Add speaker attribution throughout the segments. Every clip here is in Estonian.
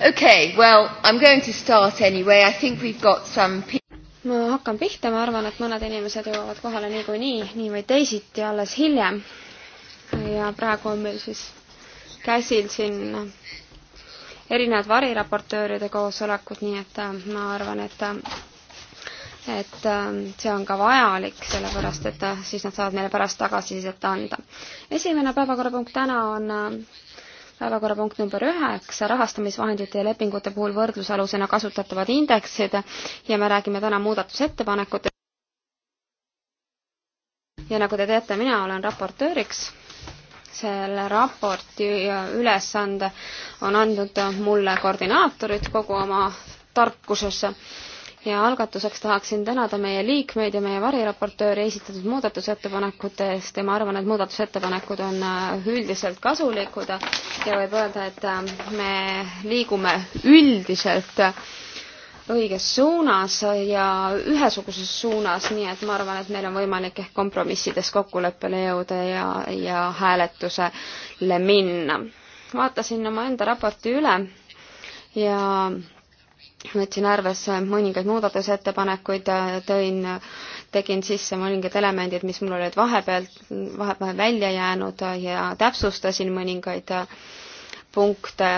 Speaker 1: Okay, well, I'm going to start anyway. I think we've got some ma hakkan pihta, ma arvan, et mõned inimesed jõuavad kohale niikuinii, nii, nii või teisiti alles hiljem. ja praegu on meil siis käsil siin erinevad variraportööride koosolekud, nii et äh, ma arvan, et äh, et äh, see on ka vajalik, sellepärast et siis nad saavad meile pärast tagasisidet anda. esimene päevakorrapunkt täna on päevakorrapunkt number üheksa, rahastamisvahendite ja lepingute puhul võrdlusalusena kasutatavad indeksid ja me räägime täna muudatusettepanekutest. ja nagu te teate, mina olen raportööriks. selle raporti ülesande on andnud mulle koordinaatorid kogu oma tarkusesse ja algatuseks tahaksin tänada meie liikmeid ja meie variraportööri esitatud muudatusettepanekute eest ja ma arvan, et muudatusettepanekud on äh, üldiselt kasulikud ja võib öelda, et äh, me liigume üldiselt äh, õiges suunas ja ühesuguses suunas, nii et ma arvan, et meil on võimalik ehk kompromissides kokkuleppele jõuda ja, ja hääletusele minna. vaatasin omaenda raporti üle ja võtsin arvesse mõningaid muudatusettepanekuid, tõin, tegin sisse mõningad elemendid, mis mul olid vahepealt, vahepeal välja jäänud ja täpsustasin mõningaid punkte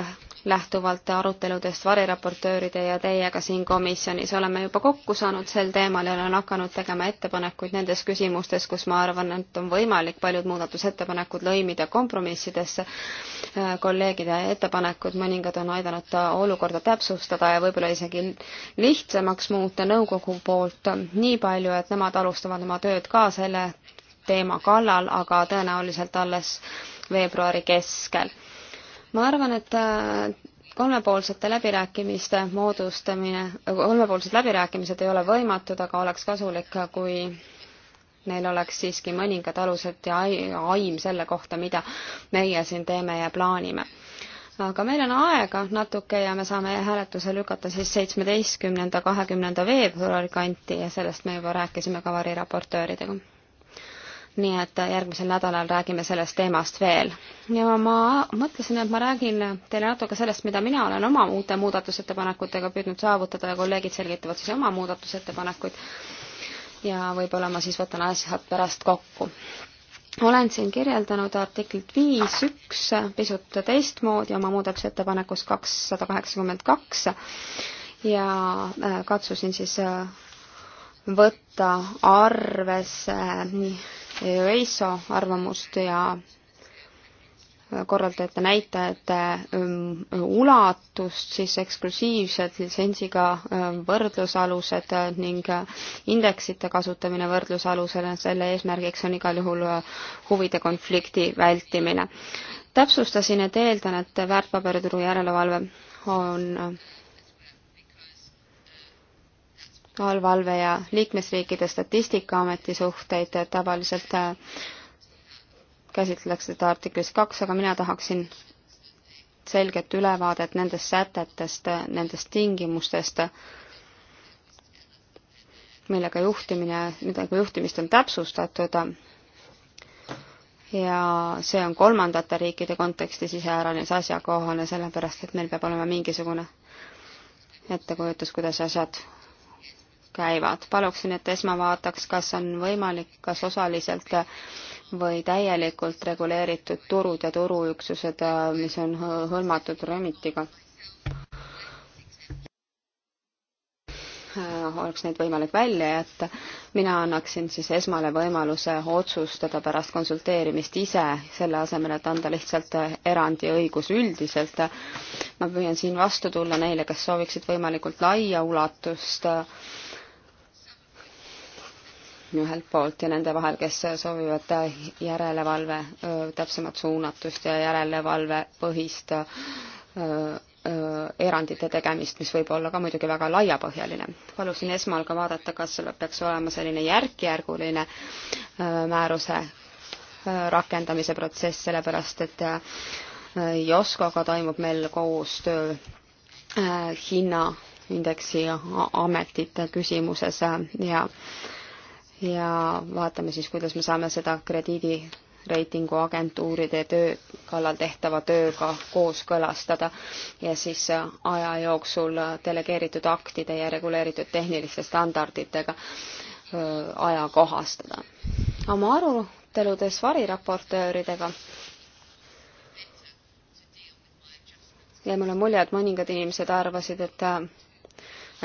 Speaker 1: lähtuvalt aruteludest variraportööride ja teiega siin komisjonis oleme juba kokku saanud sel teemal ja olen hakanud tegema ettepanekuid nendes küsimustes, kus ma arvan, et on võimalik paljud muudatusettepanekud lõimida kompromissidesse. Äh, kolleegide ettepanekud mõningad on aidanud olukorda täpsustada ja võib-olla isegi lihtsamaks muuta nõukogu poolt nii palju, et nemad alustavad oma tööd ka selle teema kallal, aga tõenäoliselt alles veebruari keskel ma arvan, et äh, kolmepoolsete läbirääkimiste moodustamine, kolmepoolsed läbirääkimised ei ole võimatud, aga oleks kasulik, kui neil oleks siiski mõningad alused ja aim selle kohta, mida meie siin teeme ja plaanime. aga meil on aega natuke ja me saame hääletuse lükata siis seitsmeteistkümnenda, kahekümnenda veebruari kanti ja sellest me juba rääkisime ka variraportööridega nii et järgmisel nädalal räägime sellest teemast veel. ja ma mõtlesin, et ma räägin teile natuke sellest, mida mina olen oma uute muudatusettepanekutega püüdnud saavutada ja kolleegid selgitavad siis oma muudatusettepanekuid. ja võib-olla ma siis võtan asjad pärast kokku. olen siin kirjeldanud artiklit viis üks pisut teistmoodi oma muudatusettepanekus kakssada kaheksakümmend kaks ja äh, katsusin siis äh, võtta arvesse nii EISO arvamust ja korraldajate näitajate ähm, ulatust, siis eksklusiivsed litsentsiga ähm, võrdlusalused ning indeksite kasutamine võrdlusalusena, selle eesmärgiks on igal juhul äh, huvide konflikti vältimine. täpsustasin, et eeldan, et väärtpaberituru järelevalve on äh, tolvalve ja liikmesriikide statistikaameti suhteid tavaliselt äh, käsitletakse seda artiklis kaks, aga mina tahaksin selget ülevaadet nendest sätetest, nendest tingimustest, millega juhtimine, millega juhtimist on täpsustatud ja see on kolmandate riikide kontekstis iseäranis asjakohane, sellepärast et meil peab olema mingisugune ettekujutus, kuidas asjad käivad. paluksin, et esma vaataks, kas on võimalik, kas osaliselt või täielikult reguleeritud turud ja turuüksused, mis on hõlmatud Remitiga. oleks neid võimalik välja jätta. mina annaksin siis esmale võimaluse otsustada pärast konsulteerimist ise, selle asemel, et anda lihtsalt erandi õigus üldiselt. ma püüan siin vastu tulla neile, kes sooviksid võimalikult laia ulatust äh, ühelt poolt ja nende vahel, kes soovivad järelevalve täpsemat suunatust ja järelevalve põhist erandite tegemist, mis võib olla ka muidugi väga laiapõhjaline. palusin esmal ka vaadata, kas sul peaks olema selline järk-järguline määruse rakendamise protsess, sellepärast et Joskoga toimub meil koostöö hinnaindeksi ametite küsimuses ja ja vaatame siis, kuidas me saame seda krediidireitingu agentuuride töö kallal tehtava tööga kooskõlastada ja siis aja jooksul delegeeritud aktide ja reguleeritud tehniliste standarditega ajakohastada. oma aruteludes variraportööridega jäi mulle mulje, et mõningad inimesed arvasid, et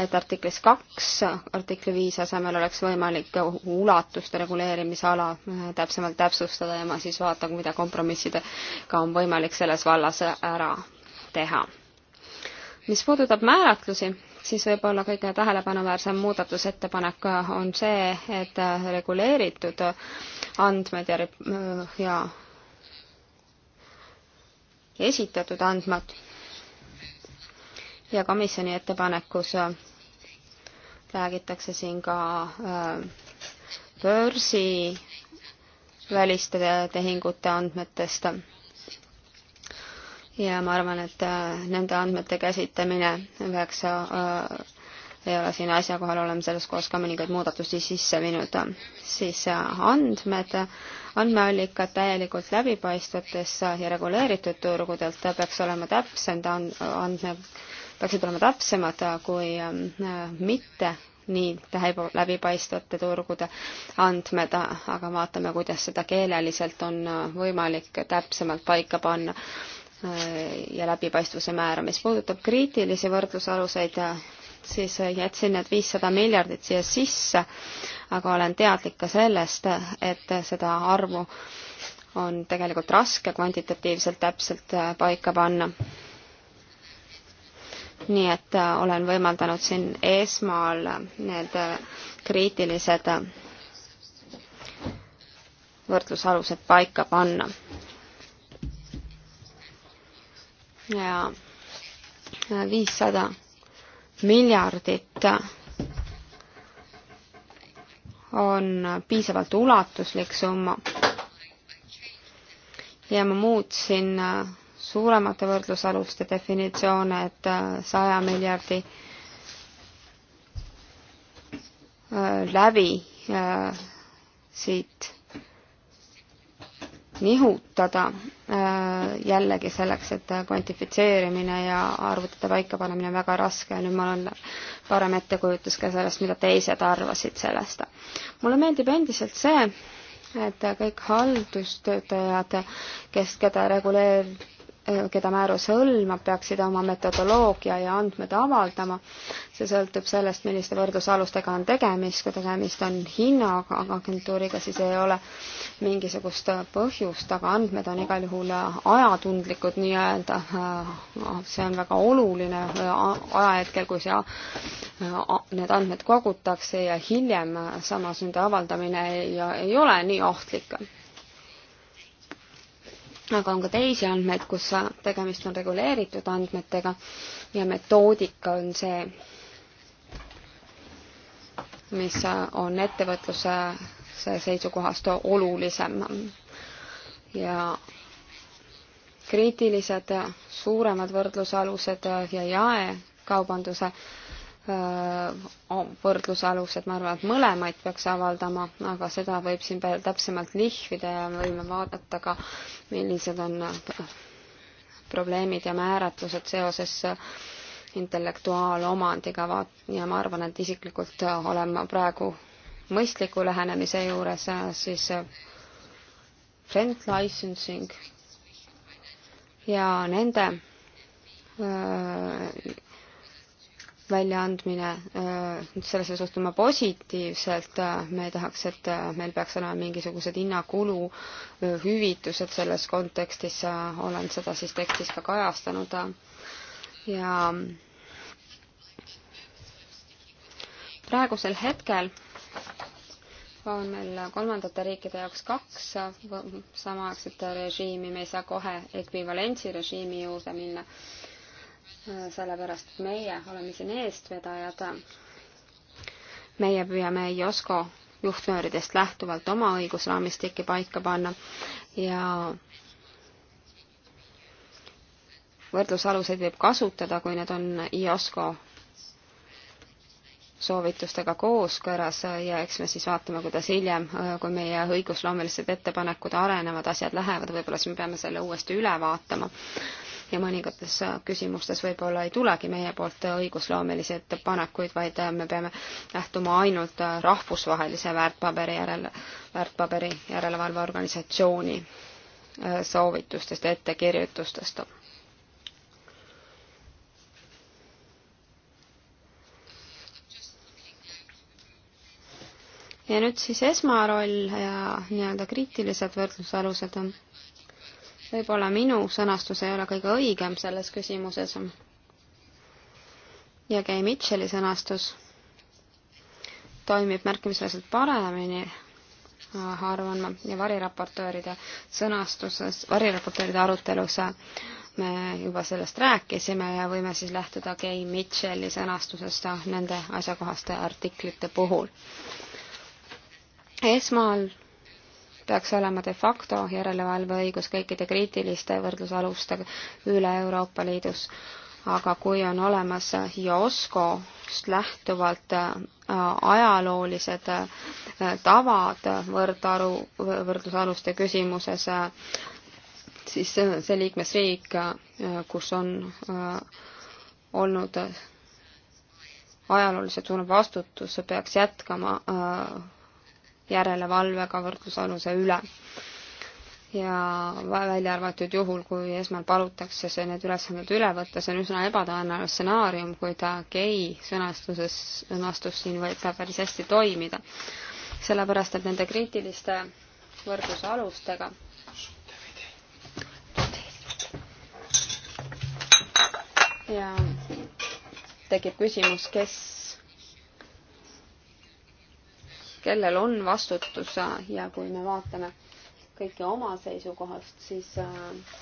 Speaker 1: et artiklis kaks, artikli viis asemel oleks võimalik ulatuste reguleerimisala äh, täpsemalt täpsustada ja ma siis vaatan, mida kompromissidega on võimalik selles vallas ära teha. mis puudutab määratlusi, siis võib-olla kõige tähelepanuväärsem muudatusettepanek äh, on see, et äh, reguleeritud andmed ja, ja esitatud andmed ja komisjoni ettepanekus äh, räägitakse siin ka äh, börsi väliste tehingute andmetest. ja ma arvan, et äh, nende andmete käsitlemine peaks ei ole siin asjakohal, oleme selles kohas ka mõningaid muudatusi sisse viinud. siis andmed, andmeallikad täielikult läbipaistvates ja reguleeritud turgudelt peaks olema täpsem andme peaksid olema täpsemad kui ähm, mitte nii läbipaistvate turgude andmed, aga vaatame, kuidas seda keeleliselt on äh, võimalik täpsemalt paika panna äh, ja läbipaistvuse määra. mis puudutab kriitilisi võrdlusaluseid, äh, siis jätsin need viissada miljardit siia sisse, aga olen teadlik ka sellest, et seda arvu on tegelikult raske kvantitatiivselt täpselt paika panna nii et äh, olen võimaldanud siin esmal need äh, kriitilised äh, võrdlusalused paika panna. ja viissada miljardit on piisavalt ulatuslik summa. ja ma muutsin suuremate võrdlusaluste definitsioone, et äh, saja miljardi äh, läbi äh, siit nihutada jällegi selleks, et kvantifitseerimine ja arvutada paikapanemine on väga raske ja nüüd mul on parem ettekujutus ka sellest, mida teised arvasid sellest. mulle meeldib endiselt see, et kõik haldustöötajad, kes, keda reguleer-, keda määrus hõlmab, peaksid oma metodoloogia ja andmed avaldama. see sõltub sellest, milliste võrdlusalustega on tegemist, kui tegemist on hinnaga agentuuriga, siis ei ole mingisugust põhjust, aga andmed on igal juhul ajatundlikud nii-öelda. see on väga oluline ajahetkel, kui see, need andmed kogutakse ja hiljem samas nende avaldamine ei, ei ole nii ohtlik aga on ka teisi andmeid, kus tegemist on reguleeritud andmetega ja metoodika on see, mis äh, on ettevõtluse äh, seisukohast olulisem. ja kriitilised suuremad võrdlusalused äh, ja jaekaubanduse võrdlusalused, ma arvan, et mõlemaid peaks avaldama, aga seda võib siin täpsemalt lihvida ja võime vaadata ka, millised on äh, probleemid ja määratlused seoses äh, intellektuaalomandiga vaat- ja ma arvan, et isiklikult äh, olen ma praegu mõistliku lähenemise juures, siis friend licensing ja nende väljaandmine, äh, sellesse suhtume positiivselt, äh, me tahaks, et äh, meil peaks olema mingisugused hinnakulu hüvitused selles kontekstis, olen seda siis tekstis ka kajastanud ja praegusel hetkel on meil kolmandate riikide jaoks kaks samaaegset režiimi, me ei saa kohe ekvivalentsi režiimi juurde minna sellepärast et meie oleme siin eestvedajad. meie püüame IOSCO juhtnööridest lähtuvalt oma õigusraamistikki paika panna ja võrdlusaluseid võib kasutada, kui need on IOSCO soovitustega kooskõras ja eks me siis vaatame, kuidas hiljem, kui meie õigusloomelised ettepanekud arenevad, asjad lähevad, võib-olla siis me peame selle uuesti üle vaatama ja mõningates küsimustes võib-olla ei tulegi meie poolt õigusloomelisi ettepanekuid, vaid me peame lähtuma ainult rahvusvahelise väärtpaberi järel, väärtpaberi järelevalveorganisatsiooni äh, soovitustest ja ettekirjutustest ja nüüd siis esmaroll ja nii-öelda kriitilised võrdlusalused on võib-olla minu sõnastus ei ole kõige õigem selles küsimuses. ja Gay Mitchell'i sõnastus toimib märkimisväärselt paremini, arvan ma, ja variraportööride sõnastuses, variraportööride arutelus me juba sellest rääkisime ja võime siis lähtuda Gay Mitchell'i sõnastusest nende asjakohaste artiklite puhul. esmal peaks olema de facto järelevalveõigus kõikide kriitiliste võrdlusaluste üle Euroopa Liidus. aga kui on olemas IOSCO-st lähtuvalt äh, ajaloolised äh, tavad võrdaru, võrdlusaluste küsimuses, äh, siis see liikmesriik, kus on olnud ajalooliselt suurem vastutus, peaks jätkama äh, järelevalvega võrdlusaluse üle. ja välja arvatud juhul, kui esmal palutakse see, need ülesanded üle võtta, see on üsna ebatõenäoline stsenaarium, kuid gei sõnastuses, sõnastus siin võib ka päris hästi toimida. sellepärast, et nende kriitiliste võrdlusalustega ja tekib küsimus, kes kellel on vastutus ja kui me vaatame kõike oma seisukohast, siis äh,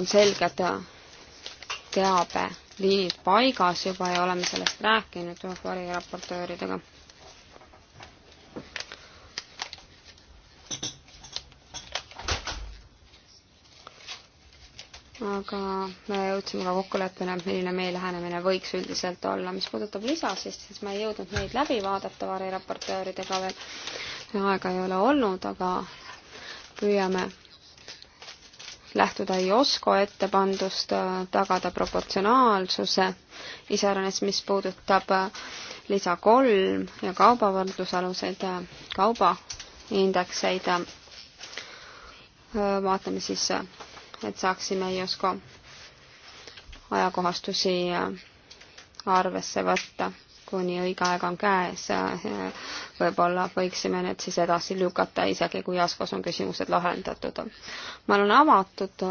Speaker 1: on selged äh, teabeliinid paigas juba ja oleme sellest rääkinud äh, variraportööridega aga me jõudsime ka kokkuleppele, milline meie lähenemine võiks üldiselt olla. mis puudutab lisasid, siis ma ei jõudnud neid läbi vaadata variraportööridega veel, aega ei ole olnud, aga püüame lähtuda ei oska ettepandust, tagada proportsionaalsuse, iseäranis, mis puudutab lisa kolm ja kaubavõrdlusaluseid, kaubaindekseid. vaatame siis et saaksime EOSCO ajakohastusi arvesse võtta, kuni õige aeg on käes. võib-olla võiksime need siis edasi lükata, isegi kui EOSCO-s on küsimused lahendatud. ma olen avatud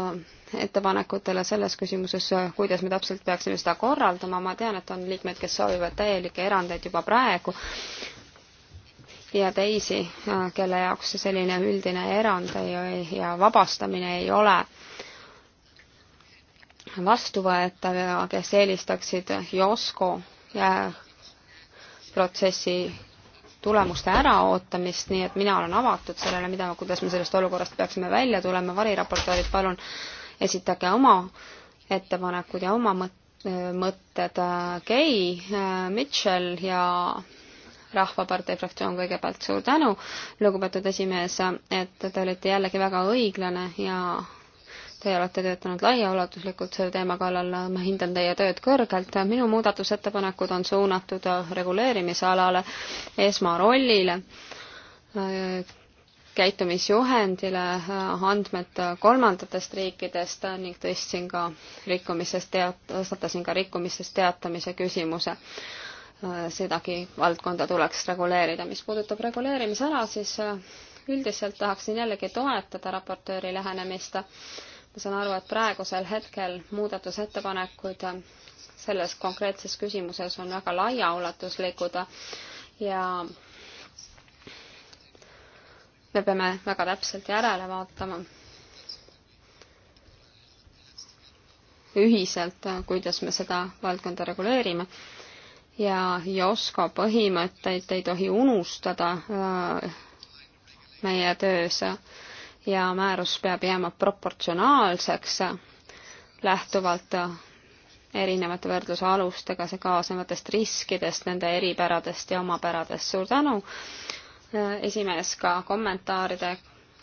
Speaker 1: ettepanekutele selles küsimuses, kuidas me täpselt peaksime seda korraldama, ma tean, et on liikmeid, kes soovivad täielikke erandeid juba praegu ja teisi, kelle jaoks see selline üldine erand ei, ja vabastamine ei ole äh, vastuvõetav ja kes eelistaksid Josko äh, protsessi tulemuste äraootamist, nii et mina olen avatud sellele, mida, kuidas me sellest olukorrast peaksime välja tulema, variraportöörid, palun esitage oma ettepanekud ja oma mõtted. Gay, äh, Mitchell ja Rahvapartei fraktsioon kõigepealt suur tänu, lugupeetud esimees, et te olite jällegi väga õiglane ja Teie olete töötanud laiaulatuslikult selle teema kallal, ma hindan teie tööd kõrgelt. minu muudatusettepanekud on suunatud reguleerimisalale, esmarollile, käitumisjuhendile, andmed kolmandatest riikidest ning tõstsin ka rikkumisest teat-, tõstatasin ka rikkumisest teatamise küsimuse sedagi valdkonda tuleks reguleerida. mis puudutab reguleerimisala, siis üldiselt tahaksin jällegi toetada raportööri lähenemist ma saan aru, et praegusel hetkel muudatusettepanekud selles konkreetses küsimuses on väga laiaulatuslikud ja me peame väga täpselt järele vaatama ühiselt, kuidas me seda valdkonda reguleerime. ja Josko põhimõtteid ei tohi unustada äh, meie töös ja määrus peab jääma proportsionaalseks lähtuvalt erinevate võrdluse alustega, see kaasnevatest riskidest, nende eripäradest ja omapäradest. suur tänu, äh, esimees, ka kommentaaride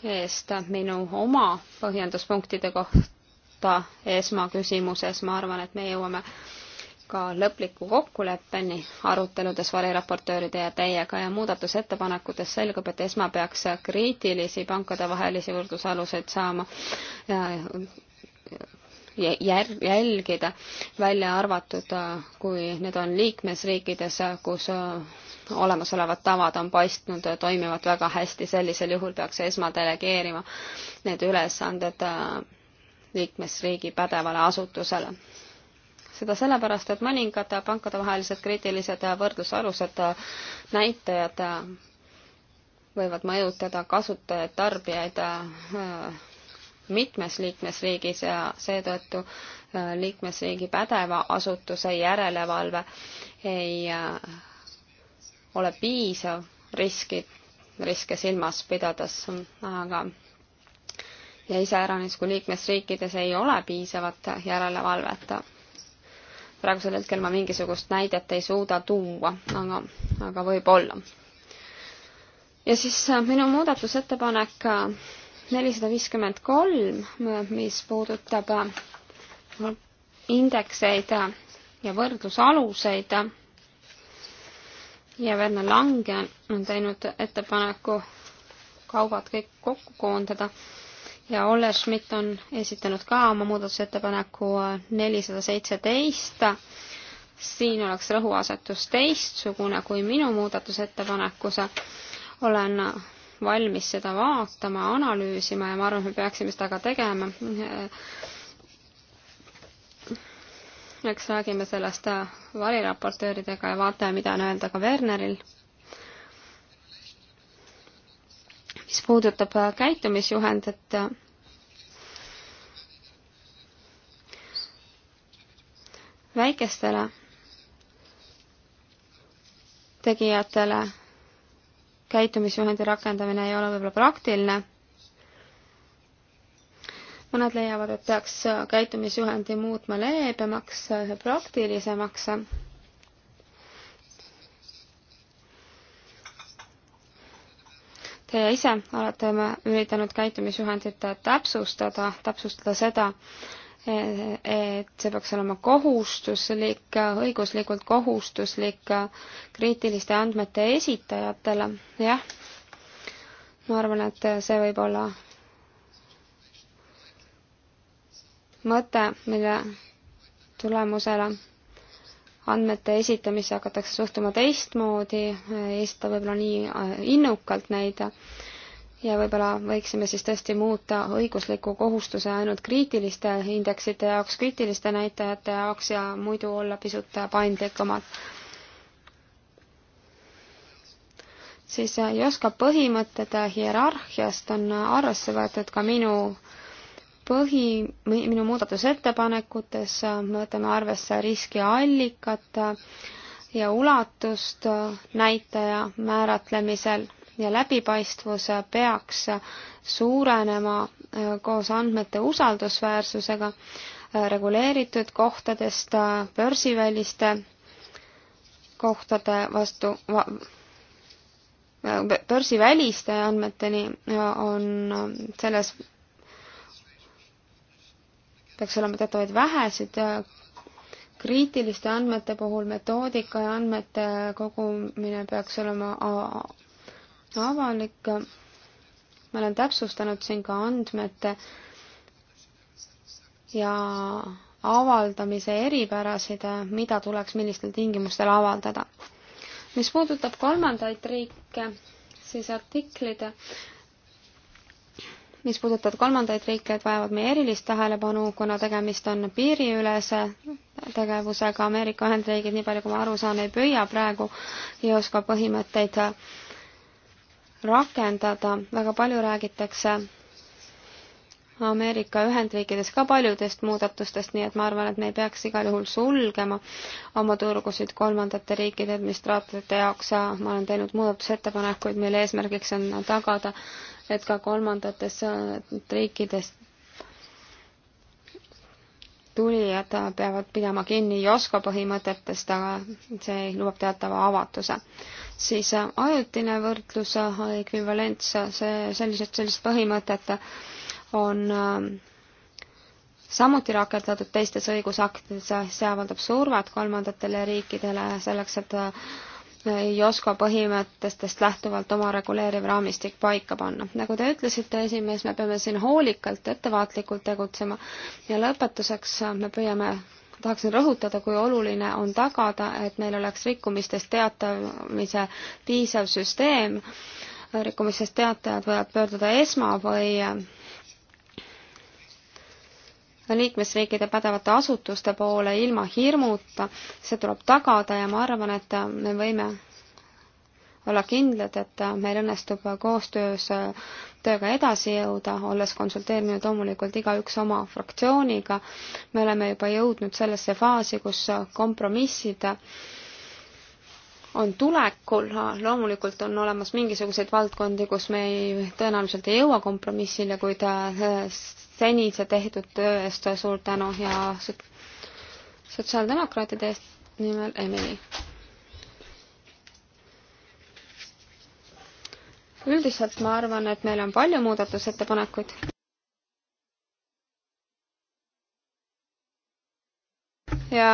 Speaker 1: eest minu oma põhjenduspunktide kohta esmaküsimuses, ma arvan, et me jõuame ka lõpliku kokkuleppeni aruteludes variraportööride ja teiega ja muudatusettepanekutes selgub, et esma peaks kriitilisi pankadevahelisi võrdlusaluseid saama ja jär-, jälgida, välja arvatud, kui need on liikmesriikides, kus olemasolevad tavad on paistnud, toimivad väga hästi, sellisel juhul peaks esma delegeerima need ülesanded liikmesriigi pädevale asutusele seda sellepärast, et mõningad pankadevahelised kriitilised võrdlusalused näitajad võivad mõjutada kasutajaid, tarbijaid äh, mitmes liikmesriigis ja seetõttu äh, liikmesriigi pädeva asutuse järelevalve ei äh, ole piisav riski, riske silmas pidades, aga ja iseäranis, kui liikmesriikides ei ole piisavat järelevalvet praegusel hetkel ma mingisugust näidet ei suuda tuua, aga, aga võib-olla. ja siis äh, minu muudatusettepanek äh, nelisada viiskümmend kolm, äh, mis puudutab indekseid ja võrdlusaluseid ja Werner Lange on teinud ettepaneku kaubad kõik kokku koondada ja Olle Schmidt on esitanud ka oma muudatusettepaneku nelisada seitseteist. siin oleks rõhuasetus teistsugune kui minu muudatusettepanekus. olen valmis seda vaatama, analüüsima ja ma arvan, et me peaksime seda ka tegema. eks räägime sellest variraportööridega ja vaatame, mida on öelda ka Werneril mis puudutab äh, käitumisjuhendit, äh, väikestele tegijatele käitumisjuhendi rakendamine ei ole võib-olla praktiline. mõned leiavad, et peaks äh, käitumisjuhendi muutma leebemaks, praktilisemaks Teie ise olete üritanud käitumisjuhendit täpsustada, täpsustada seda, e, e, et see peaks olema kohustuslik, õiguslikult kohustuslik kriitiliste andmete esitajatele, jah. ma arvan, et see võib olla mõte, mille tulemusele andmete esitamisse hakatakse suhtuma teistmoodi, ei esita võib-olla nii äh, innukalt neid ja võib-olla võiksime siis tõesti muuta õigusliku kohustuse ainult kriitiliste indeksite jaoks, kriitiliste näitajate jaoks ja muidu olla pisut paindlikumad. siis Joska äh, põhimõtted hierarhiast on arvesse võetud ka minu põhi, minu muudatusettepanekutes me võtame arvesse riskiallikat ja ulatust näitaja määratlemisel ja läbipaistvus peaks suurenema koos andmete usaldusväärsusega reguleeritud kohtadest börsiväliste kohtade vastu börsiväliste andmeteni on selles peaks olema teatavaid vähesid äh, kriitiliste andmete puhul metoodika ja andmete kogumine peaks olema avalik. ma olen täpsustanud siin ka andmete ja avaldamise eripärasid, mida tuleks millistel tingimustel avaldada. mis puudutab kolmandaid riike, siis artiklid mis puudutavad kolmandaid riike, et vajavad meie erilist tähelepanu, kuna tegemist on piiriülese tegevusega. Ameerika Ühendriigid, nii palju kui ma aru saan, ei püüa praegu EOSKA põhimõtteid rakendada. väga palju räägitakse Ameerika Ühendriikides ka paljudest muudatustest, nii et ma arvan, et me ei peaks igal juhul sulgema oma turgusid kolmandate riikide administraatorite jaoks. ma olen teinud muudatusettepanekuid, mille eesmärgiks on tagada, et ka kolmandates äh, riikides tulijad peavad pidama kinni Josko põhimõtetest, aga see lubab teatava avatuse. siis äh, ajutine võrdlus, äh, ekvivalents, see, sellised, sellised põhimõtted on ähm, samuti rakendatud teistes õigusaktides, see avaldab survet kolmandatele riikidele selleks, et Josko äh, põhimõtetest lähtuvalt oma reguleeriv raamistik paika panna. nagu te ütlesite, esimees, me peame siin hoolikalt, ettevaatlikult tegutsema ja lõpetuseks äh, me püüame tahaksin rõhutada, kui oluline on tagada, et meil oleks rikkumistest teatamise piisav süsteem. rikkumistest teatajad võivad pöörduda ESMA või äh, liikmesriikide pädevate asutuste poole ilma hirmuta, see tuleb tagada ja ma arvan, et me võime olla kindlad, et meil õnnestub koostöös tööga edasi jõuda, olles konsulteerinud loomulikult igaüks oma fraktsiooniga. me oleme juba jõudnud sellesse faasi, kus kompromissid on tulekul, loomulikult on olemas mingisuguseid valdkondi, kus me ei, tõenäoliselt ei jõua kompromissile, kuid äh, senise tehtud töö eest suur tänu ja sotsiaaldemokraatide eest nimel Emily. üldiselt ma arvan, et meil on palju muudatusettepanekuid. ja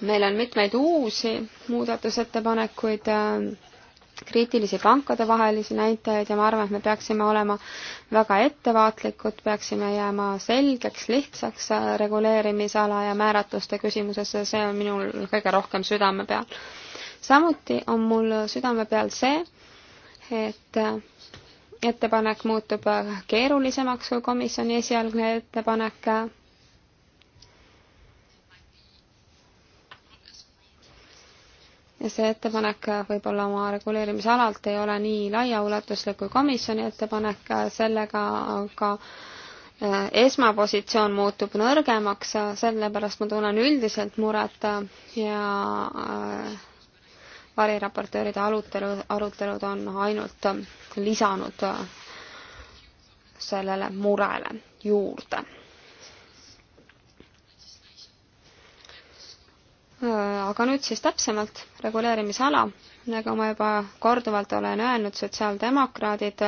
Speaker 1: meil on mitmeid uusi muudatusettepanekuid äh, kriitilisi pankade vahelisi näitajaid ja ma arvan, et me peaksime olema väga ettevaatlikud, peaksime jääma selgeks, lihtsaks reguleerimisala ja määratluste küsimuses, see on minul kõige rohkem südame peal. samuti on mul südame peal see, et ettepanek muutub keerulisemaks kui komisjoni esialgne ettepanek ja see ettepanek võib-olla oma reguleerimisalalt ei ole nii laiaulatuslik kui komisjoni ettepanek, sellega aga eh, esmapositsioon muutub nõrgemaks, sellepärast ma tunnen üldiselt muret ja eh, variraportööride arutelu, arutelud on ainult lisanud sellele murele juurde Äh, aga nüüd siis täpsemalt reguleerimisala, nagu ma juba korduvalt olen öelnud, sotsiaaldemokraadid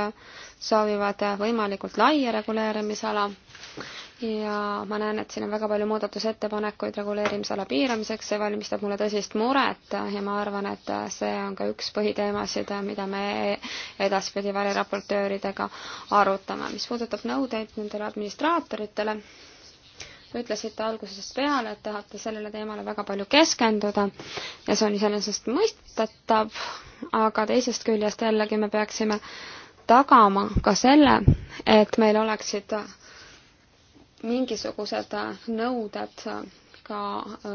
Speaker 1: soovivad võimalikult laia reguleerimisala ja ma näen, et siin on väga palju muudatusettepanekuid reguleerimisala piiramiseks, see valmistab mulle tõsist muret ja ma arvan, et see on ka üks põhiteemasid, mida me edaspidi variraportööridega arutame. mis puudutab nõudeid nendele administraatoritele, ütlesite algusest peale, et tahate sellele teemale väga palju keskenduda ja see on iseenesest mõistetav, aga teisest küljest jällegi me peaksime tagama ka selle, et meil oleksid mingisugused nõuded ka äh,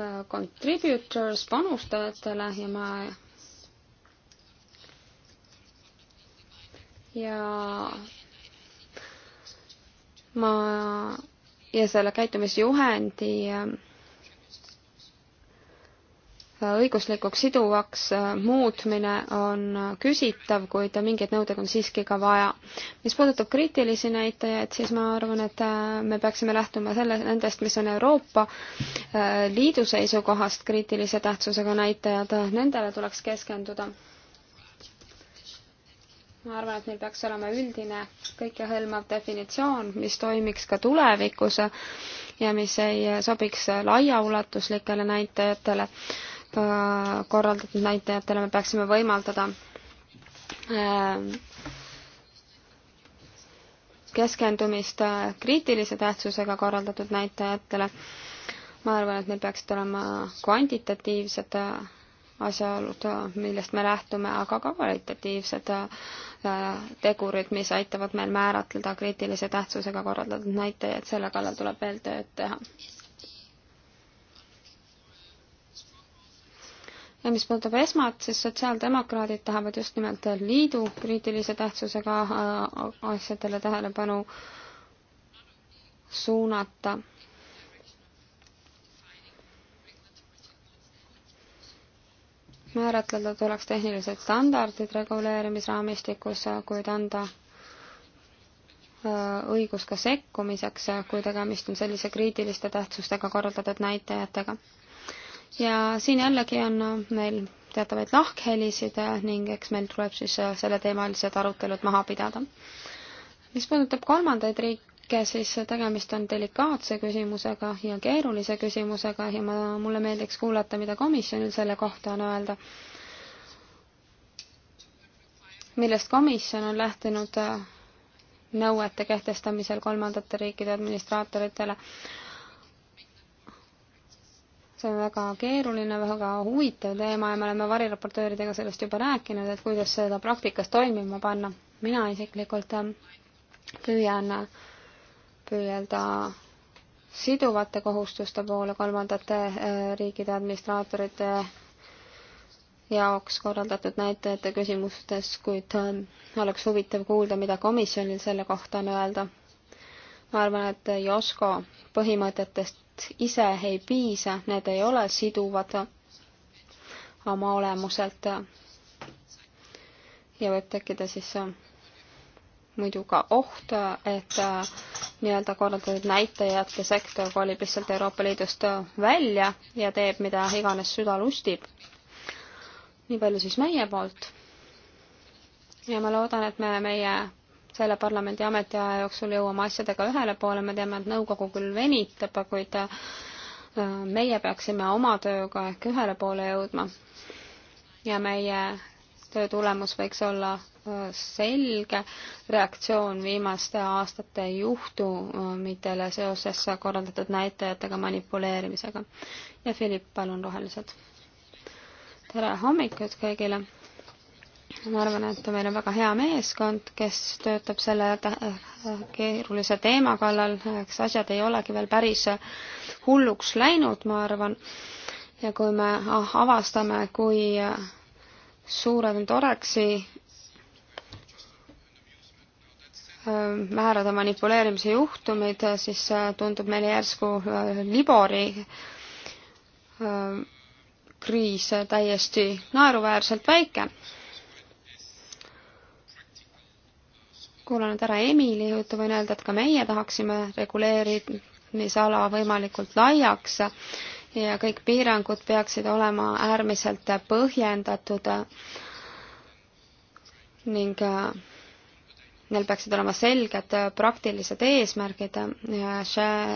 Speaker 1: äh, contributors panustajatele ja ma ja ma ja selle käitumisjuhendi äh, õiguslikuks siduvaks äh, muutmine on äh, küsitav, kuid mingeid nõudeid on siiski ka vaja. mis puudutab kriitilisi näitajaid, siis ma arvan, et me peaksime lähtuma selle, nendest, mis on Euroopa Liidu seisukohast kriitilise tähtsusega näitajad, nendele tuleks keskenduda ma arvan, et meil peaks olema üldine kõikehõlmav definitsioon, mis toimiks ka tulevikus ja mis ei sobiks laiaulatuslikele näitajatele, korraldatud näitajatele, me peaksime võimaldada äh, keskendumist äh, kriitilise tähtsusega korraldatud näitajatele. ma arvan, et meil peaksid olema kvantitatiivsed äh, asjaolud, millest me lähtume, aga ka kvalitatiivsed äh, tegurid, mis aitavad meil määratleda kriitilise tähtsusega korraldatud näitajaid, selle kallal tuleb veel tööd teha. ja mis puudutab esmat, siis sotsiaaldemokraadid tahavad just nimelt liidu kriitilise tähtsusega äh, asjadele tähelepanu suunata määratleda tuleks tehnilised standardid reguleerimisraamistikus, kuid anda äh, õigus ka sekkumiseks, kui tegemist on sellise kriitiliste tähtsustega korraldatud näitajatega. ja siin jällegi on meil teatavaid lahkhelisid ning eks meil tuleb siis äh, selleteemalised arutelud maha pidada. mis puudutab kolmandaid riike, siis tegemist on delikaatse küsimusega ja keerulise küsimusega ja ma, mulle meeldiks kuulata, mida komisjonil selle kohta on öelda. millest komisjon on lähtunud äh, nõuete kehtestamisel kolmandate riikide administraatoritele. see on väga keeruline, väga huvitav teema ja me oleme variraportööridega sellest juba rääkinud, et kuidas seda praktikas toimima panna. mina isiklikult äh, püüan äh, püüelda siduvate kohustuste poole kolmandate äh, riikide administraatorite jaoks korraldatud näitajate küsimustes, kuid ähm, oleks huvitav kuulda, mida komisjonil selle kohta on öelda. ma arvan, et Josko põhimõtetest ise ei piisa, need ei ole siduvad oma olemuselt. ja võib tekkida siis äh, muidu ka oht, et äh, nii-öelda korraldatud näitajate sektor kolib lihtsalt Euroopa Liidust välja ja teeb, mida iganes süda lustib. nii palju siis meie poolt. ja ma loodan, et me meie selle parlamendi ametiaja jooksul jõuame asjadega ühele poole, me teame, et nõukogu küll venitab, kuid äh, meie peaksime oma tööga ehk ühele poole jõudma. ja meie töö tulemus võiks olla selge reaktsioon viimaste aastate juhtumitele seoses korraldatud näitajatega manipuleerimisega. ja Philipp, palun rohelised. tere hommikut kõigile. ma arvan, et meil on väga hea meeskond, kes töötab selle äh, keerulise teema kallal, eks asjad ei olegi veel päris hulluks läinud, ma arvan. ja kui me ah, avastame, kui suured need Oreksi määrade manipuleerimise juhtumid, siis äh, tundub meile järsku äh, Libori äh, kriis täiesti naeruväärselt väike. kuulan nüüd ära Emili juttu, võin öelda, et ka meie tahaksime reguleerimisala võimalikult laiaks ja kõik piirangud peaksid olema äärmiselt põhjendatud ning neil peaksid olema selged äh, praktilised eesmärgid ja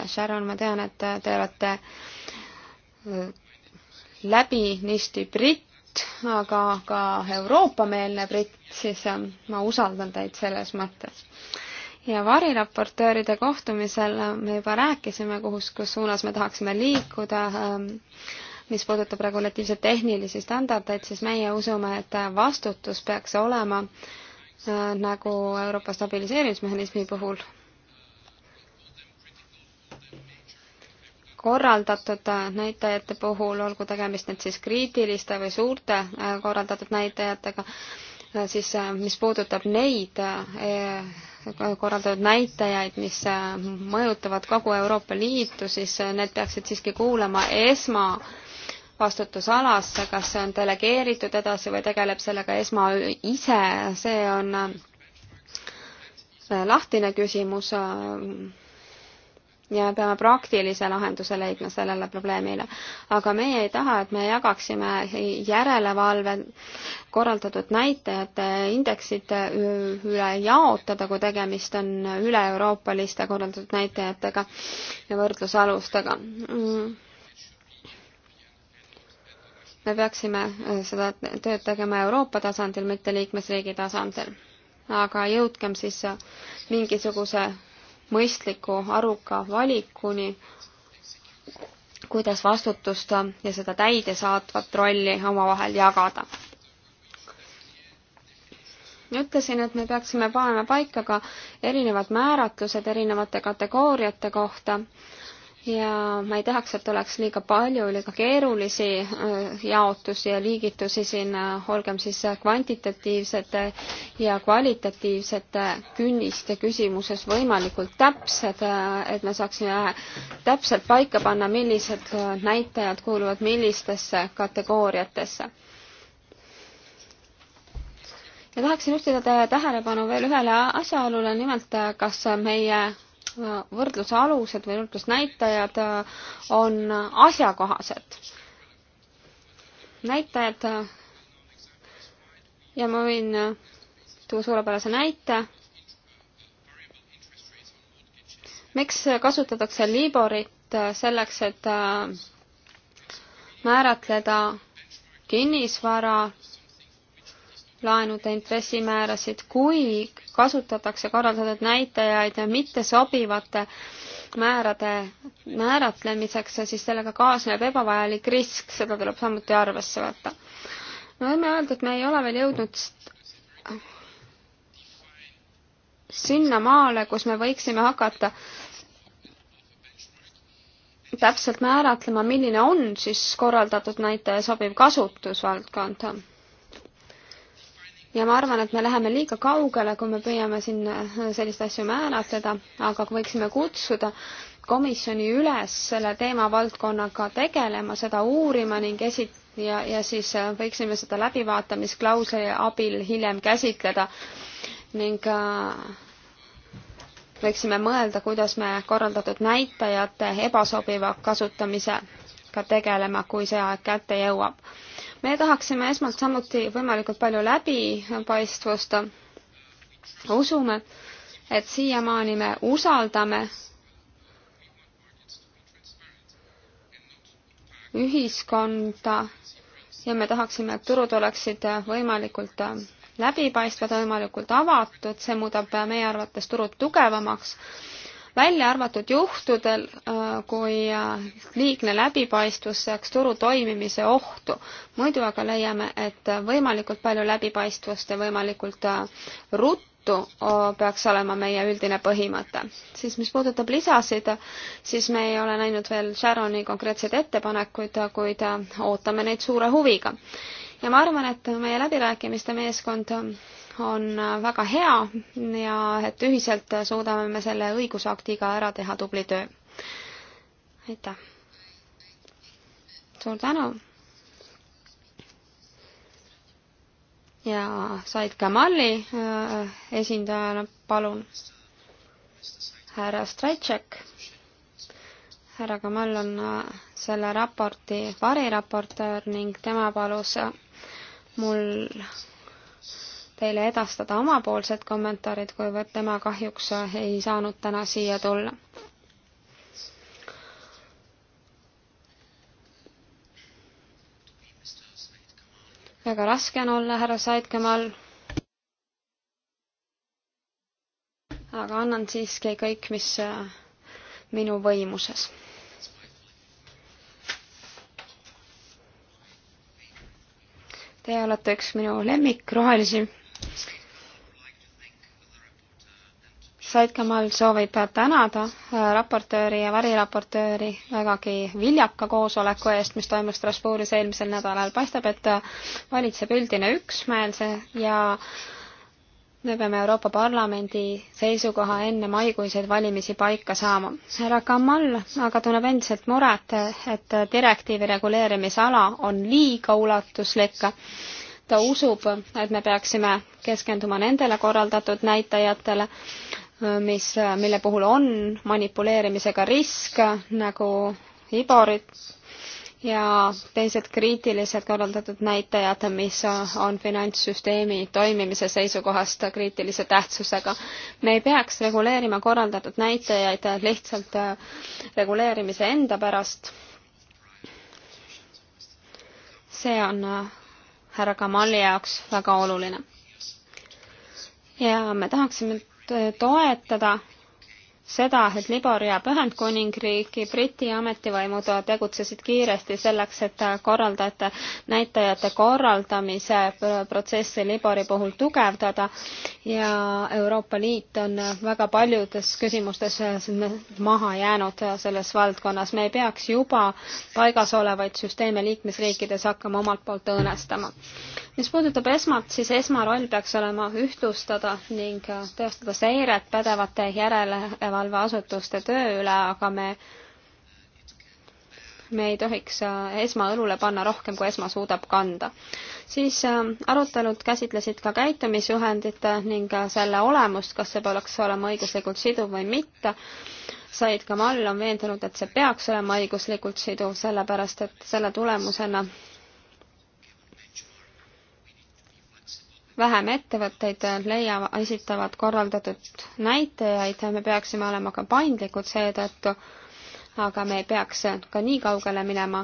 Speaker 1: Sharon, ma tean, et äh, te olete äh, läbinisti britt, aga ka Euroopa-meelne britt, siis ma usaldan teid selles mõttes. ja variraportööride kohtumisel me juba rääkisime, kus, kus suunas me tahaksime liikuda, ähm, mis puudutab regulatiivseid tehnilisi standardeid, siis meie usume, et vastutus peaks olema äh, nagu Euroopa stabiliseerimismehhanismi puhul korraldatud näitajate puhul, olgu tegemist nüüd siis kriitiliste või suurte äh, korraldatud näitajatega, äh, siis äh, mis puudutab neid korraldatud näitajaid, mis mõjutavad kogu Euroopa Liitu, siis need peaksid siiski kuulama esma vastutusalasse, kas see on delegeeritud edasi või tegeleb sellega ESMA ise, see on äh, lahtine küsimus äh, ja peame praktilise lahenduse leidma sellele probleemile. aga meie ei taha, et me jagaksime järelevalve korraldatud näitajate indeksid äh, üle jaotada, kui tegemist on üle-euroopaliste korraldatud näitajatega ja võrdlusalustega mm me peaksime äh, seda tööd tegema Euroopa tasandil, mitte liikmesriigi tasandil. aga jõudkem siis äh, mingisuguse mõistliku aruka valikuni, kuidas vastutust äh, ja seda täidesaatvat rolli omavahel jagada. ütlesin, et me peaksime panema paika ka erinevad määratlused erinevate kategooriate kohta ja ma ei tahaks, et oleks liiga palju, liiga keerulisi äh, jaotusi ja liigitusi siin, äh, olgem siis äh, kvantitatiivsete ja kvalitatiivsete künniste küsimuses võimalikult täpsed, et me saaksime täpselt paika panna, millised näitajad kuuluvad millistesse kategooriatesse. ja tahaksin juhtida teie tähelepanu veel ühele asjaolule, nimelt kas meie võrdluse alused või võrdlusnäitajad äh, on asjakohased. näitajad äh, ja ma võin äh, tuua suurepärase näite. miks kasutatakse Liborit selleks, et määratleda kinnisvara laenude intressimäärasid, kui kasutatakse korraldatud näitajaid mitte sobivate määrade määratlemiseks, siis sellega kaasneb ebavajalik risk, seda tuleb samuti arvesse võtta. me võime öelda, et me ei ole veel jõudnud sinnamaale, kus me võiksime hakata täpselt määratlema, milline on siis korraldatud näitaja sobiv kasutusvaldkond ja ma arvan, et me läheme liiga kaugele, kui me püüame siin äh, selliseid asju määratleda, aga võiksime kutsuda komisjoni üles selle teemavaldkonnaga tegelema, seda uurima ning esi- ja, ja siis äh, võiksime seda läbivaatamisklausli abil hiljem käsitleda ning äh, võiksime mõelda, kuidas me korraldatud näitajate ebasobiva kasutamisega tegeleme, kui see aeg kätte jõuab me tahaksime esmalt samuti võimalikult palju läbipaistvust. usume, et siiamaani me usaldame ühiskonda ja me tahaksime, et turud oleksid võimalikult läbipaistvad, võimalikult avatud, see muudab meie arvates turud tugevamaks välja arvatud juhtudel, äh, kui äh, liigne läbipaistvus seaks turu toimimise ohtu. muidu aga leiame, et võimalikult palju läbipaistvust ja võimalikult äh, ruttu peaks olema meie üldine põhimõte. siis mis puudutab lisasid, siis me ei ole näinud veel Sharoni konkreetseid ettepanekuid, kuid ootame neid suure huviga. ja ma arvan, et meie läbirääkimiste meeskond on väga hea ja et ühiselt suudame me selle õigusaktiga ära teha tubli töö. aitäh! suur tänu! ja Said Kamali äh, esindajana palun härra Strajček. härra Kamal on äh, selle raporti variraportöör ning tema palus äh, mul teile edastada omapoolsed kommentaarid, kuivõrd tema kahjuks äh, ei saanud täna siia tulla. väga raske on olla härra Saidkemal. aga annan siiski kõik, mis äh, minu võimuses Teie olete üks minu lemmikrohelisi Said Kamal soovib tänada äh, raportööri ja variraportööri vägagi viljaka koosoleku eest, mis toimus Strasbourgis eelmisel nädalal. paistab, et äh, valitseb üldine üksmeel see ja me peame Euroopa Parlamendi seisukoha enne maikuiseid valimisi paika saama. härra Kamal aga tunneb endiselt muret, et direktiivi reguleerimisala on liiga ulatuslik ta usub, et me peaksime keskenduma nendele korraldatud näitajatele, mis, mille puhul on manipuleerimisega risk, nagu Iborid ja teised kriitilised korraldatud näitajad, mis on finantssüsteemi toimimise seisukohast kriitilise tähtsusega. me ei peaks reguleerima korraldatud näitajaid lihtsalt äh, reguleerimise enda pärast. see on äh, härra Kamali jaoks väga oluline. ja me tahaksime äh, toetada seda, et Libor jääb Ühendkuningriiki, Briti ametivõimud tegutsesid kiiresti selleks, et korraldajate, näitajate korraldamise protsessi Libori puhul tugevdada ja Euroopa Liit on väga paljudes küsimustes maha jäänud selles valdkonnas. me ei peaks juba paigas olevaid süsteeme liikmesriikides hakkama omalt poolt õõnestama. mis puudutab esmalt, siis esmaroll peaks olema ühtlustada ning teostada seiret pädevate järelevalve järelevalveasutuste töö üle, aga me me ei tohiks äh, esmaõlule panna rohkem, kui esma suudab kanda. siis äh, arutelud käsitlesid ka käitumisjuhendit ning äh, selle olemust, kas see peaks olema õiguslikult siduv või mitte. Said Kamal on veendunud, et see peaks olema õiguslikult siduv, sellepärast et selle tulemusena vähem ettevõtteid leiava, esitavad korraldatud näitajaid, me peaksime olema ka paindlikud seetõttu, aga me ei peaks ka nii kaugele minema,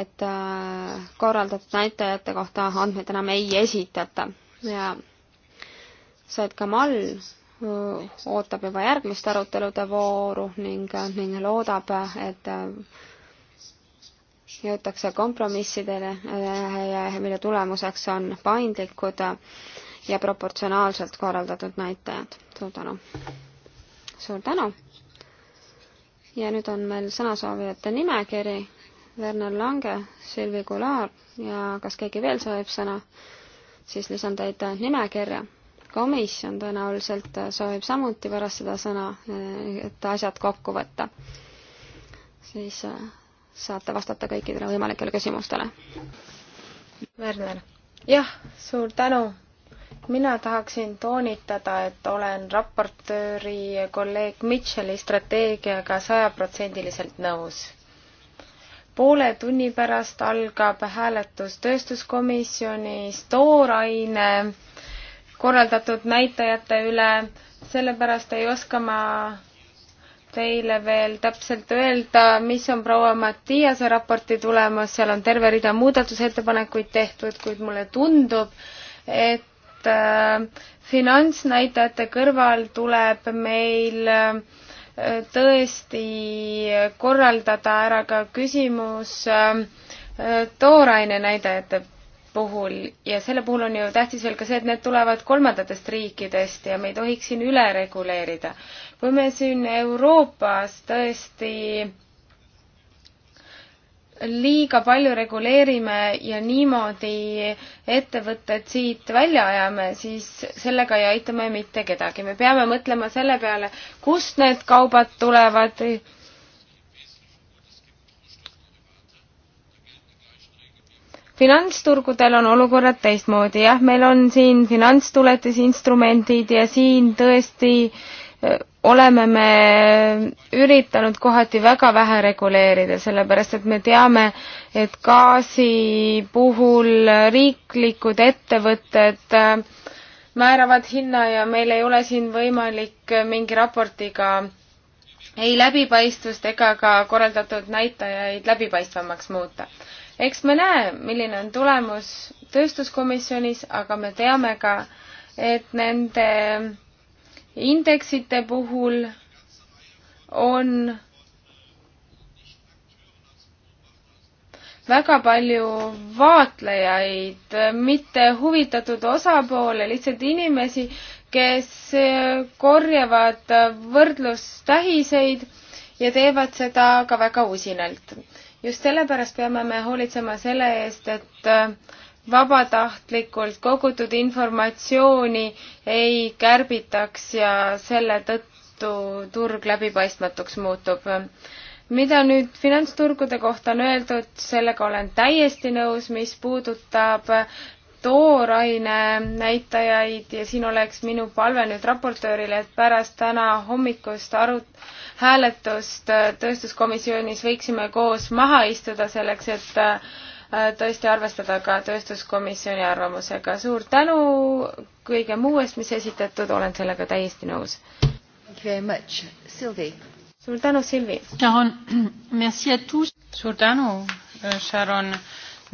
Speaker 1: et äh, korraldatud näitajate kohta andmeid enam ei esitata ja Said Kamal äh, ootab juba järgmist arutelude vooru ning, äh, ning loodab, et jõutakse kompromissidele, äh, mille tulemuseks on paindlikud ja proportsionaalselt korraldatud näitajad. suur tänu! suur tänu! ja nüüd on meil sõnasoovijate nimekiri. Werner Lange, Silvi Kular ja kas keegi veel soovib sõna, siis lisan teid nimekirja. komisjon tõenäoliselt soovib samuti pärast seda sõna, et asjad kokku võtta. siis äh, saate vastata kõikidele võimalikele küsimustele.
Speaker 2: Werner. jah, suur tänu. mina tahaksin toonitada, et olen raportööri kolleeg Mitchell'i strateegiaga sajaprotsendiliselt nõus. poole tunni pärast algab hääletus tööstuskomisjonis tooraine korraldatud näitajate üle, sellepärast ei oska ma teile veel täpselt öelda, mis on proua Mattiase raporti tulemus, seal on terve rida muudatusettepanekuid tehtud, kuid mulle tundub, et äh, finantsnäitajate kõrval tuleb meil äh, tõesti korraldada ära ka küsimus äh, tooraine näidajate puhul ja selle puhul on ju tähtis veel ka see, et need tulevad kolmandatest riikidest ja me ei tohiks siin üle reguleerida kui me siin Euroopas tõesti liiga palju reguleerime ja niimoodi ettevõtted siit välja ajame, siis sellega ei aita me mitte kedagi. me peame mõtlema selle peale, kust need kaubad tulevad. finantsturgudel on olukorrad teistmoodi, jah, meil on siin finantstuletisinstrumendid ja siin tõesti oleme me üritanud kohati väga vähe reguleerida, sellepärast et me teame, et gaasi puhul riiklikud ettevõtted äh, määravad hinna ja meil ei ole siin võimalik mingi raportiga ei läbipaistvust ega ka korraldatud näitajaid läbipaistvamaks muuta. eks me näe, milline on tulemus tööstuskomisjonis, aga me teame ka, et nende indeksite puhul on väga palju vaatlejaid, mitte huvitatud osapoole, lihtsalt inimesi, kes korjavad võrdlustähiseid ja teevad seda ka väga usinalt. just sellepärast peame me hoolitsema selle eest, et vabatahtlikult kogutud informatsiooni ei kärbitaks ja selle tõttu turg läbipaistmatuks muutub. mida nüüd finantsturgude kohta on öeldud, sellega olen täiesti nõus, mis puudutab tooraine näitajaid ja siin oleks minu palve nüüd raportöörile, et pärast täna hommikust aru-, hääletust äh, tööstuskomisjonis võiksime koos maha istuda selleks, et äh, Äh, tõesti arvestada ka tööstuskomisjoni arvamusega. suur tänu kõige muu eest, mis esitatud, olen sellega täiesti nõus.
Speaker 3: suur tänu, Silvi. suur tänu, äh, Sharon.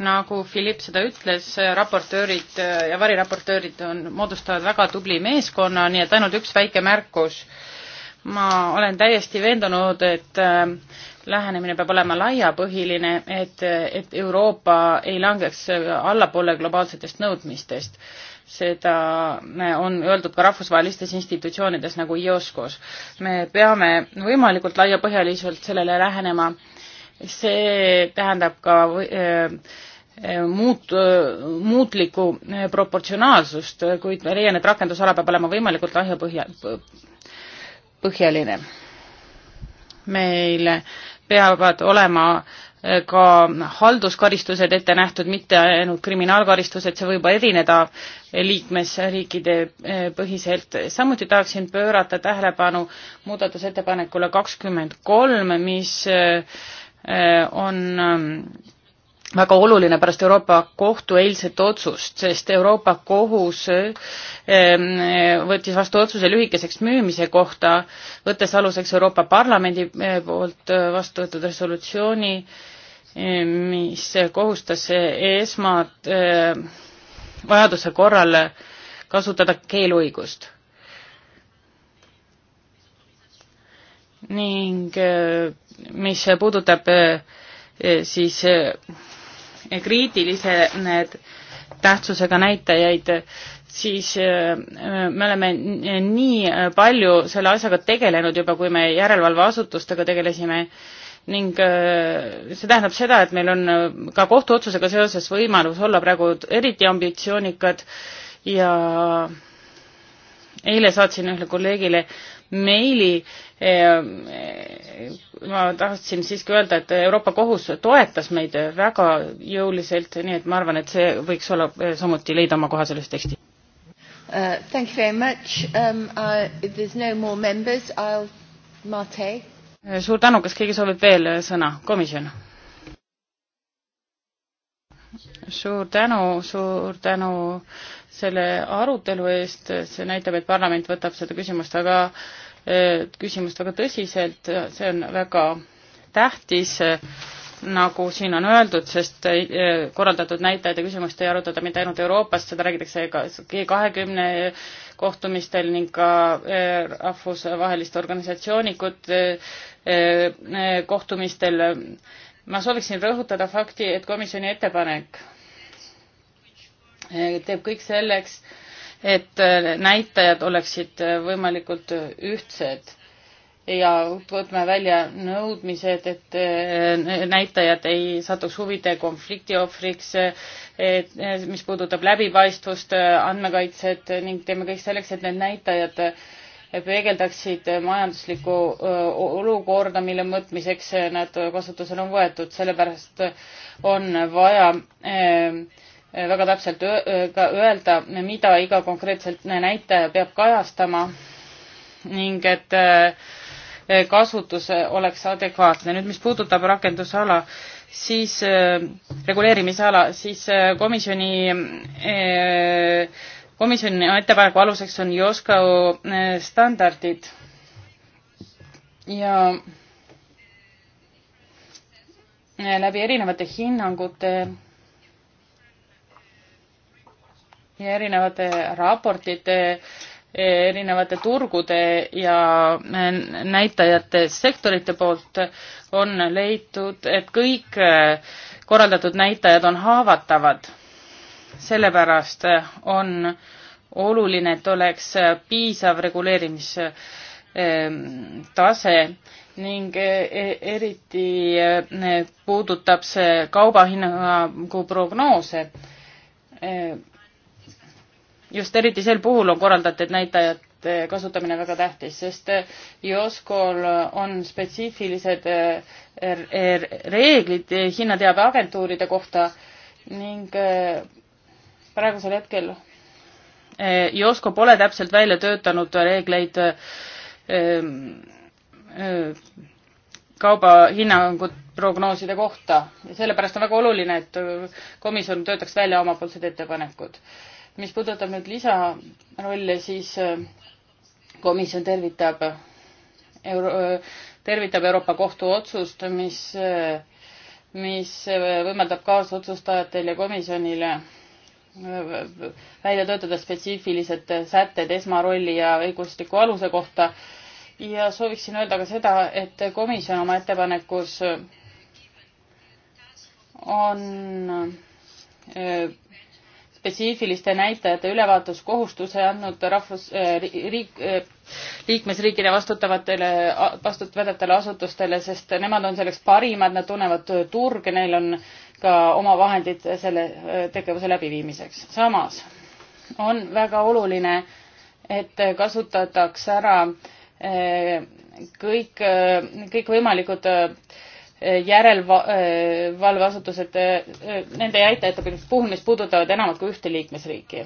Speaker 3: nagu Philipp seda ütles, äh, raportöörid ja variraportöörid on, moodustavad väga tubli meeskonna, nii et ainult üks väike märkus ma olen täiesti veendunud, et lähenemine peab olema laiapõhiline, et, et Euroopa ei langeks allapoole globaalsetest nõudmistest. seda on öeldud ka rahvusvahelistes institutsioonides nagu IOSCO-s. me peame võimalikult laiapõhjaliselt sellele lähenema, see tähendab ka äh, muut-, muutlikku eh, proportsionaalsust, kuid ma leian, et rakendusala peab olema võimalikult laiapõhja, põhjaline. meil äh, peavad olema eh, ka halduskaristused ette nähtud, mitte ainult kriminaalkaristused, see võib erineda liikmesriikide eh, põhiselt. samuti tahaksin pöörata tähelepanu muudatusettepanekule kakskümmend kolm, mis eh, on väga oluline pärast Euroopa Kohtu eilset otsust, sest Euroopa Kohus ehm, võttis vastu otsuse lühikeseks müümise kohta, võttes aluseks Euroopa Parlamendi eh, poolt eh, vastu võetud resolutsiooni, eh, mis kohustas esmad vajaduse korral kasutada keeluõigust. ning mis puudutab siis kriitilise need tähtsusega näitajaid, siis äh, me oleme nii palju selle asjaga tegelenud juba, kui me järelevalveasutustega tegelesime ning äh, see tähendab seda, et meil on äh, ka kohtuotsusega seoses võimalus olla praegu eriti ambitsioonikad ja eile saatsin ühele kolleegile meili. Ehm, ma tahtsin siiski öelda, et Euroopa Kohus toetas meid väga jõuliselt, nii et ma arvan, et see võiks olla eh, samuti leida oma koha selles tekstis.
Speaker 2: Uh, thank you very much. Um, uh, if there's no more members, I'll
Speaker 3: Mate. suur tänu, kas keegi soovib veel eh, sõna, komisjon? suur tänu, suur tänu selle arutelu eest, see näitab, et parlament võtab seda küsimust väga, eh, küsimust väga tõsiselt, see on väga tähtis, eh, nagu siin on öeldud, sest eh, korraldatud näitajate küsimust ei arutata mitte ainult Euroopast, seda räägitakse ka G kahekümne kohtumistel ning ka rahvusvaheliste organisatsioonikute kohtumistel ma sooviksin rõhutada fakti, et komisjoni ettepanek teeb kõik selleks, et äh, näitajad oleksid äh, võimalikult äh, ühtsed ja võtme välja nõudmised, et näitajad ei satuks huvide konflikti ohvriks, et mis puudutab läbipaistvust, andmekaitset ning teeme kõik selleks, et need näitajad peegeldaksid majanduslikku olukorda, mille mõõtmiseks nad kasutusele on võetud, sellepärast on vaja äh, Äh, väga täpselt ka öelda, mida iga konkreetne näitaja peab kajastama ning et äh, kasutus oleks adekvaatne. nüüd, mis puudutab rakendusala, siis äh, reguleerimisala, siis komisjoni, komisjoni ettepaneku aluseks on Josko standardid ja läbi erinevate hinnangute ja erinevate raportite, erinevate turgude ja äh, näitajate sektorite poolt on leitud, et kõik äh, korraldatud näitajad on haavatavad. sellepärast äh, on oluline, et oleks piisav reguleerimistase ning eriti puudutab see kaubahinnaga prognoose just eriti sel puhul on korraldatud näitajate kasutamine väga tähtis, sest eh, Joskol eh, on spetsiifilised eh, reeglid hinnateabeagentuuride kohta ning praegusel hetkel Josko pole täpselt välja töötanud reegleid kauba hinnangut prognooside kohta ja sellepärast on väga oluline, et komisjon töötaks välja omapoolsed ettepanekud mis puudutab nüüd lisarolle, siis äh, komisjon tervitab äh, euro, äh, tervitab Euroopa Kohtu otsust, mis, mis võimaldab kaasotsustajatel ja komisjonile välja töötada spetsiifilised sätted esmarolli ja õigusliku aluse kohta ja sooviksin öelda ka seda, et komisjon oma ettepanekus on spetsiifiliste näitajate ülevaatuskohustuse andnud rahvus äh, riik, äh, liikmesriigile vastutavatele, vastutavatele asutustele, sest nemad on selleks parimad, nad tunnevad turge, neil on ka oma vahendid selle äh, tegevuse läbiviimiseks. samas on väga oluline, et kasutatakse ära kõik, kõikvõimalikud järelevalveasutused, äh, äh, äh, nende ja aitajate puhumist puudutavad enamat kui ühte liikmesriiki.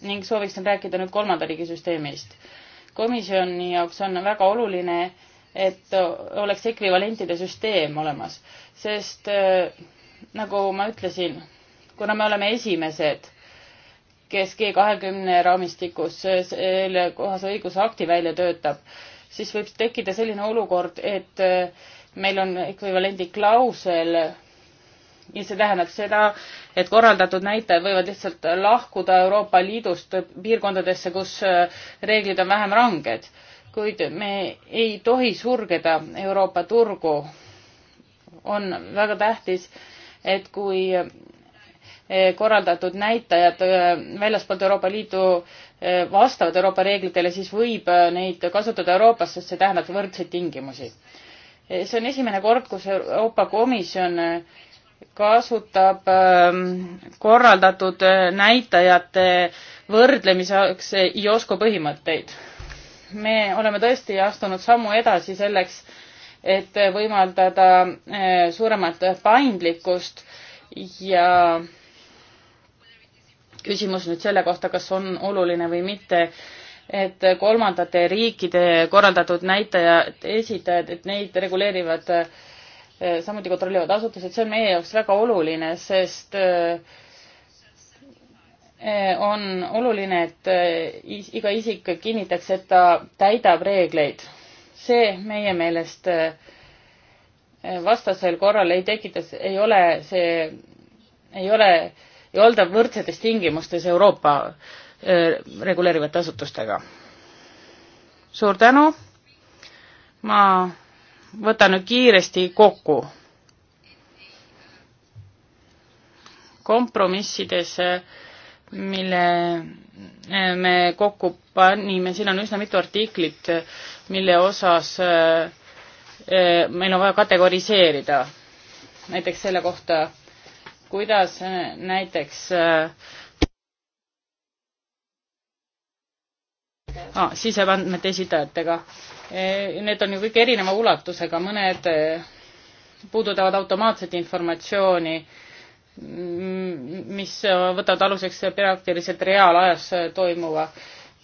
Speaker 3: ning sooviksin rääkida nüüd kolmanda riigi süsteemist. komisjoni jaoks on väga oluline, et oleks ekvivalentide süsteem olemas, sest nagu ma ütlesin, kuna me oleme esimesed, kes G kahekümne raamistikus selle kohase õigusakti välja töötab, siis võib tekkida selline olukord, et meil on ekvivalendi klausel ja see tähendab seda, et korraldatud näitajad võivad lihtsalt lahkuda Euroopa Liidust piirkondadesse, kus äh, reeglid on vähem ranged. kuid me ei tohi surgeda Euroopa turgu. on väga tähtis, et kui äh, korraldatud näitajad äh, väljaspoolt Euroopa Liitu vastavad Euroopa reeglitele, siis võib neid kasutada Euroopas, sest see tähendab võrdseid tingimusi see on esimene kord, kus Euroopa Komisjon kasutab ähm, korraldatud äh, näitajate võrdlemiseks IOSCO põhimõtteid. me oleme tõesti astunud sammu edasi selleks, et võimaldada äh, suuremat paindlikkust ja küsimus nüüd selle kohta, kas on oluline või mitte et kolmandate riikide korraldatud näitajad, esitajad, et neid reguleerivad eh, samuti kontrollivad asutused, see on meie jaoks väga oluline, sest eh, on oluline, et eh, iga isik kinnitaks, et ta täidab reegleid. see meie meelest vastasel korral ei tekita, ei ole see, ei ole, ei olda võrdsetes tingimustes Euroopa äh, reguleerivate asutustega. suur tänu, ma võtan nüüd kiiresti kokku. kompromissides, mille me kokku panime, siin on üsna mitu artiklit, mille osas meil on vaja kategoriseerida. näiteks selle kohta, kuidas näiteks äh, ah, siseandmete esitajatega. E, need on ju kõik erineva ulatusega, mõned e, puudutavad automaatset informatsiooni, mis võtavad aluseks praktiliselt reaalajas toimuva.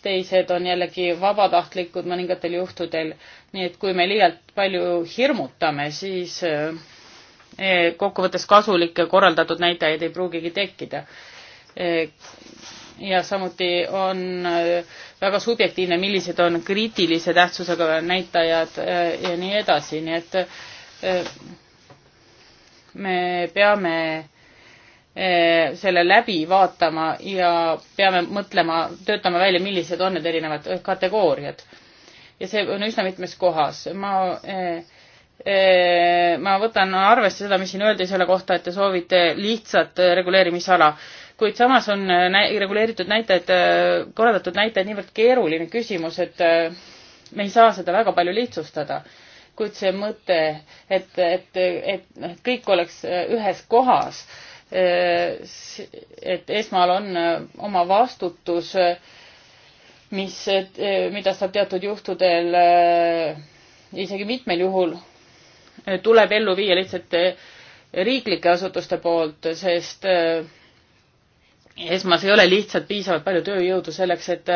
Speaker 3: teised on jällegi vabatahtlikud mõningatel juhtudel, nii et kui me liialt palju hirmutame, siis e, kokkuvõttes kasulikke korraldatud näitajaid ei pruugigi tekkida ja samuti on äh, väga subjektiivne, millised on kriitilise tähtsusega näitajad äh, ja nii edasi, nii et äh, me peame selle läbi vaatama ja peame mõtlema, töötama välja, millised on need erinevad kategooriad. ja see on üsna mitmes kohas. ma ma võtan arvesse seda, mis siin öeldi selle kohta, et te soovite lihtsat reguleerimisala kuid samas on äh, reguleeritud näitajad, äh, korraldatud näitajad niivõrd keeruline küsimus, et äh, me ei saa seda väga palju lihtsustada. kuid see mõte, et, et, et, noh, et kõik oleks ühes kohas, et esmal on oma vastutus, mis, mida saab teatud juhtudel, isegi mitmel juhul, tuleb ellu viia lihtsalt riiklike asutuste poolt, sest äh, esmas ei ole lihtsalt piisavalt palju tööjõudu selleks, et,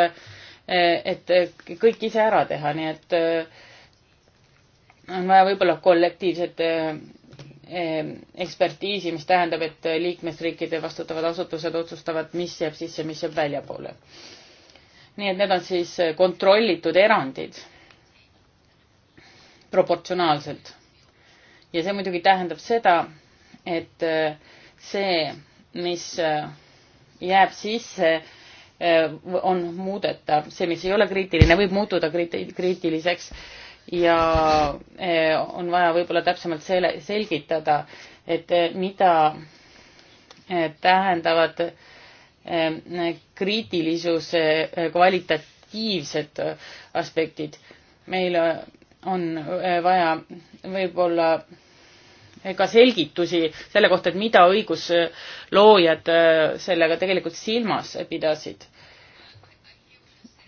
Speaker 3: et kõik ise ära teha, nii et on vaja võib-olla kollektiivset eh, ekspertiisi, mis tähendab, et liikmesriikide vastutavad asutused otsustavad, mis jääb sisse, mis jääb väljapoole. nii et need on siis kontrollitud erandid proportsionaalselt. ja see muidugi tähendab seda, et eh, see, mis eh, jääb sisse, äh, on muudetav, see, mis ei ole kriitiline, võib muutuda kriitiliseks ja äh, on vaja võib-olla täpsemalt selle, selgitada, et äh, mida tähendavad kriitilisuse kvalitatiivsed aspektid. meil on vaja võib-olla ka selgitusi selle kohta, et mida õigusloojad äh, sellega tegelikult silmas pidasid.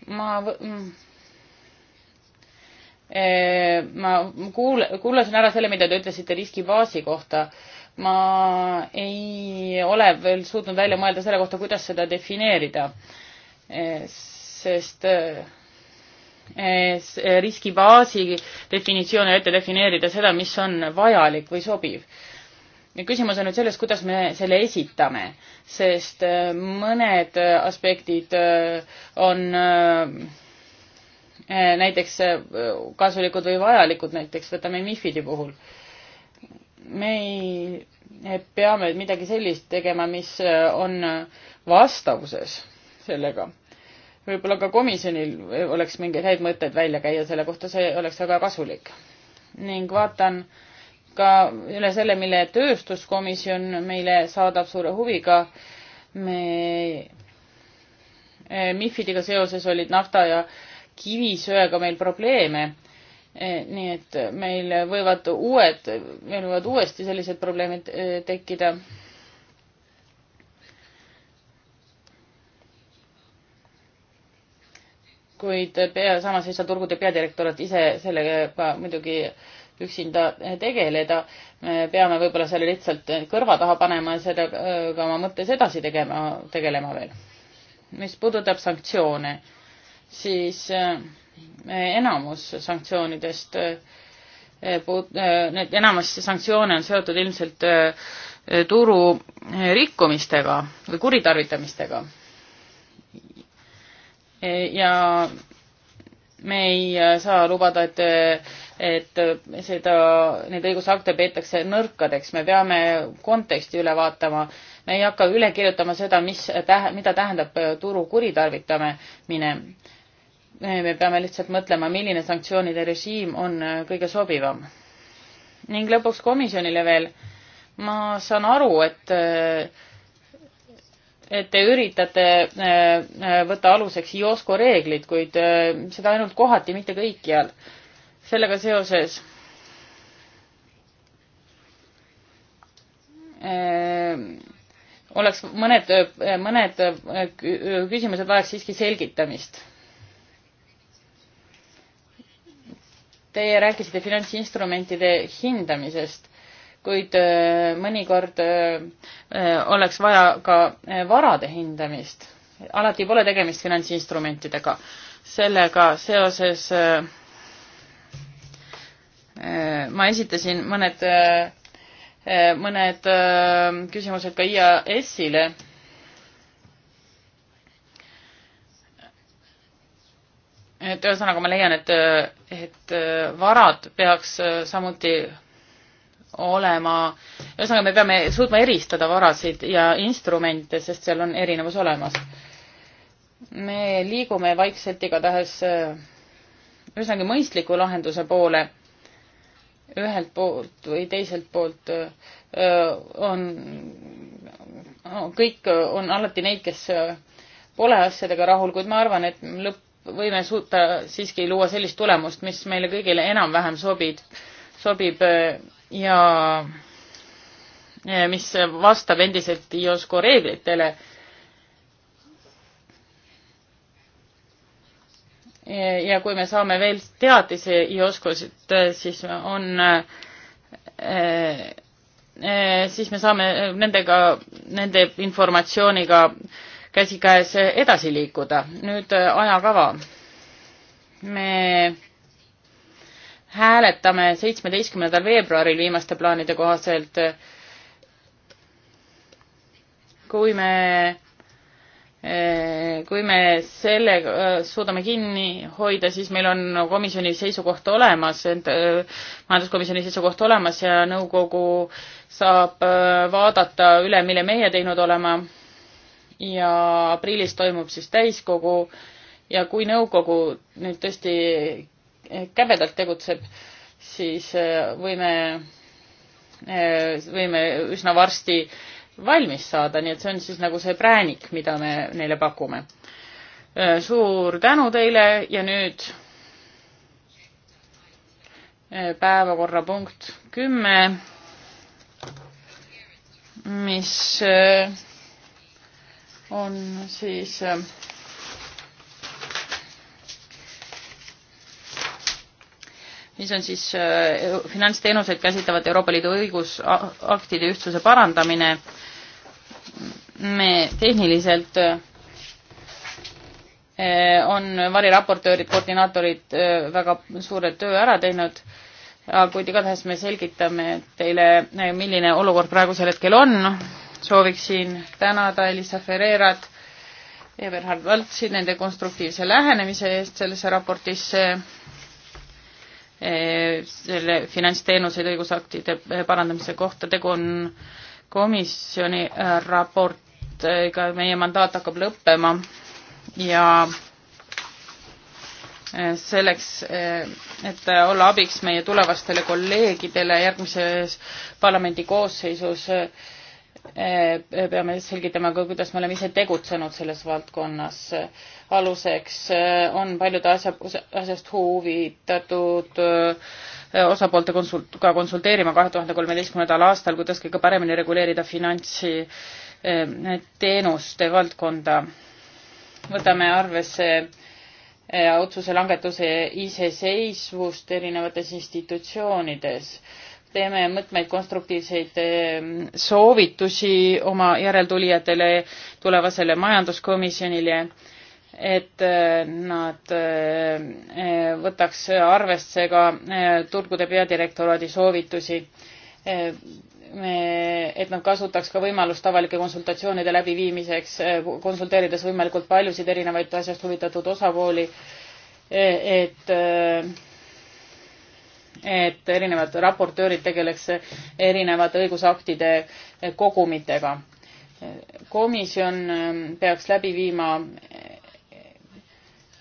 Speaker 3: ma mm. äh, ma kuul-, kuulasin ära selle, mida te ütlesite riskibaasi kohta. ma ei ole veel suutnud välja mõelda selle kohta, kuidas seda defineerida. Äh, sest Eh, eh, riskibaasi definitsioone ette defineerida seda, mis on vajalik või sobiv. ja küsimus on nüüd selles, kuidas me selle esitame, sest eh, mõned aspektid on näiteks kasulikud või vajalikud, näiteks võtame MIFID-i puhul. me ei, peame midagi sellist tegema, mis on vastavuses sellega võib-olla ka komisjonil oleks mingeid häid mõtteid välja käia selle kohta, see oleks väga kasulik. ning vaatan ka üle selle, mille tööstuskomisjon meile saadab suure huviga. me eh, MIFIDiga seoses olid nafta ja kivisöega meil probleeme. Eh, nii et meil võivad uued, meil võivad uuesti sellised probleemid eh, tekkida kuid pea, samas ei saa turgude peadirektorat ise sellega muidugi üksinda tegeleda. me peame võib-olla selle lihtsalt kõrva taha panema ja sellega äh, oma mõttes edasi tegema, tegelema veel. mis puudutab sanktsioone, siis äh, enamus sanktsioonidest, äh, need enamus sanktsioone on seotud ilmselt turu rikkumistega või kuritarvitamistega ja me ei saa lubada, et, et seda, neid õigusakte peetakse nõrkadeks, me peame konteksti üle vaatama. me ei hakka üle kirjutama seda, mis tähe-, mida tähendab turu kuritarvitamine. me peame lihtsalt mõtlema, milline sanktsioonide režiim on kõige sobivam. ning lõpuks komisjonile veel. ma saan aru, et äh, et te üritate äh, äh, võtta aluseks Josko reeglid, kuid äh, seda ainult kohati, mitte kõikjal. sellega seoses oleks mõned, mõned küsimused vajaks siiski selgitamist. Teie rääkisite finantsinstrumentide hindamisest kuid äh, mõnikord äh, äh, oleks vaja ka varade hindamist. alati pole tegemist finantsinstrumentidega. sellega seoses ma esitasin mõned, mõned küsimused ka IAS-ile et ühesõnaga ma leian, et, et varad peaks samuti olema, ühesõnaga me peame suutma eristada varasid ja instrumente, sest seal on erinevus olemas. me liigume vaikselt igatahes äh, ühesõnaga mõistliku lahenduse poole, ühelt poolt või teiselt poolt öö, äh, on no,, kõik on alati neid, kes äh, pole asjadega rahul, kuid ma arvan, et lõpp, võime suuta siiski luua sellist tulemust, mis meile kõigile enam-vähem sobib, sobib öö, ja mis vastab endiselt IOSCO reeglitele. ja kui me saame veel teadise IOSCO-st, siis on, eh, eh, siis me saame nendega, nende informatsiooniga käsikäes edasi liikuda. nüüd eh, ajakava. me hääletame seitsmeteistkümnendal veebruaril viimaste plaanide kohaselt. kui me, kui me selle suudame kinni hoida, siis meil on komisjoni seisukoht olemas, majanduskomisjoni seisukoht olemas ja nõukogu saab vaadata üle, mille meie teinud olema. ja aprillis toimub siis täiskogu ja kui nõukogu nüüd tõesti käbedalt tegutseb, siis äh, võime, äh, võime üsna varsti valmis saada, nii et see on siis nagu see präänik, mida me neile pakume. Äh, suur tänu teile ja nüüd päevakorrapunkt kümme, mis on siis mis on siis äh, finantsteenuseid käsitlevat Euroopa Liidu õigusaktide ühtsuse parandamine. me tehniliselt äh, on variraportöörid, koordinaatorid äh, väga suure töö ära teinud, kuid igatahes me selgitame teile, milline olukord praegusel hetkel on. sooviksin tänada Elisa Ferreirat ja Bernhard Valtsi nende konstruktiivse lähenemise eest sellesse raportisse Eh, selle finantsteenuseid õigusaktide parandamise kohta, tegu on komisjoni eh, raportiga, eh, meie mandaat hakkab lõppema ja selleks, et olla abiks meie tulevastele kolleegidele järgmises parlamendi koosseisus, Eh, peame selgitama ka, kuidas me oleme ise tegutsenud selles valdkonnas. aluseks eh, on paljude asja, asjast huvitatud eh, osapoolte konsult-, ka konsulteerima kahe tuhande kolmeteistkümnendal aastal, kuidas kõige paremini reguleerida finantsteenuste valdkonda. võtame arvesse otsuse langetuse iseseisvust erinevates institutsioonides teeme mõtmeid konstruktiivseid ehm, soovitusi oma järeltulijatele, tulevasele majanduskomisjonile, et eh, nad eh, eh, võtaks arvesse ka turgude peadirektoraadi soovitusi. et nad kasutaks ka võimalust avalike konsultatsioonide läbiviimiseks, konsulteerides võimalikult paljusid erinevaid asjast huvitatud osapooli, et et erinevad raportöörid tegeleks erinevate õigusaktide kogumitega. komisjon ähm, peaks läbi viima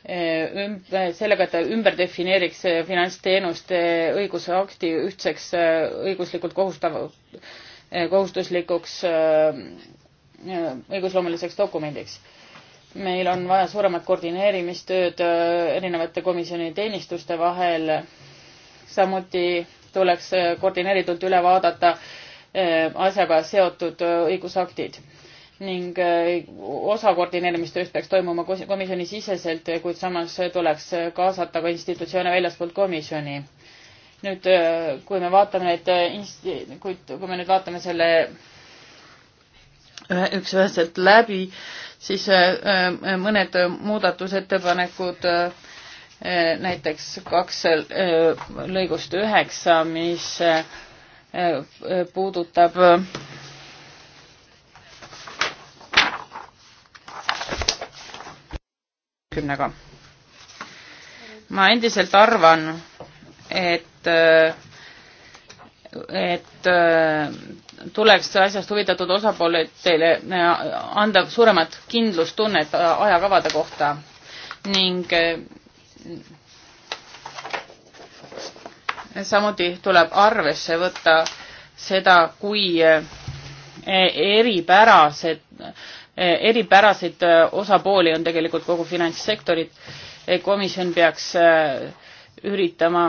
Speaker 3: äh, sellega, et ta ümber defineeriks äh, finantsteenuste õigusakti ühtseks äh, õiguslikult kohustav, kohustuslikuks õigusloomeliseks dokumendiks. meil on vaja suuremat koordineerimistööd erinevate komisjoni teenistuste vahel samuti tuleks äh, koordineeritult üle vaadata äh, asjaga seotud äh, õigusaktid ning osa koordineerimistööst peaks toimuma komisjoni siseselt, kuid samas tuleks kaasata ka institutsioone väljaspoolt komisjoni. nüüd, kui me vaatame need inst-, kuid kui me nüüd vaatame selle üks-üheselt läbi, siis mõned muudatusettepanekud äh, Eh, näiteks kaks eh, lõigust üheksa, mis eh, puudutab kümnega. ma endiselt arvan, et, et tuleks asjast huvitatud osapooltele anda suuremat kindlustunnet ajakavade kohta ning samuti tuleb arvesse võtta seda, kui eh, eripärased, eh, eripäraseid eh, osapooli on tegelikult kogu finantssektorit. komisjon peaks üritama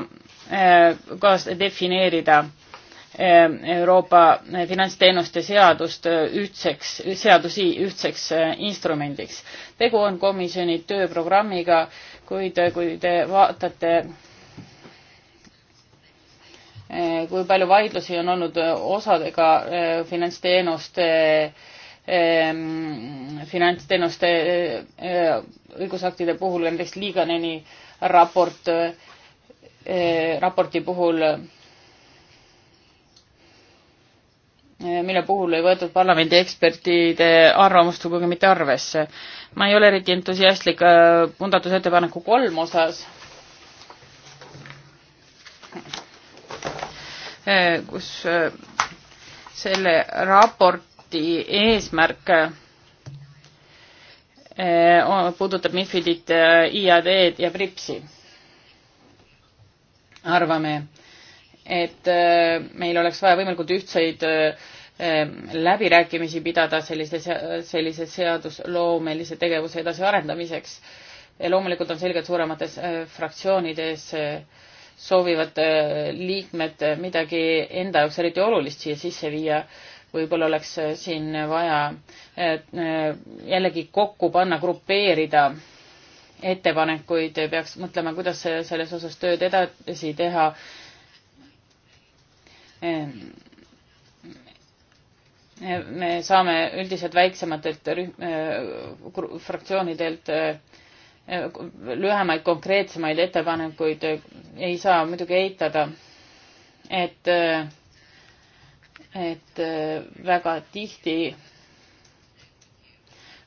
Speaker 3: ka defineerida Euroopa finantsteenuste seadust ühtseks, seadusi ühtseks instrumendiks. tegu on komisjoni tööprogrammiga, kuid kui te vaatate eh, kui palju vaidlusi on olnud osadega eh, finantsteenuste eh, finantsteenuste õigusaktide puhul, näiteks Liiganeni raport, raporti puhul Eh, mille puhul ei võetud parlamendi ekspertide arvamust sugugi mitte arvesse. ma ei ole eriti entusiastlik eh, muudatusettepaneku kolm osas, eh, kus selle raporti eesmärk puudutab MIFIDit, IAD-d ja PRIPSi. arvame, et meil oleks vaja võimalikult ühtseid äh, Ähm, läbirääkimisi pidada sellise, sellise seadusloomelise tegevuse edasiarendamiseks. loomulikult on selge, et suuremates äh, fraktsioonides äh, soovivad äh, liikmed midagi enda jaoks eriti olulist siia sisse viia. võib-olla oleks siin vaja jällegi kokku panna, grupeerida ettepanekuid, peaks mõtlema, kuidas selles osas tööd edasi teha ähm, me saame üldiselt väiksematelt rühm- äh,, fraktsioonidelt äh, lühemaid konkreetsemaid ettepanekuid äh, ei saa muidugi eitada, et, äh, et äh, väga tihti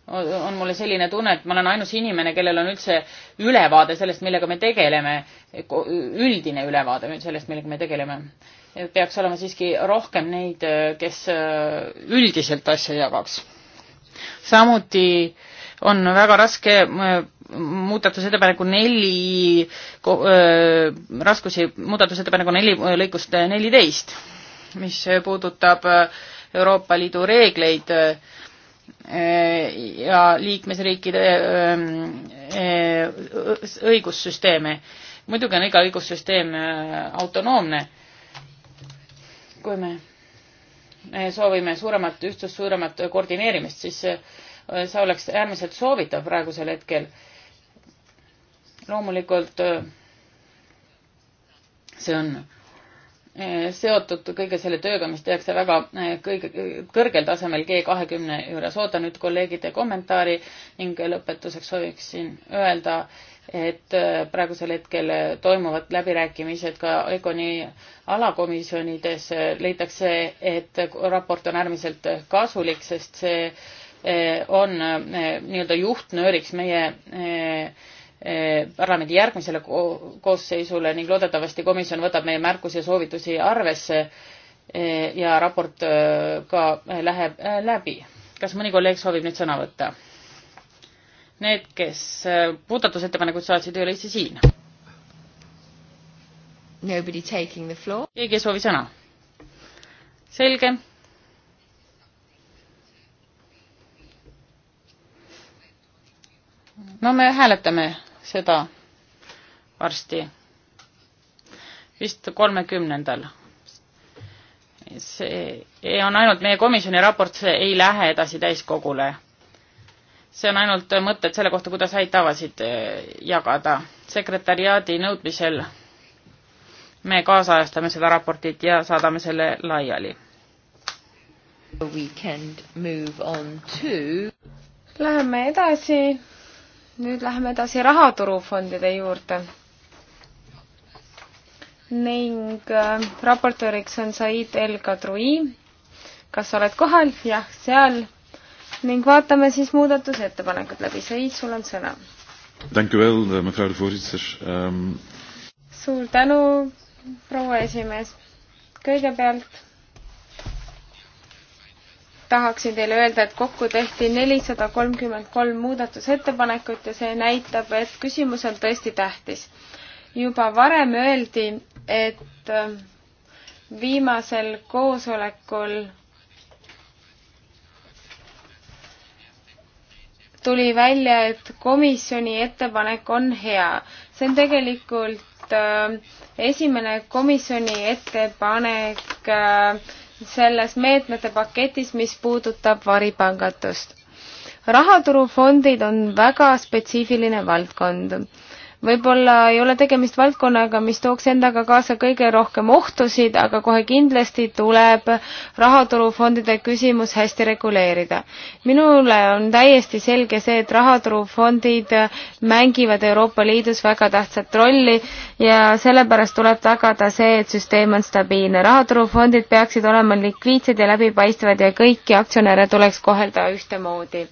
Speaker 3: on mulle selline tunne, et ma olen ainus inimene, kellel on üldse ülevaade sellest, millega me tegeleme, üldine ülevaade sellest, millega me tegeleme. peaks olema siiski rohkem neid, kes äh, üldiselt asja jagaks. samuti on väga raske äh, muudatusettepaneku neli, äh, raskusi muudatusettepaneku neli lõikust neliteist, mis puudutab Euroopa Liidu reegleid äh, Äh, ja liikmesriikide ähm, äh, õigussüsteeme. muidugi on iga õigussüsteem äh, autonoomne. kui me soovime suuremat ühtsust, suuremat koordineerimist, siis see oleks äärmiselt soovitav praegusel hetkel. loomulikult see on Eh, seotud kõige selle tööga, mis tehakse väga eh, kõige kõrgel tasemel G kahekümne juures. ootan nüüd kolleegide kommentaari ning lõpetuseks sooviksin öelda, et eh, praegusel hetkel toimuvad läbirääkimised ka EGONi alakomisjonides. leitakse, et raport on äärmiselt kasulik, sest see on nii-öelda juhtnööriks meie Eh, parlamendi järgmisele koosseisule ning loodetavasti komisjon võtab meie märkusi ja soovitusi arvesse eh, ja raport eh, ka läheb läbi. kas mõni kolleeg soovib nüüd sõna võtta? Need, kes muudatusettepanekuid saatsid, ei ole ise siin. keegi ei soovi sõna? selge no me hääletame seda varsti, vist kolmekümnendal. see on ainult meie komisjoni raport, see ei lähe edasi täiskogule. see on ainult mõtted selle kohta, kuidas häid tavasid eh, jagada. sekretäriaadi nõudmisel me kaasajastame seda raportit ja saadame selle laiali. We can move on to
Speaker 2: Läheme edasi nüüd läheme edasi rahaturufondide juurde. ning äh, raportööriks on Said El-Kadri. kas sa oled kohal? jah, seal. ning vaatame siis muudatusettepanekud läbi. Said, sul on sõna. Um... suur tänu, proua esimees. kõigepealt tahaksin teile öelda, et kokku tehti nelisada kolmkümmend kolm muudatusettepanekut ja see näitab, et küsimus on tõesti tähtis. juba varem öeldi, et ähm, viimasel koosolekul tuli välja, et komisjoni ettepanek on hea. see on tegelikult ähm, esimene komisjoni ettepanek äh, selles meetmete paketis, mis puudutab varipangatust. rahaturufondid on väga spetsiifiline valdkond võib-olla ei ole tegemist valdkonnaga, mis tooks endaga kaasa kõige rohkem ohtusid, aga kohe kindlasti tuleb rahaturufondide küsimus hästi reguleerida. minule on täiesti selge see, et rahaturufondid mängivad Euroopa Liidus väga tähtsat rolli ja sellepärast tuleb tagada see, et süsteem on stabiilne. rahaturufondid peaksid olema likviidsed ja läbipaistvad ja kõiki aktsionäre tuleks kohelda ühtemoodi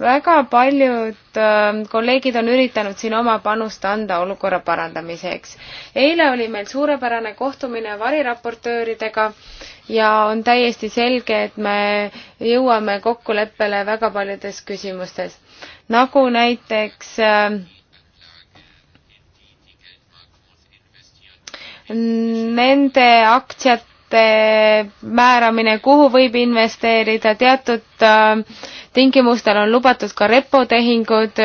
Speaker 2: väga paljud äh, kolleegid on üritanud siin oma panust anda olukorra parandamiseks. eile oli meil suurepärane kohtumine variraportööridega ja on täiesti selge, et me jõuame kokkuleppele väga paljudes küsimustes, nagu näiteks äh, nende aktsiate summade määramine, kuhu võib investeerida, teatud äh, tingimustel on lubatud ka repotehingud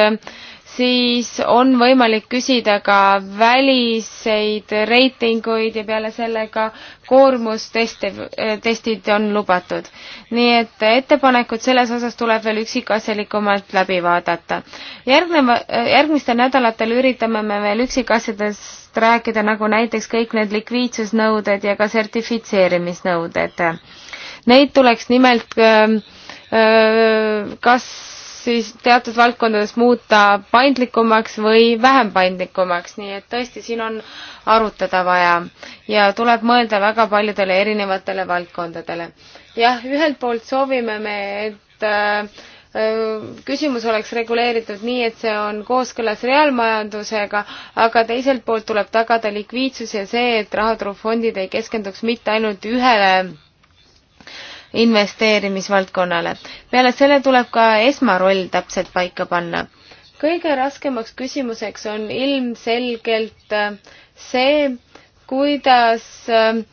Speaker 2: siis on võimalik küsida ka väliseid reitinguid ja peale selle ka koormusteste, testid on lubatud. nii et ettepanekud selles osas tuleb veel üksikasjalikumalt läbi vaadata. järgneva, järgmistel nädalatel üritame me veel üksikasjadest rääkida, nagu näiteks kõik need likviidsusnõuded ja ka sertifitseerimisnõuded. Neid tuleks nimelt äh, äh, kas siis teatud valdkondades muuta paindlikumaks või vähem paindlikumaks, nii et tõesti, siin on arutada vaja ja tuleb mõelda väga paljudele erinevatele valdkondadele. jah, ühelt poolt soovime me, et äh, küsimus oleks reguleeritud nii, et see on kooskõlas reaalmajandusega, aga teiselt poolt tuleb tagada likviidsus ja see, et rahaturufondid ei keskenduks mitte ainult ühele investeerimisvaldkonnale. peale selle tuleb ka esmaroll täpselt paika panna. kõige raskemaks küsimuseks on ilmselgelt äh, see, kuidas äh,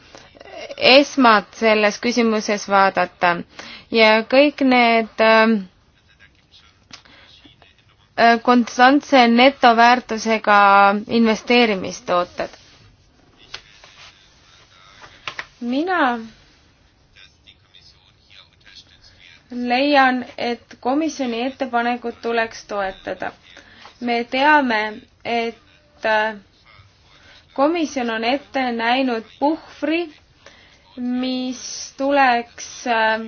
Speaker 2: esmad selles küsimuses vaadata ja kõik need äh, konstantse netoväärtusega investeerimistooted. mina leian, et komisjoni ettepanekut tuleks toetada. me teame, et äh, komisjon on ette näinud puhvri, mis tuleks äh,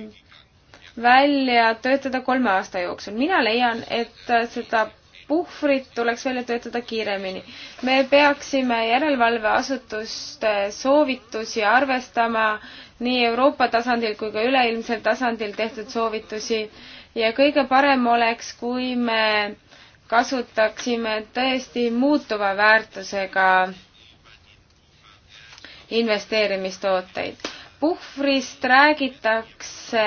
Speaker 2: välja töötada kolme aasta jooksul. mina leian, et äh, seda puhvrid tuleks välja töötada kiiremini. me peaksime järelevalveasutuste soovitusi arvestama nii Euroopa tasandil kui ka üleilmsel tasandil tehtud soovitusi ja kõige parem oleks, kui me kasutaksime tõesti muutuva väärtusega investeerimistooteid puhvrist räägitakse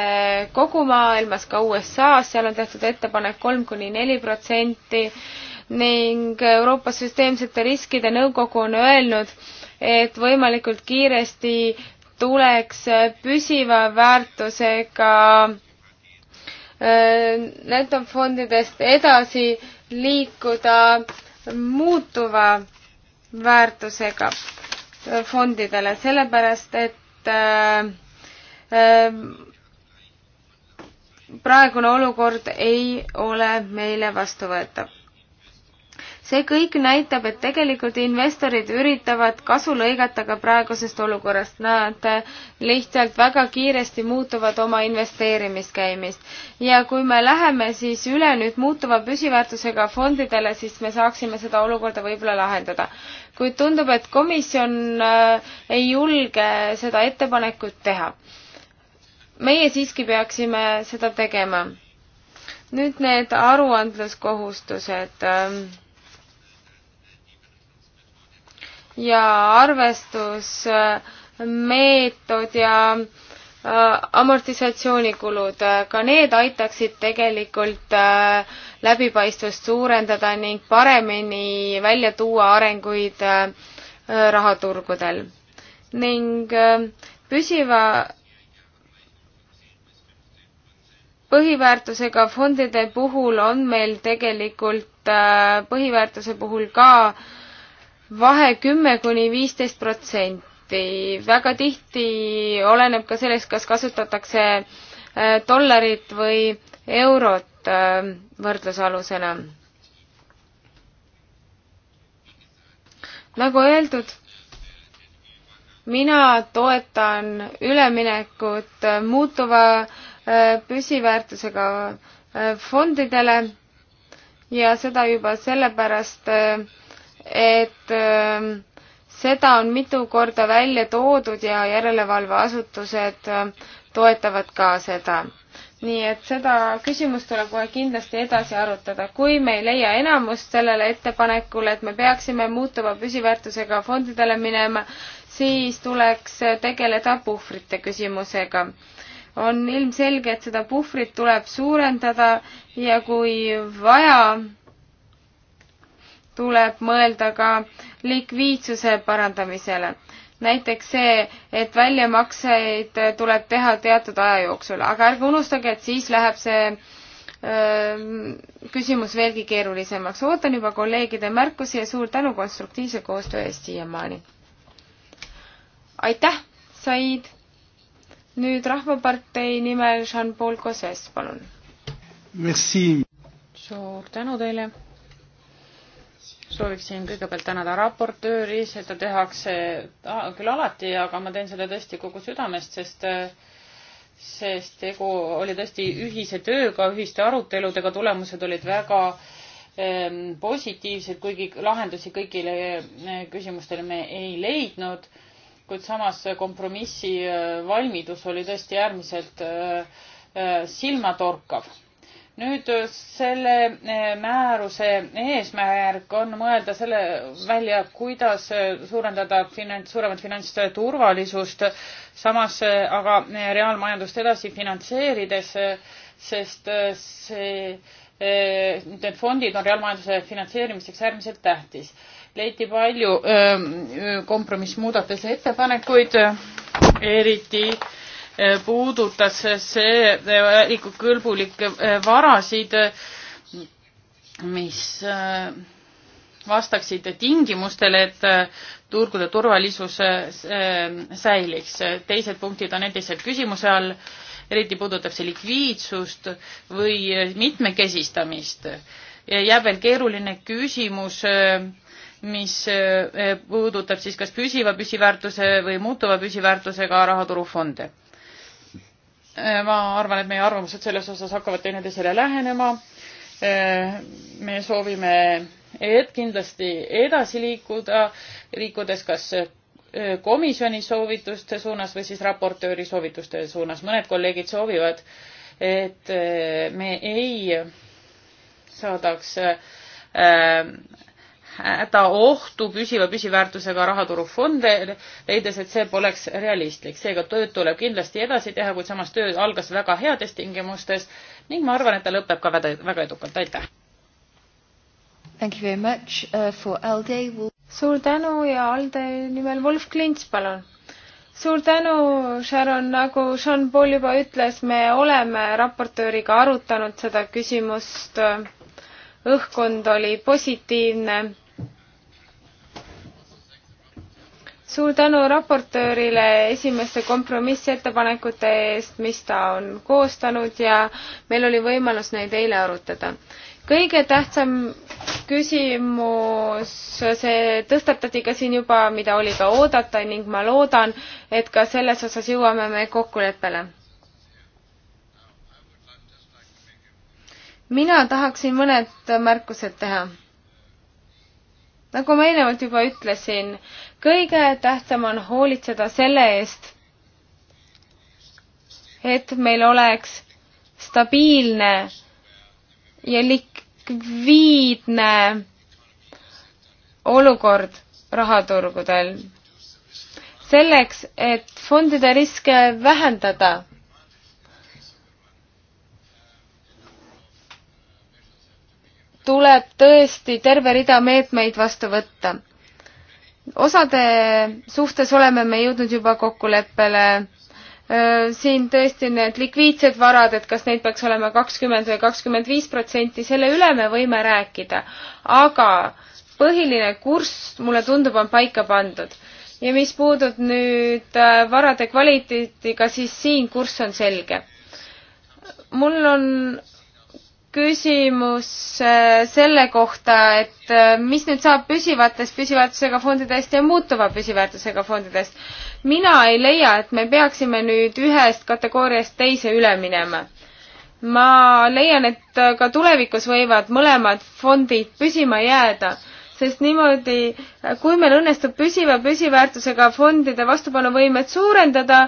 Speaker 2: kogu maailmas, ka USA-s, seal on tehtud ettepanek kolm kuni neli protsenti ning Euroopa Süsteemsete Riskide Nõukogu on öelnud, et võimalikult kiiresti tuleks püsiva väärtusega äh, netofondidest edasi liikuda muutuva väärtusega fondidele, sellepärast et et äh, äh, praegune olukord ei ole meile vastuvõetav see kõik näitab, et tegelikult investorid üritavad kasu lõigata ka praegusest olukorrast, nad äh, lihtsalt väga kiiresti muutuvad oma investeerimiskäimist. ja kui me läheme siis üle nüüd muutuva püsiväärtusega fondidele, siis me saaksime seda olukorda võib-olla lahendada. kuid tundub, et komisjon äh, ei julge seda ettepanekut teha. meie siiski peaksime seda tegema. nüüd need aruandluskohustused ähm, ja arvestusmeetod ja äh, amortisatsioonikulud, äh, ka need aitaksid tegelikult äh, läbipaistvust suurendada ning paremini välja tuua arenguid rahaturgudel. ning püsiva põhiväärtusega fondide puhul on meil tegelikult põhiväärtuse puhul ka äh, vahe kümme kuni viisteist protsenti. väga tihti oleneb ka sellest, kas kasutatakse äh, dollarit või eurot äh, võrdlusalusena. nagu öeldud, mina toetan üleminekut muutuva äh, püsiväärtusega fondidele ja seda juba sellepärast, et ähm, seda on mitu korda välja toodud ja järelevalveasutused ähm, toetavad ka seda. nii et seda küsimust tuleb kohe kindlasti edasi arutada. kui me ei leia enamust sellele ettepanekule, et me peaksime muutuva püsiväärtusega fondidele minema, siis tuleks tegeleda puhvrite küsimusega on ilmselge, et seda puhvrit tuleb suurendada ja kui vaja, tuleb mõelda ka likviidsuse parandamisele. näiteks see, et väljamakseid tuleb teha teatud aja jooksul, aga ärge unustage, et siis läheb see öö, küsimus veelgi keerulisemaks. ootan juba kolleegide märkusi ja suur tänu konstruktiivse koostöö eest siiamaani. aitäh, Said! nüüd Rahvapartei nimel Jean-Paul Cosses, palun.
Speaker 3: suur tänu teile sooviksin kõigepealt tänada raportööri, seda tehakse ah, küll alati, aga ma teen selle tõesti kogu südamest, sest äh, sest tegu oli tõesti ühise tööga, ühiste aruteludega, tulemused olid väga ähm, positiivsed, kuigi lahendusi kõigile äh, küsimustele me ei leidnud, kuid samas kompromissi äh, valmidus oli tõesti äärmiselt silmatorkav nüüd äh, selle äh, määruse eesmärk on mõelda selle välja, kuidas äh, suurendada finants, suuremat finantsturvalisust, samas aga reaalmajandust edasi finantseerides, sest see, need fondid on reaalmajanduse finantseerimiseks äärmiselt tähtis. leiti palju ähm, kompromissmuudatuse ettepanekuid, eriti äh, puudutas see äh, kõlbulikke äh, varasid, äh, mis vastaksid tingimustele, et turgude turvalisus säiliks. teised punktid on endiselt küsimuse all, eriti puudutab see likviidsust või mitmekesistamist. jääb veel keeruline küsimus, mis puudutab siis kas püsiva püsiväärtuse või muutuva püsiväärtusega rahaturufonde Äh, ma arvan, et meie arvamused selles osas hakkavad teineteisele lähenema. Äh, me soovime et kindlasti edasi liikuda, liikudes kas äh, komisjoni soovituste suunas või siis raportööri soovituste suunas. mõned kolleegid soovivad, et me ei saadaks häda ohtu püsiva püsiväärtusega rahaturufonde, leides, et see poleks realistlik. seega tööd tuleb kindlasti edasi teha, kuid samas töö algas väga heades tingimustes ning ma arvan, et ta lõpeb ka väga, väga edukalt. aitäh!
Speaker 2: Thank you very much uh, for Alde we'll.... suur tänu ja Alde nimel Wolf Klints, palun! suur tänu, Sharon, nagu Jean-Paul juba ütles, me oleme raportööriga arutanud seda küsimust õhkkond oli positiivne suur tänu raportöörile esimeste kompromissettepanekute eest, mis ta on koostanud ja meil oli võimalus neid eile arutada. kõige tähtsam küsimus, see tõstatati ka siin juba, mida oli ka oodata ning ma loodan, et ka selles osas jõuame me kokkuleppele. mina tahaksin mõned märkused teha nagu ma eelnevalt juba ütlesin, kõige tähtsam on hoolitseda selle eest, et meil oleks stabiilne ja likviidne olukord rahaturgudel. selleks, et fondide riske vähendada tuleb tõesti terve rida meetmeid vastu võtta. osade suhtes oleme me jõudnud juba kokkuleppele, siin tõesti need likviidsed varad, et kas neid peaks olema kakskümmend või kakskümmend viis protsenti, selle üle me võime rääkida, aga põhiline kurss, mulle tundub, on paika pandud. ja mis puudub nüüd äh, varade kvaliteetiga, siis siin kurss on selge. mul on küsimus äh, selle kohta, et äh, mis nüüd saab püsivatest püsiväärtusega fondidest ja muutuva püsiväärtusega fondidest. mina ei leia, et me peaksime nüüd ühest kategooriast teise üle minema. ma leian, et äh, ka tulevikus võivad mõlemad fondid püsima jääda, sest niimoodi, kui meil õnnestub püsiva püsiväärtusega fondide vastupanuvõimet suurendada,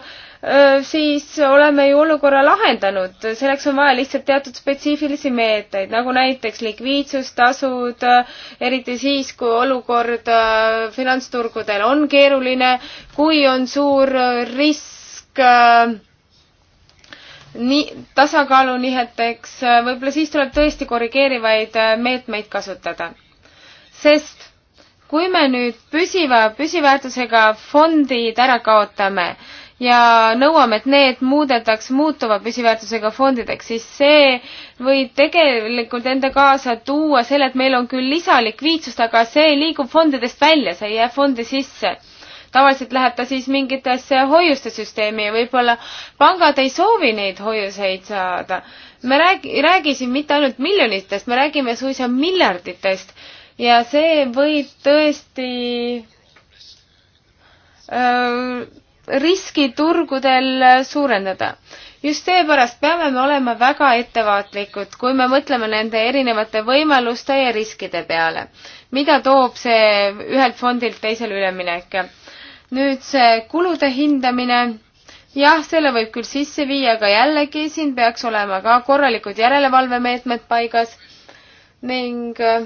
Speaker 2: siis oleme ju olukorra lahendanud, selleks on vaja lihtsalt teatud spetsiifilisi meetmeid, nagu näiteks likviidsustasud, eriti siis, kui olukord finantsturgudel on keeruline, kui on suur risk nii, tasakaaluniheteks, võib-olla siis tuleb tõesti korrigeerivaid meetmeid kasutada. sest kui me nüüd püsiva, püsiväärtusega fondid ära kaotame, ja nõuame, et need muudetaks muutuva püsiväärtusega fondideks, siis see võib tegelikult enda kaasa tuua selle, et meil on küll lisalikviidsust, aga see liigub fondidest välja, see ei jää fondi sisse tavaliselt läheb ta siis mingitesse hoiuste süsteemi ja võib-olla pangad ei soovi neid hoiuseid saada. me räägi, ei räägi siin mitte ainult miljonitest, me räägime suisa miljarditest ja see võib tõesti öö, äh, riski turgudel suurendada. just seepärast peame me olema väga ettevaatlikud, kui me mõtleme nende erinevate võimaluste ja riskide peale, mida toob see ühelt fondilt teisele üleminek. nüüd see kulude hindamine, jah, selle võib küll sisse viia, aga jällegi siin peaks olema ka korralikud järelevalvemeetmed paigas ning äh,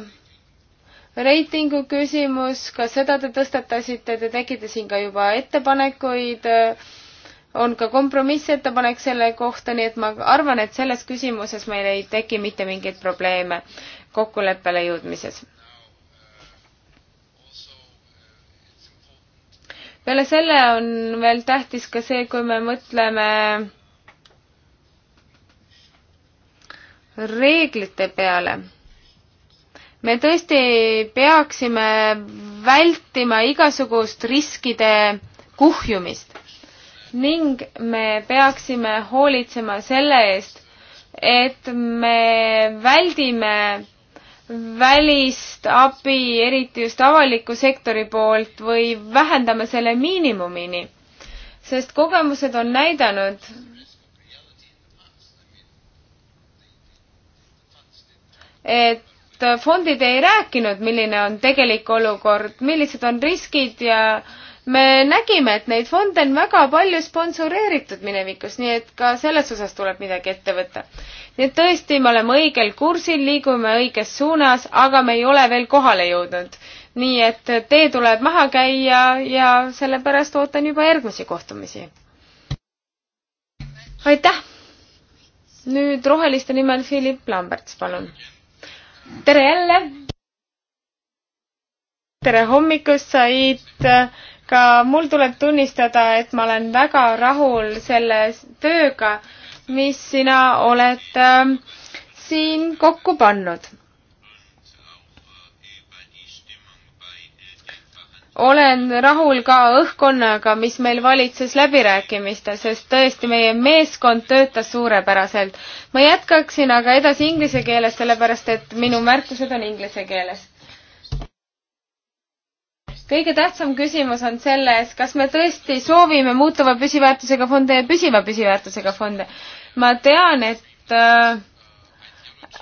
Speaker 2: reitingu küsimus, ka seda te tõstatasite, te tegite siin ka juba ettepanekuid, äh, on ka kompromissettepanek selle kohta, nii et ma arvan, et selles küsimuses meil ei teki mitte mingeid probleeme kokkuleppele jõudmises. peale selle on veel tähtis ka see, kui me mõtleme reeglite peale me tõesti peaksime vältima igasugust riskide kuhjumist ning me peaksime hoolitsema selle eest, et me väldime välist abi, eriti just avaliku sektori poolt või vähendame selle miinimumini. sest kogemused on näidanud, et fondid ei rääkinud, milline on tegelik olukord, millised on riskid ja me nägime, et neid fonde on väga palju sponsoreeritud minevikus, nii et ka selles osas tuleb midagi ette võtta. nii et tõesti, me oleme õigel kursil, liigume õiges suunas, aga me ei ole veel kohale jõudnud. nii et tee tuleb maha käia ja sellepärast ootan juba järgmisi kohtumisi. aitäh! nüüd roheliste nimel Philip Lamberts, palun tere jälle! tere hommikust, Said! ka mul tuleb tunnistada, et ma olen väga rahul selle tööga, mis sina oled äh, siin kokku pannud olen rahul ka õhkkonnaga, mis meil valitses läbirääkimistel, sest tõesti, meie meeskond töötas suurepäraselt. ma jätkaksin aga edasi inglise keeles, sellepärast et minu märkused on inglise keeles. kõige tähtsam küsimus on selles, kas me tõesti soovime muutuva püsiväärtusega fonde ja püsiva püsiväärtusega fonde. ma tean, et äh,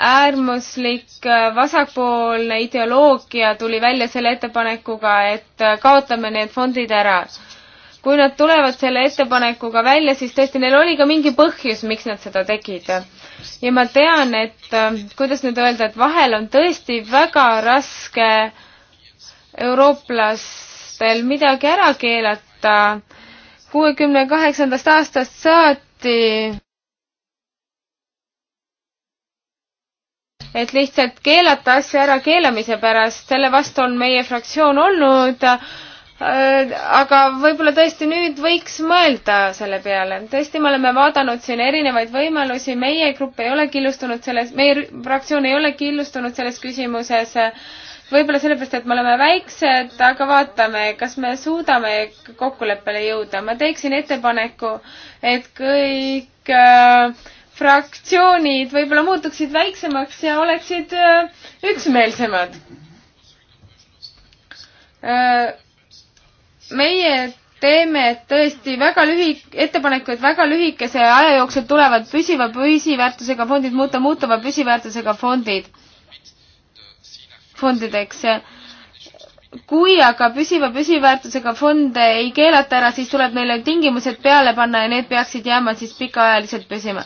Speaker 2: äärmuslik äh, vasakpoolne ideoloogia tuli välja selle ettepanekuga, et äh, kaotame need fondid ära. kui nad tulevad selle ettepanekuga välja, siis tõesti, neil oli ka mingi põhjus, miks nad seda tegid. ja ma tean, et äh, kuidas nüüd öelda, et vahel on tõesti väga raske eurooplastel midagi ära keelata. kuuekümne kaheksandast aastast saati et lihtsalt keelata asja ära keelamise pärast, selle vastu on meie fraktsioon olnud äh, aga võib-olla tõesti nüüd võiks mõelda selle peale. tõesti, me oleme vaadanud siin erinevaid võimalusi, meie grupp ei ole killustunud selles, meie fraktsioon ei ole killustunud selles küsimuses. võib-olla sellepärast, et me oleme väiksed, aga vaatame, kas me suudame kokkuleppele jõuda. ma teeksin ettepaneku, et kõik äh, fraktsioonid võib-olla muutuksid väiksemaks ja oleksid äh, üksmeelsemad. Äh, meie teeme tõesti väga lühi-, ettepaneku, et väga lühikese aja jooksul tulevad püsiva püsiväärtusega fondid muuta muutuva püsiväärtusega fondid, fondideks kui aga püsiva püsiväärtusega fonde ei keelata ära, siis tuleb neile tingimused peale panna ja need peaksid jääma siis pikaajaliselt püsima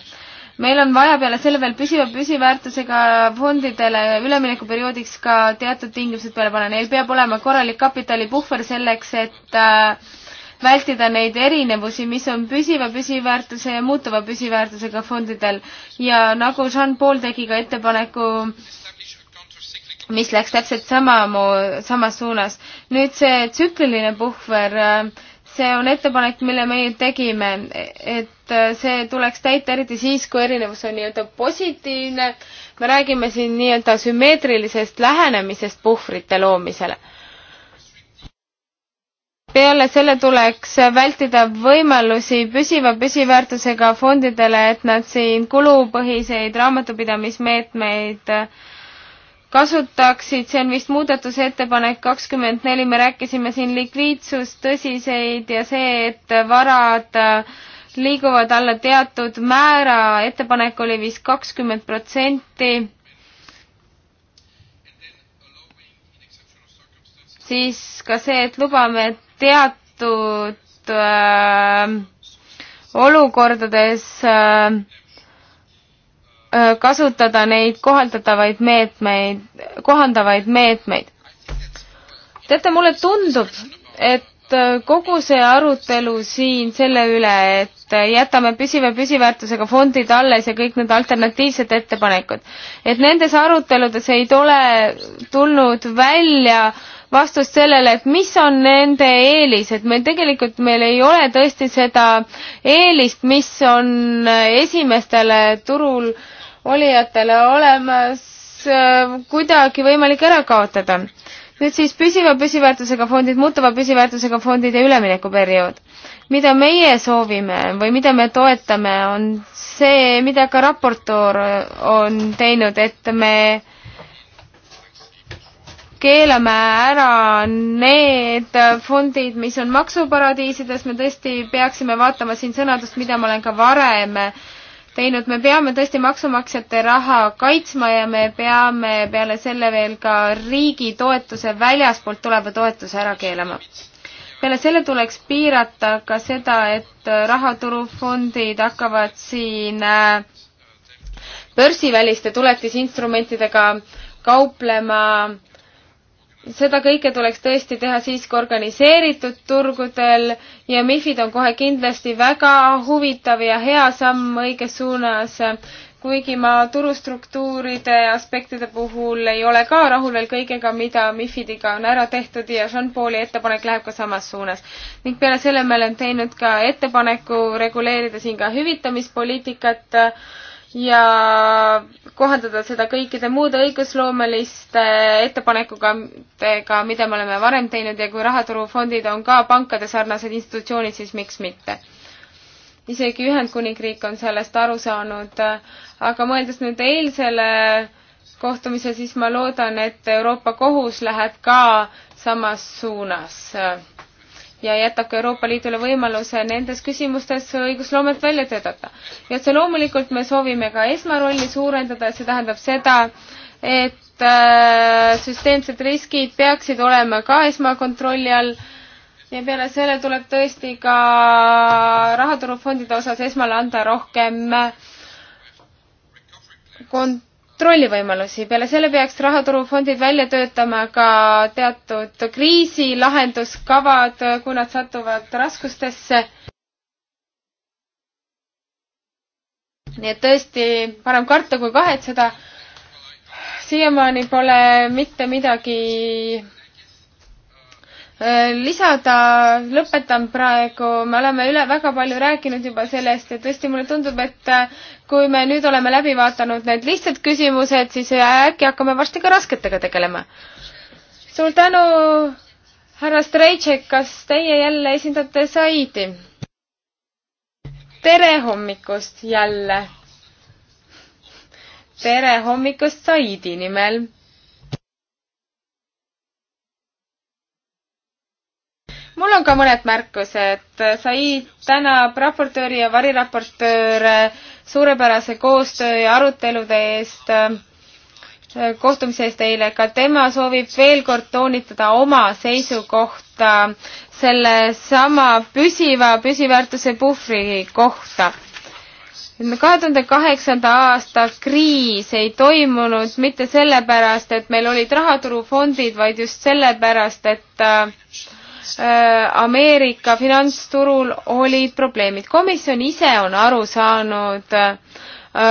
Speaker 2: meil on vaja peale selle veel püsiva püsiväärtusega fondidele üleminekuperioodiks ka teatud tingimused peale panna, neil peab olema korralik kapitalipuhver selleks, et äh, vältida neid erinevusi, mis on püsiva püsiväärtuse ja muutuva püsiväärtusega fondidel. ja nagu Jean-Paul tegi ka ettepaneku mis läks täpselt samamoodi, samas suunas. nüüd see tsükliline puhver, äh, see on ettepanek, mille meie tegime, et Äh, see tuleks täita eriti siis, kui erinevus on nii-öelda positiivne. me räägime siin nii-öelda sümmeetrilisest lähenemisest puhvrite loomisele. peale selle tuleks vältida võimalusi püsiva püsiväärtusega fondidele, et nad siin kulupõhiseid raamatupidamismeetmeid äh, kasutaksid, see on vist muudatusettepanek kakskümmend neli, me rääkisime siin likviidsust, tõsiseid ja see, et varad äh, liiguvad alla teatud määra, ettepanek oli vist kakskümmend protsenti. siis ka see, et lubame teatud äh, olukordades äh, äh kasutada neid kohaldatavaid meetmeid, kohandavaid meetmeid. teate, mulle tundub, et Äh, kogu see arutelu siin selle üle, et äh, jätame püsiva püsiväärtusega fondid alles ja kõik need alternatiivsed ettepanekud, et nendes aruteludes ei tule tulnud välja vastust sellele, et mis on nende eelis, et meil tegelikult, meil ei ole tõesti seda eelist, mis on äh, esimestele turul olijatele olemas kuidagi võimalik ära kaotada nüüd siis püsiva püsiväärtusega fondid, muutuva püsiväärtusega fondid ja üleminekuperiood. mida meie soovime või mida me toetame, on see, mida ka raportöör on teinud, et me keelame ära need fondid, mis on maksuparadiisides, me tõesti peaksime vaatama siin sõnadest, mida ma olen ka varem teinud, me peame tõesti maksumaksjate raha kaitsma ja me peame peale selle veel ka riigi toetuse väljaspoolt tuleva toetuse ära keelama. peale selle tuleks piirata ka seda, et rahaturufondid hakkavad siin äh, börsiväliste tuletisinstrumentidega kauplema seda kõike tuleks tõesti teha siiski organiseeritud turgudel ja MIFID on kohe kindlasti väga huvitav ja hea samm õiges suunas, kuigi ma turustruktuuride aspektide puhul ei ole ka rahul veel kõigega, mida MIFIDiga on ära tehtud ja Jean-Pauli ettepanek läheb ka samas suunas. ning peale selle me oleme teinud ka ettepaneku reguleerida siin ka hüvitamispoliitikat äh, ja kohandada seda kõikide muude õigusloomeliste ettepanekutega, mida me oleme varem teinud ja kui rahaturufondid on ka pankade sarnased institutsioonid, siis miks mitte. isegi Ühendkuningriik on sellest aru saanud, aga mõeldes nüüd eilsele kohtumisele, siis ma loodan, et Euroopa Kohus läheb ka samas suunas ja jätab ka Euroopa Liidule võimaluse nendes küsimustes õigusloomet välja töötada. ja otse loomulikult me soovime ka esmarolli suurendada, see tähendab seda, et äh, süsteemsed riskid peaksid olema ka esmakontrolli all ja peale selle tuleb tõesti ka rahaturufondide osas esmale anda rohkem äh, kont-, kontrollivõimalusi, peale selle peaks rahaturufondid välja töötama ka teatud kriisilahenduskavad, kui nad satuvad raskustesse. nii et tõesti parem karta kui kahetseda. siiamaani pole mitte midagi Äh, lisada lõpetan praegu, me oleme üle väga palju rääkinud juba sellest ja tõesti mulle tundub, et äh, kui me nüüd oleme läbi vaadanud need lihtsad küsimused, siis äh, äkki hakkame varsti ka rasketega tegelema. suur tänu, härra Strejček, kas teie jälle esindate Saidi? tere hommikust jälle! tere hommikust Saidi nimel mul on ka mõned märkused. Said tänab raportööri ja variraportööre suurepärase koostöö ja arutelude eest, äh, kohtumise eest eile. ka tema soovib veel kord toonitada oma seisukohta sellesama püsiva püsiväärtuse puhvri kohta kahe tuhande kaheksanda aasta kriis ei toimunud mitte sellepärast, et meil olid rahaturufondid, vaid just sellepärast, et äh, Äh, Ameerika finantsturul olid probleemid. komisjon ise on aru saanud äh,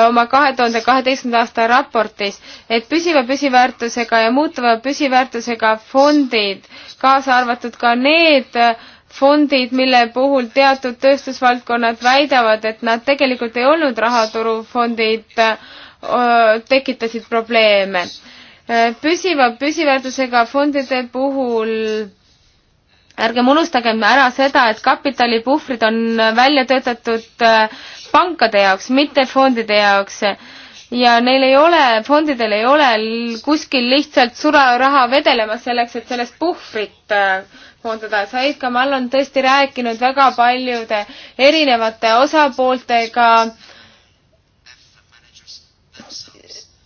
Speaker 2: oma kahe tuhande kaheteistkümnenda aasta raportis, et püsiva püsiväärtusega ja muutuva püsiväärtusega fondid, kaasa arvatud ka need äh, fondid, mille puhul teatud tööstusvaldkonnad väidavad, et nad tegelikult ei olnud rahaturufondid, tekitasid probleeme. püsiva püsiväärtusega fondide puhul ärgem unustagem ära seda, et kapitalipuhvrid on välja töötatud äh, pankade jaoks, mitte fondide jaoks. ja neil ei ole, fondidel ei ole kuskil lihtsalt sularaha vedelemas selleks, et sellest puhvrit äh, koondada. Said Kamal on tõesti rääkinud väga paljude erinevate osapooltega äh,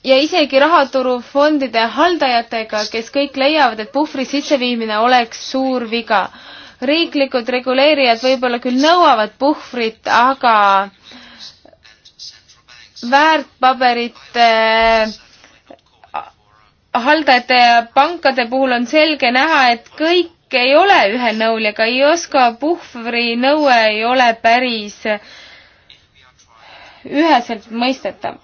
Speaker 2: ja isegi rahaturufondide haldajatega, kes kõik leiavad, et puhvri sisseviimine oleks suur viga. riiklikud reguleerijad võib-olla küll nõuavad puhvrit, aga väärtpaberite äh, haldajate ja pankade puhul on selge näha, et kõik ei ole ühel nõul ja ka IOSCO puhvri nõue ei ole päris üheselt mõistetav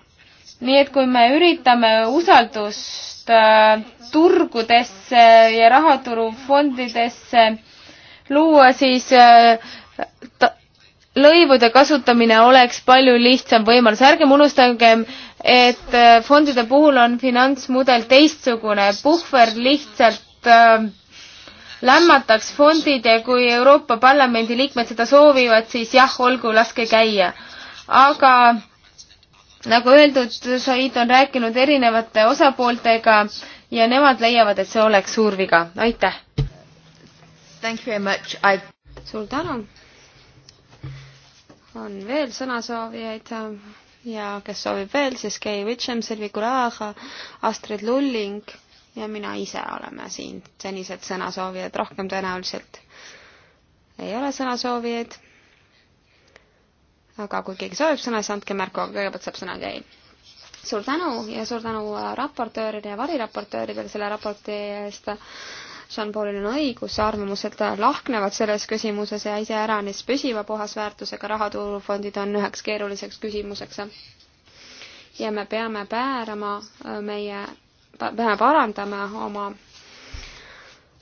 Speaker 2: nii et kui me üritame usaldust äh, turgudesse ja rahaturufondidesse luua, siis äh, ta, lõivude kasutamine oleks palju lihtsam võimalus. ärgem unustagem, et äh, fondide puhul on finantsmudel teistsugune, puhver lihtsalt äh, lämmataks fondid ja kui Euroopa Parlamendi liikmed seda soovivad, siis jah, olgu, laske käia. aga nagu öeldud, Said on rääkinud erinevate osapooltega ja nemad leiavad, et see oleks suur viga. aitäh! suur tänu!
Speaker 1: on veel sõnasoovijaid ja kes soovib veel, siis Kei Witchem, Silvi Kulaga, Astrid Lulling ja mina ise oleme siin senised sõnasoovijad, rohkem tõenäoliselt ei ole sõnasoovijaid aga kui keegi soovib sõna, siis andke märku, aga kõigepealt saab sõna Kein. suur tänu ja suur tänu äh, raportööridele ja variraportööridele selle raporti eest. Jean-Paulil on õigus, arvamused lahknevad selles küsimuses ja iseäranis püsiva puhasväärtusega rahaturufondid on üheks keeruliseks küsimuseks. ja me peame päärama äh, meie, peame parandama oma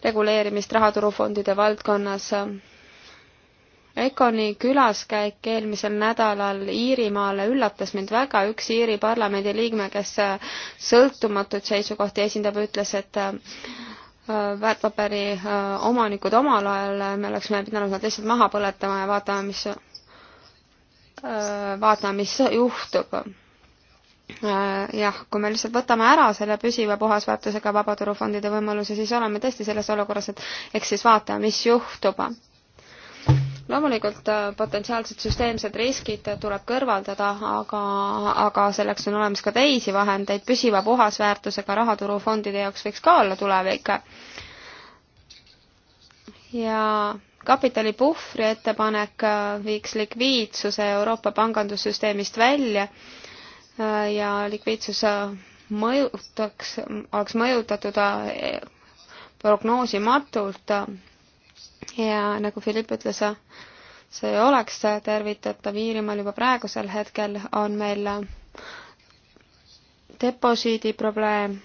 Speaker 1: reguleerimist rahaturufondide valdkonnas Econi külaskäik eelmisel nädalal Iirimaale üllatas mind väga, üks Iiri parlamendi liikme, kes äh, sõltumatuid seisukohti esindab, ütles, et äh, äh, väärtpaberi omanikud omal ajal, me oleksime pidanud nad lihtsalt maha põletama ja vaatama, mis, vaatama, mis juhtub jah, kui me lihtsalt võtame ära selle püsiva puhasväärtusega vabaturufondide võimaluse, siis oleme tõesti selles olukorras, et eks siis vaatame, mis juhtub loomulikult äh, potentsiaalsed süsteemsed riskid tuleb kõrvaldada, aga, aga selleks on olemas ka teisi vahendeid, püsiva puhasväärtusega rahaturufondide jaoks võiks ka olla tulevik. ja kapitalipuhvri ettepanek äh, viiks likviidsuse Euroopa pangandussüsteemist välja äh, ja likviidsus mõjutaks, oleks mõjutatud prognoosimatult ja nagu Philipp ütles, see oleks tervitatav Iirimaal juba praegusel hetkel, on meil deposiidi probleem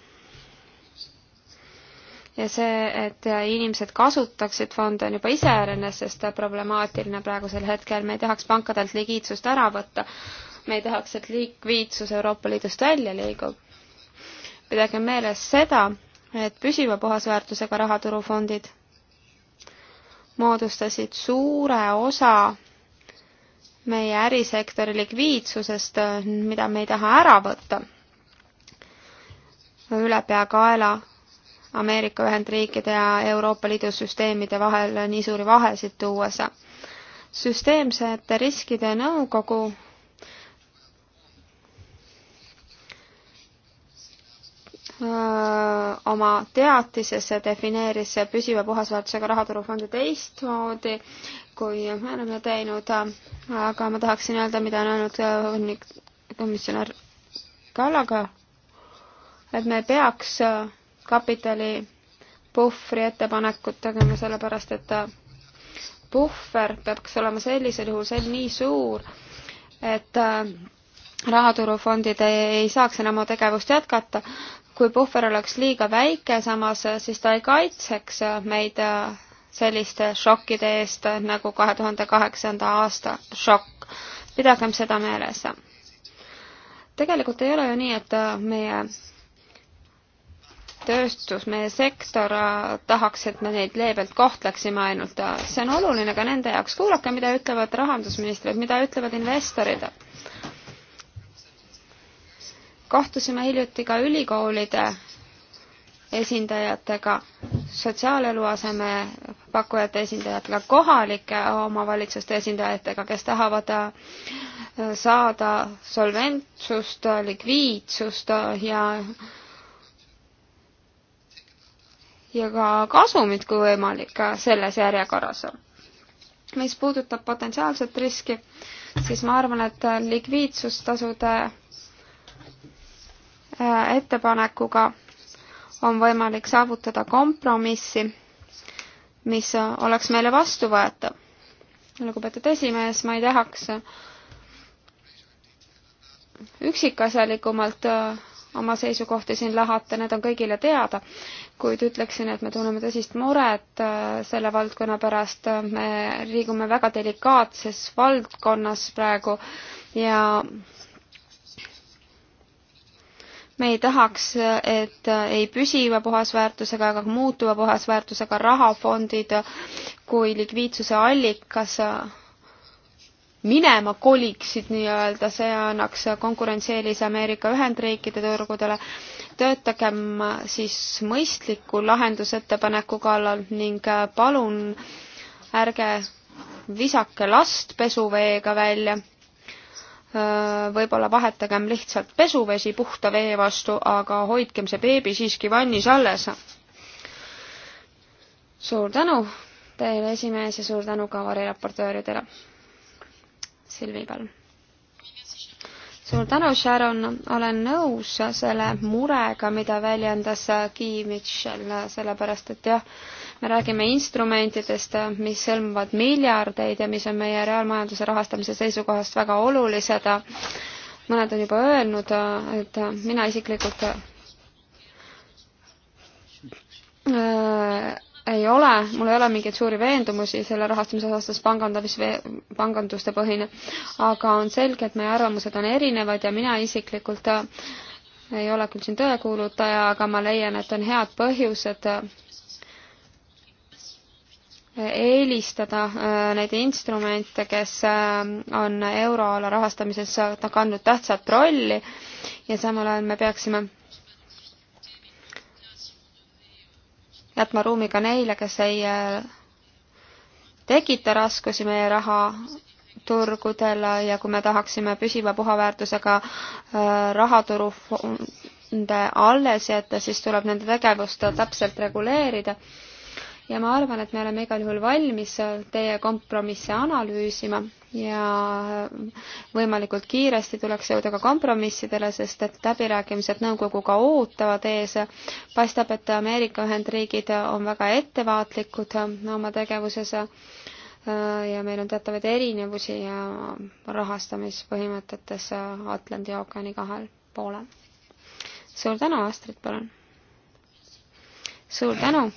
Speaker 1: ja see, et inimesed kasutaksid fonde, on juba iseenesest problemaatiline praegusel hetkel, me ei tahaks pankadelt ligiidsust ära võtta, me ei tahaks, et likviidsus Euroopa Liidust välja liigub. pidage meeles seda, et püsiva puhasväärtusega rahaturufondid moodustasid suure osa meie ärisektori likviidsusest, mida me ei taha ära võtta ülepeakaela Ameerika Ühendriikide ja Euroopa Liidu süsteemide vahel nii suuri vahesid tuues. süsteemsete riskide nõukogu oma teatises defineeris püsiva puhasväärtusega rahaturufondi teistmoodi, kui me oleme teinud, aga ma tahaksin öelda, mida on öelnud komisjonär Kallaga, et me peaks kapitali puhvri ettepanekut tegema, sellepärast et puhver peaks olema sellisel juhul sel nii suur, et rahaturufondid ei, ei saaks enam oma tegevust jätkata kui puhver oleks liiga väike samas, äh, siis ta ei kaitseks äh, meid äh, selliste šokkide eest nagu kahe tuhande kaheksanda aasta šokk. pidagem seda meeles. tegelikult ei ole ju nii, et meie tööstus, meie sektor tahaks, et me neid leebelt kohtleksime ainult. see on oluline ka nende jaoks. kuulake, mida ütlevad rahandusministrid, mida ütlevad investorid kohtusime hiljuti ka ülikoolide esindajatega, sotsiaalelu aseme pakkujate esindajatega, kohalike omavalitsuste esindajatega, kes tahavad äh, saada solventsust, likviidsust äh, ja ja ka kasumit, kui võimalik, äh, selles järjekorras. mis puudutab potentsiaalset riski, siis ma arvan, et likviidsustasude Äh, ettepanekuga on võimalik saavutada kompromissi, mis äh, oleks meile vastuvõetav. lugupeetud esimees, ma ei tahaks äh, üksikasjalikumalt oma seisukohti siin lahata, need on kõigile teada, kuid ütleksin, et me tunneme tõsist muret selle valdkonna pärast, me liigume väga delikaatses valdkonnas praegu ja me ei tahaks, et ei püsiva puhasväärtusega ega muutuva puhasväärtusega rahafondid kui likviidsuse allikas minema koliksid nii-öelda, see annaks konkurentsieelise Ameerika Ühendriikide turgudele. töötagem siis mõistliku lahendusettepaneku kallal ning palun ärge visake last pesuveega välja Äh, võib-olla vahetagem lihtsalt pesuvesi puhta vee vastu, aga hoidkem see beebi siiski vannis alles. suur tänu teile, esimees, ja suur tänu ka variraportööridele. Silvi, palun. suur tänu, Sharon, olen nõus selle murega, mida väljendas Guy Mitchell, sellepärast et jah, me räägime instrumentidest, mis hõlmavad miljardeid ja mis on meie reaalmajanduse rahastamise seisukohast väga olulised. mõned on juba öelnud, et mina isiklikult äh, ei ole, mul ei ole mingeid suuri veendumusi selle rahastamise osas, sest pangandamis, panganduste põhine, aga on selge, et meie arvamused on erinevad ja mina isiklikult äh, ei ole küll siin tõekuulutaja, aga ma leian, et on head põhjused äh, eelistada äh, neid instrumente, kes äh, on euroala rahastamises kandnud tähtsat rolli ja samal ajal me peaksime jätma ruumi ka neile, kes ei äh, tekita raskusi meie rahaturgudel ja kui me tahaksime püsiva puhaväärtusega rahaturu fonde alles jätta, siis tuleb nende tegevust täpselt reguleerida ja ma arvan, et me oleme igal juhul valmis teie kompromisse analüüsima ja võimalikult kiiresti tuleks jõuda ka kompromissidele, sest et läbirääkimised nõukoguga ootavad ees. paistab, et Ameerika Ühendriigid on väga ettevaatlikud oma tegevuses äh, ja meil on teatavaid erinevusi rahastamispõhimõtetes äh, Atlandi ookeani kahel poolel. suur tänu, Astrid, palun! suur tänu,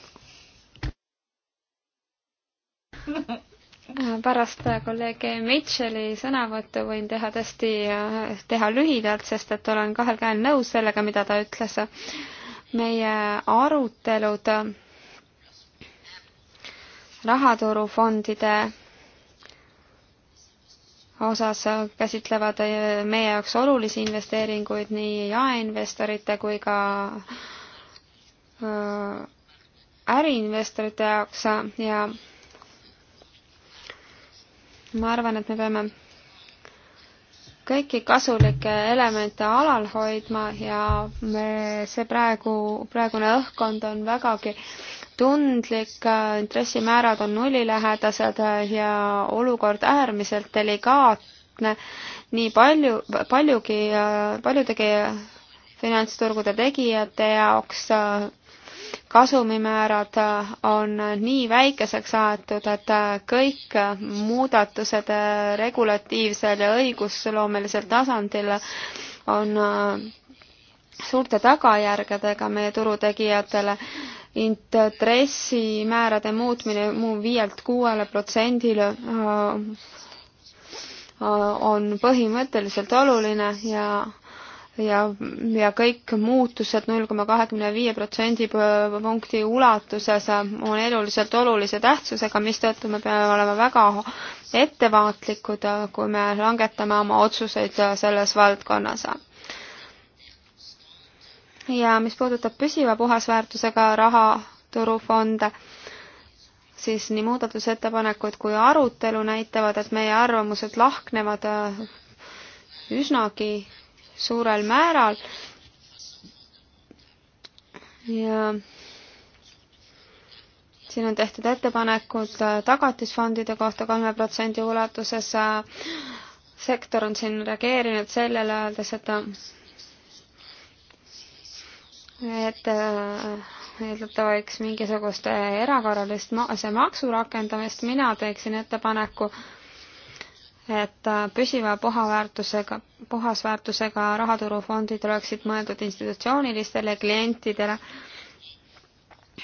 Speaker 1: Äh, pärast äh, kolleeg Mitchell'i sõnavõttu võin teha tõesti, äh, teha lühidalt, sest et olen kahel käel nõus sellega, mida ta ütles. meie arutelud rahaturufondide osas käsitlevad meie jaoks olulisi investeeringuid nii jaeinvestorite kui ka äriinvestorite jaoks ja ma arvan, et me peame kõiki kasulikke elemente alal hoidma ja me, see praegu, praegune õhkkond on vägagi tundlik, intressimäärad on nullilähedased ja olukord äärmiselt delikaatne. nii palju, paljugi, paljude finantsturgude tegijate jaoks kasumimäärad äh, on nii väikeseks aetud, et äh, kõik muudatused äh, regulatiivsel ja õigusloomelisel tasandil on suurte tagajärgedega meie turutegijatele. intressimäärade muutmine muu viielt kuuele protsendile on põhimõtteliselt oluline ja ja, ja kõik muutused null koma kahekümne viie protsendi punkti ulatuses on eluliselt olulise tähtsusega, mistõttu me peame olema väga ettevaatlikud, kui me langetame oma otsuseid selles valdkonnas ja mis puudutab püsiva puhasväärtusega rahaturufonde, siis nii muudatusettepanekud kui arutelu näitavad, et meie arvamused lahknevad üsnagi suurel määral ja siin on tehtud ettepanekud äh, tagatisfondide kohta kolme protsendi ulatuses. Äh, sektor on siin reageerinud sellele, öeldes, et et äh, eeldada võiks mingisugust erakorralist ma-, see maksu rakendamist, mina teeksin ettepaneku äh, et äh, püsiva puhaväärtusega, puhasväärtusega rahaturufondid oleksid mõeldud institutsioonilistele klientidele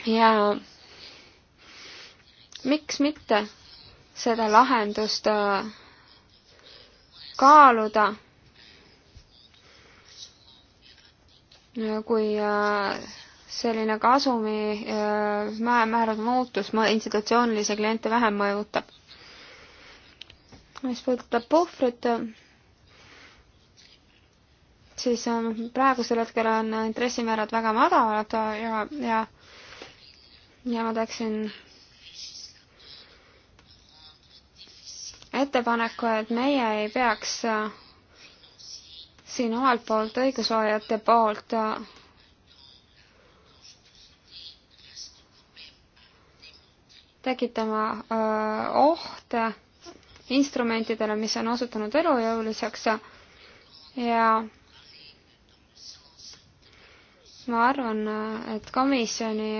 Speaker 1: ja miks mitte seda lahendust äh, kaaluda, kui äh, selline kasumi määrade muutus institutsioonilisi kliente vähem mõjutab mis puudutab puhvrit, siis ähm, praegusel hetkel on intressimäärad väga madalad ja, ja, ja ma teeksin ettepaneku, et meie ei peaks äh, siin omalt poolt, õigusloojate poolt äh, tekitama öö, äh, ohte instrumentidele, mis on osutunud elujõuliseks ja ma arvan, et komisjoni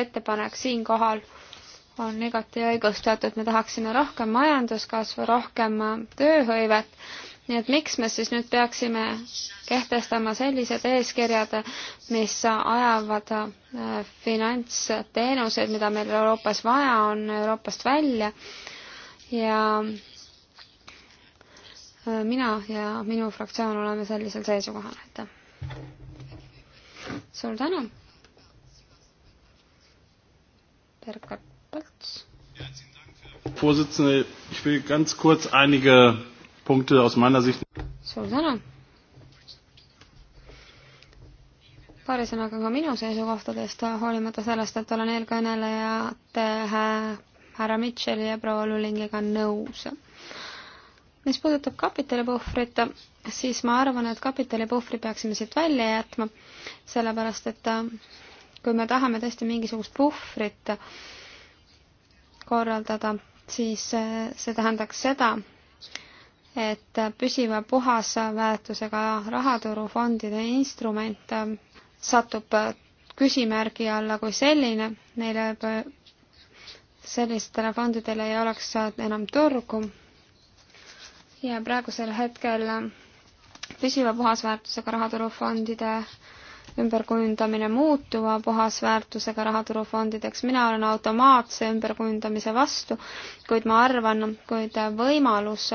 Speaker 1: ettepanek siinkohal on igati õigustatud, me tahaksime rohkem majanduskasvu, rohkem tööhõivet, nii et miks me siis nüüd peaksime kehtestama sellised eeskirjad, mis ajavad äh, finantsteenuseid, mida meil Euroopas vaja on, Euroopast välja ja äh, mina ja minu fraktsioon oleme sellisel seisukohal, aitäh. suur tänu. Berkat Palts.
Speaker 2: Vorsitzende, ich will ganz kurz
Speaker 3: einige Punkte aus meiner Sicht.
Speaker 1: suur tänu. paari sõnaga ka minu seisukohtadest, hoolimata sellest, et olen eelkõnelejate härra Mitchell'i ja proua Lulingiga nõus. mis puudutab kapitalipuhvrit, siis ma arvan, et kapitalipuhvri peaksime siit välja jätma, sellepärast et kui me tahame tõesti mingisugust puhvrit korraldada, siis see tähendaks seda, et püsiva puhasa väärtusega rahaturufondide instrument satub küsimärgi alla kui selline, neile sellistele fondidele ei oleks enam turgu ja praegusel hetkel püsiva puhasväärtusega rahaturufondide ümberkujundamine muutuva puhasväärtusega rahaturufondideks. mina olen automaatse ümberkujundamise vastu, kuid ma arvan, kuid võimalus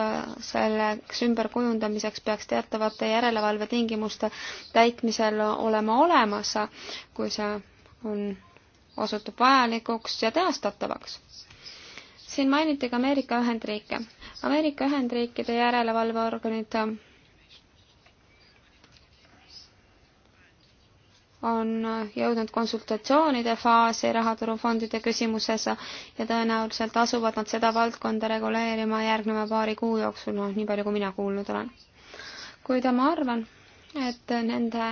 Speaker 1: selleks ümberkujundamiseks peaks teatavate järelevalvetingimuste täitmisel olema olemas, kui see on osutub vajalikuks ja teostatavaks. siin mainiti ka Ameerika Ühendriike. Ameerika Ühendriikide järelevalveorganid ähm, on jõudnud konsultatsioonide faasi rahaturufondide küsimuses ja tõenäoliselt asuvad nad seda valdkonda reguleerima järgneva paari kuu jooksul, noh, nii palju kui mina kuulnud olen. kuid ma arvan, et nende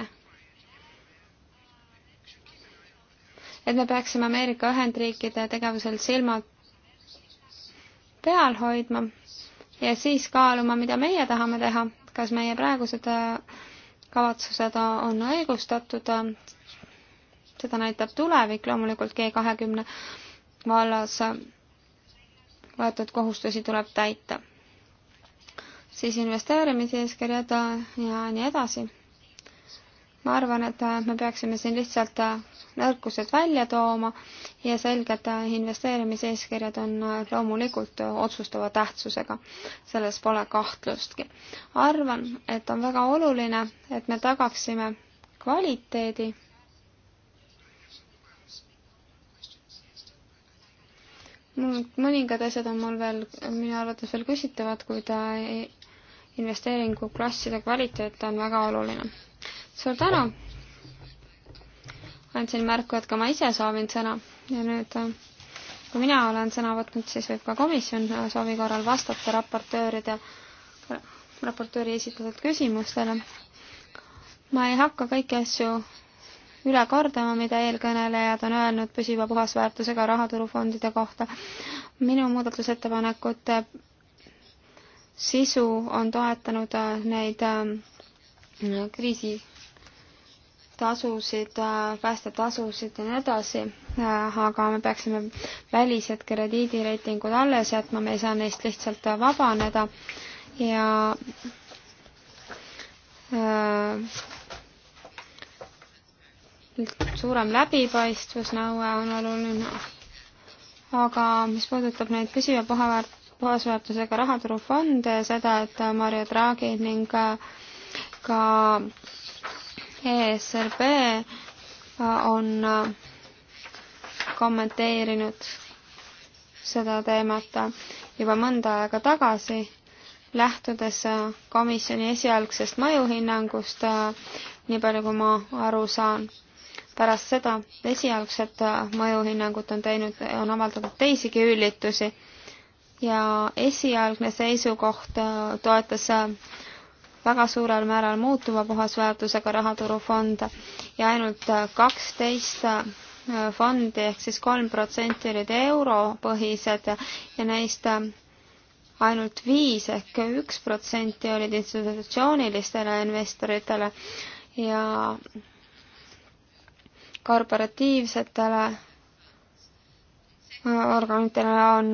Speaker 1: et me peaksime Ameerika Ühendriikide tegevusel silmad peal hoidma ja siis kaaluma, mida meie tahame teha, kas meie praegused äh, kavatsused on õigustatud, seda näitab tulevik, loomulikult G kahekümne vallas võetud kohustusi tuleb täita. siis investeerimiseeskirjad ja nii edasi ma arvan, et äh, me peaksime siin lihtsalt äh, nõrkused välja tooma ja selgelt äh, investeerimiseeskirjad on loomulikult otsustava tähtsusega. selles pole kahtlustki. arvan, et on väga oluline, et me tagaksime kvaliteedi. mõningad asjad on mul veel minu arvates veel küsitavad, kuid investeeringuklasside kvaliteet on väga oluline suur tänu! andsin märku, et ka ma ise soovin sõna ja nüüd äh, kui mina olen sõna võtnud, siis võib ka komisjon äh, soovi korral vastata raportööride, raportööri esitatud küsimustele. ma ei hakka kõiki asju üle kordama, mida eelkõnelejad on öelnud püsiva puhasväärtusega rahaturufondide kohta. minu muudatusettepanekute sisu on toetanud äh, neid kriisi tasusid, päästetasusid ja nii edasi, aga me peaksime välised krediidireitingud alles jätma, me ei saa neist lihtsalt vabaneda ja äh, suurem läbipaistvusnõue on oluline. aga mis puudutab neid püsiva puhaväärt-, puhasväärtusega rahaturufonde ja seda, et Mario Draghi ning äh, ka ESRB on äh, kommenteerinud seda teemat juba mõnda aega tagasi, lähtudes äh, komisjoni esialgsest mõjuhinnangust, äh, nii palju kui ma aru saan. pärast seda esialgset mõjuhinnangut on teinud, on avaldatud teisigi üllitusi ja esialgne seisukoht toetas väga suurel määral muutuva puhasväärtusega rahaturufonde ja ainult kaksteist äh, fondi ehk siis kolm protsenti olid europõhised ja neist äh, ainult viis ehk üks protsenti olid institutsioonilistele investoritele ja korporatiivsetele äh, organitele on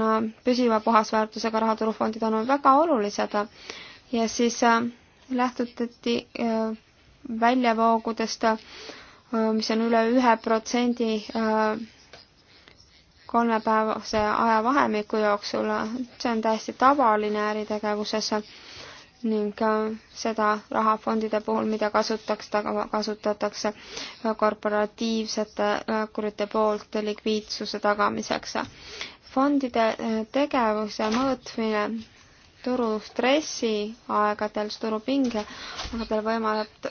Speaker 1: püsiva puhasväärtusega rahaturufondid olnud väga olulised ja siis äh, lähtutati äh, väljavoogudest, äh, mis on üle ühe protsendi äh, kolmepäevase ajavahemiku jooksul, see on täiesti tavaline äritegevuses ning seda raha fondide puhul, mida kasutatakse, kasutatakse korporatiivsete õhkurite poolt likviidsuse tagamiseks. fondide tegevuse mõõtmine turustressi aegadel, turupinge aegadel võimaldab,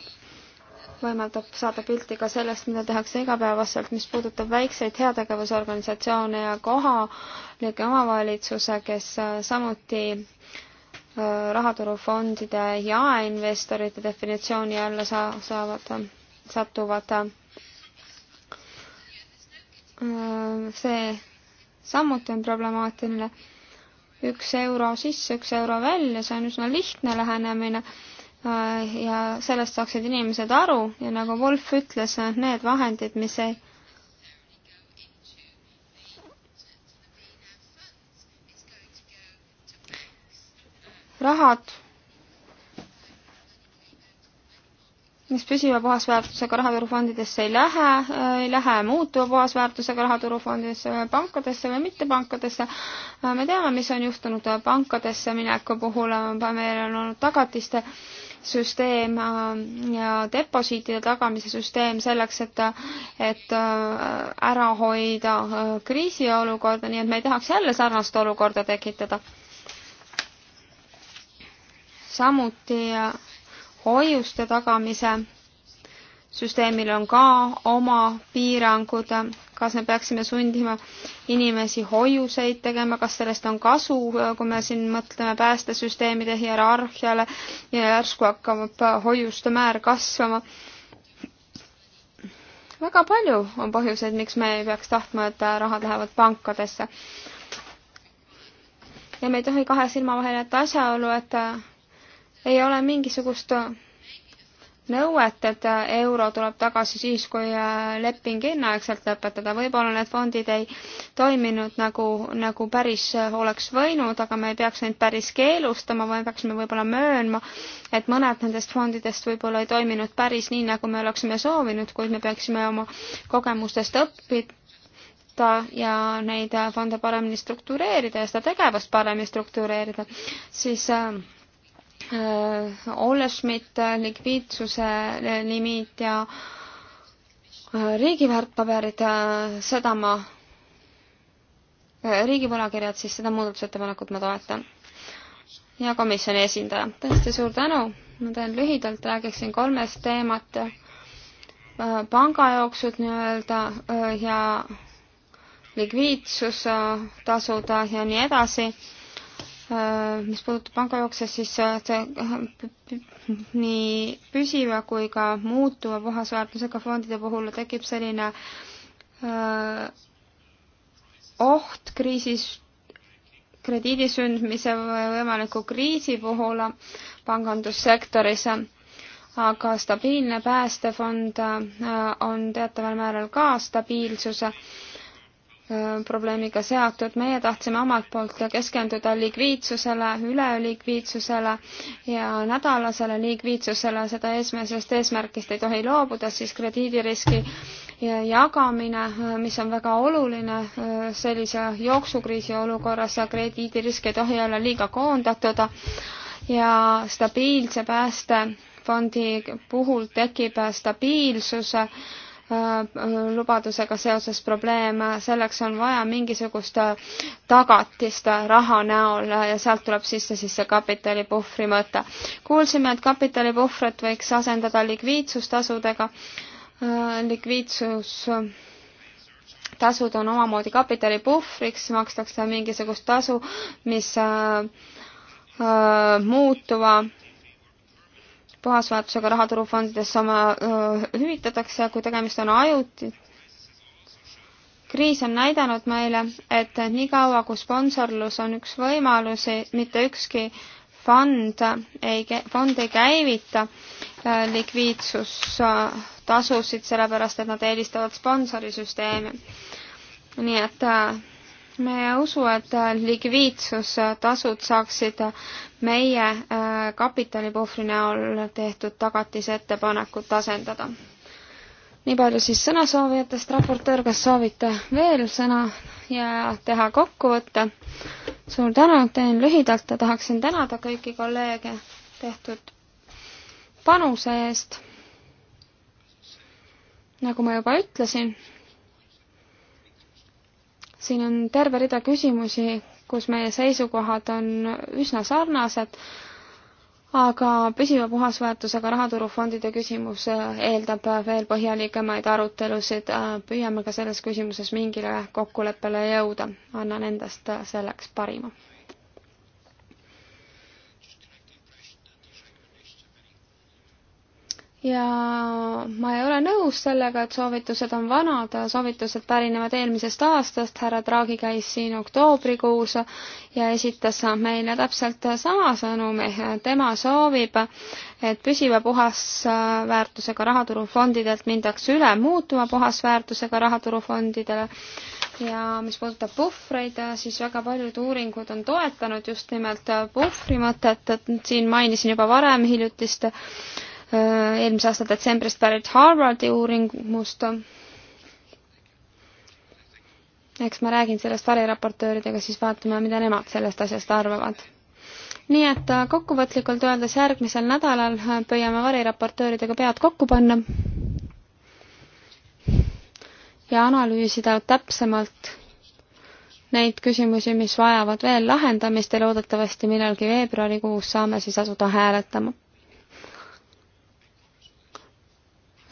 Speaker 1: võimaldab saada pilti ka sellest, mida tehakse igapäevaselt, mis puudutab väikseid heategevusorganisatsioone ja kohalikke omavalitsuse, kes äh, samuti äh, rahaturufondide jaeinvestorite definitsiooni alla saa-, saavad, satuvad. Äh, see samuti on problemaatiline üks euro sisse, üks euro välja, see on üsna lihtne lähenemine äh, ja sellest saaksid inimesed aru ja nagu Wolf ütles, need vahendid, mis ei rahad mis püsiva puhasväärtusega rahaturufondidesse ei lähe, äh, ei lähe muutuva puhasväärtusega rahaturufondidesse, pankadesse või mittepankadesse. Äh, me teame, mis on juhtunud pankadesse mineku puhul, äh, meil on olnud tagatiste süsteem ja deposiitide tagamise süsteem selleks, et, et ära hoida kriisiolukorda, nii et me ei tahaks jälle sarnast olukorda tekitada. samuti hoiuste tagamise süsteemil on ka oma piirangud, kas me peaksime sundima inimesi hoiuseid tegema, kas sellest on kasu, kui me siin mõtleme päästesüsteemide hierarhiale ja järsku hakkab hoiuste määr kasvama. väga palju on põhjuseid, miks me ei peaks tahtma, et rahad lähevad pankadesse. ja me ei tohi kahe silma vahele jätta asjaolu, et ei ole mingisugust nõuet, et euro tuleb tagasi siis, kui äh, leping enneaegselt lõpetada. võib-olla need fondid ei toiminud nagu, nagu päris äh, oleks võinud, aga me ei peaks neid päris keelustama, vaid peaksime võib-olla möönma, et mõned nendest fondidest võib-olla ei toiminud päris nii, nagu me oleksime soovinud, kuid me peaksime oma kogemustest õppida võtta ja neid äh, fonde paremini struktureerida ja seda tegevust paremini struktureerida, siis äh, Äh, Olle Schmidt, äh, likviidsuse äh, limiit ja riigiväärtpaberid, seda ma, riigivõlakirjad, siis seda muudatusettepanekut ma toetan. ja komisjoni esindaja, tõesti suur tänu, ma teen lühidalt, räägiksin kolmest teemat, pangajooksud nii-öelda ja likviidsustasud ja nii edasi Äh, mis puudutab pangajookse, siis äh, see äh, nii püsiva kui ka muutuva puhasväärtusega fondide puhul tekib selline oht kriisis, krediidisündmise võimaliku kriisi puhul pangandussektoris, aga stabiilne päästefond on teataval määral ka stabiilsuse Äh, probleemiga seotud, meie tahtsime omalt poolt keskenduda likviidsusele, üleliikviidsusele ja nädalasele likviidsusele, seda eesmärk, sellest eesmärgist ei tohi loobuda, siis krediidiriski jagamine, äh, mis on väga oluline äh, sellise jooksukriisi olukorras ja krediidirisk ei tohi olla liiga koondatud ja stabiilse päästefondi puhul tekib stabiilsuse Äh, lubadusega seoses probleem, selleks on vaja mingisugust äh, tagatist äh, raha näol ja sealt tuleb sisse siis see kapitalipuhvri mõte. kuulsime, et kapitalipuhvrit võiks asendada likviidsustasudega, likviidsus tasud on omamoodi kapitalipuhvriks, makstakse mingisugust tasu, mis muutuva puhasväärtusega rahaturufondides sama öö, hüvitatakse, kui tegemist on ajuti-. kriis on näidanud meile, et niikaua, kui sponsorlus on üks võimalusi, mitte ükski fond ei, fond ei käivita likviidsustasusid, sellepärast et nad eelistavad sponsorisüsteemi. nii et äh, me ei usu, et äh, likviidsustasud saaksid äh, meie äh, kapitalipuhvri näol tehtud tagatisettepanekut asendada. nii palju siis sõnasoovijatest, raportöör, kas soovite veel sõna ja teha kokkuvõtte? suur tänu, teen lühidalt ja tahaksin tänada kõiki kolleege tehtud panuse eest. nagu ma juba ütlesin siin on terve rida küsimusi, kus meie seisukohad on üsna sarnased, aga püsiva puhasväärtusega rahaturufondide küsimus eeldab veel põhjalikemaid arutelusid, püüame ka selles küsimuses mingile kokkuleppele jõuda, annan endast selleks parima ja ma ei ole nõus sellega, et soovitused on vanad, soovitused pärinevad eelmisest aastast, härra Draghi käis siin oktoobrikuus ja esitas meile täpselt sama sõnumi, tema soovib, et püsiva puhasväärtusega rahaturufondidelt mindaks üle muutuva puhasväärtusega rahaturufondidele ja mis puudutab puhvreid, siis väga paljud uuringud on toetanud just nimelt puhvri mõtet, et siin mainisin juba varem hiljutist Äh, eelmise aasta detsembrist pärit Harvardi uuringust. eks ma räägin sellest variraportööridega, siis vaatame, mida nemad sellest asjast arvavad. nii et äh, kokkuvõtlikult öeldes järgmisel nädalal äh, püüame variraportööridega pead kokku panna ja analüüsida täpsemalt neid küsimusi, mis vajavad veel lahendamist ja loodetavasti millalgi veebruarikuus saame siis asuda hääletama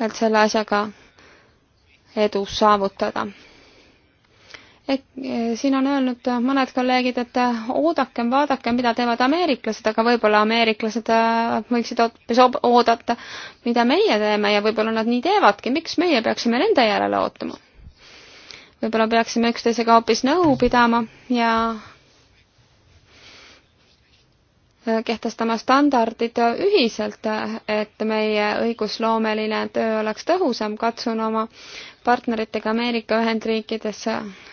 Speaker 1: et selle asjaga edu saavutada. et eh, siin on öelnud mõned kolleegid, et eh, oodakem, vaadakem, mida teevad ameeriklased, aga võib-olla ameeriklased eh, võiksid hoopis oodata, mida meie teeme ja võib-olla nad nii teevadki, miks meie peaksime nende järele ootama? võib-olla peaksime üksteisega hoopis nõu pidama ja Äh, kehtestama standardid ühiselt, et meie õigusloomeline töö oleks tõhusam, katsun oma partneritega Ameerika Ühendriikides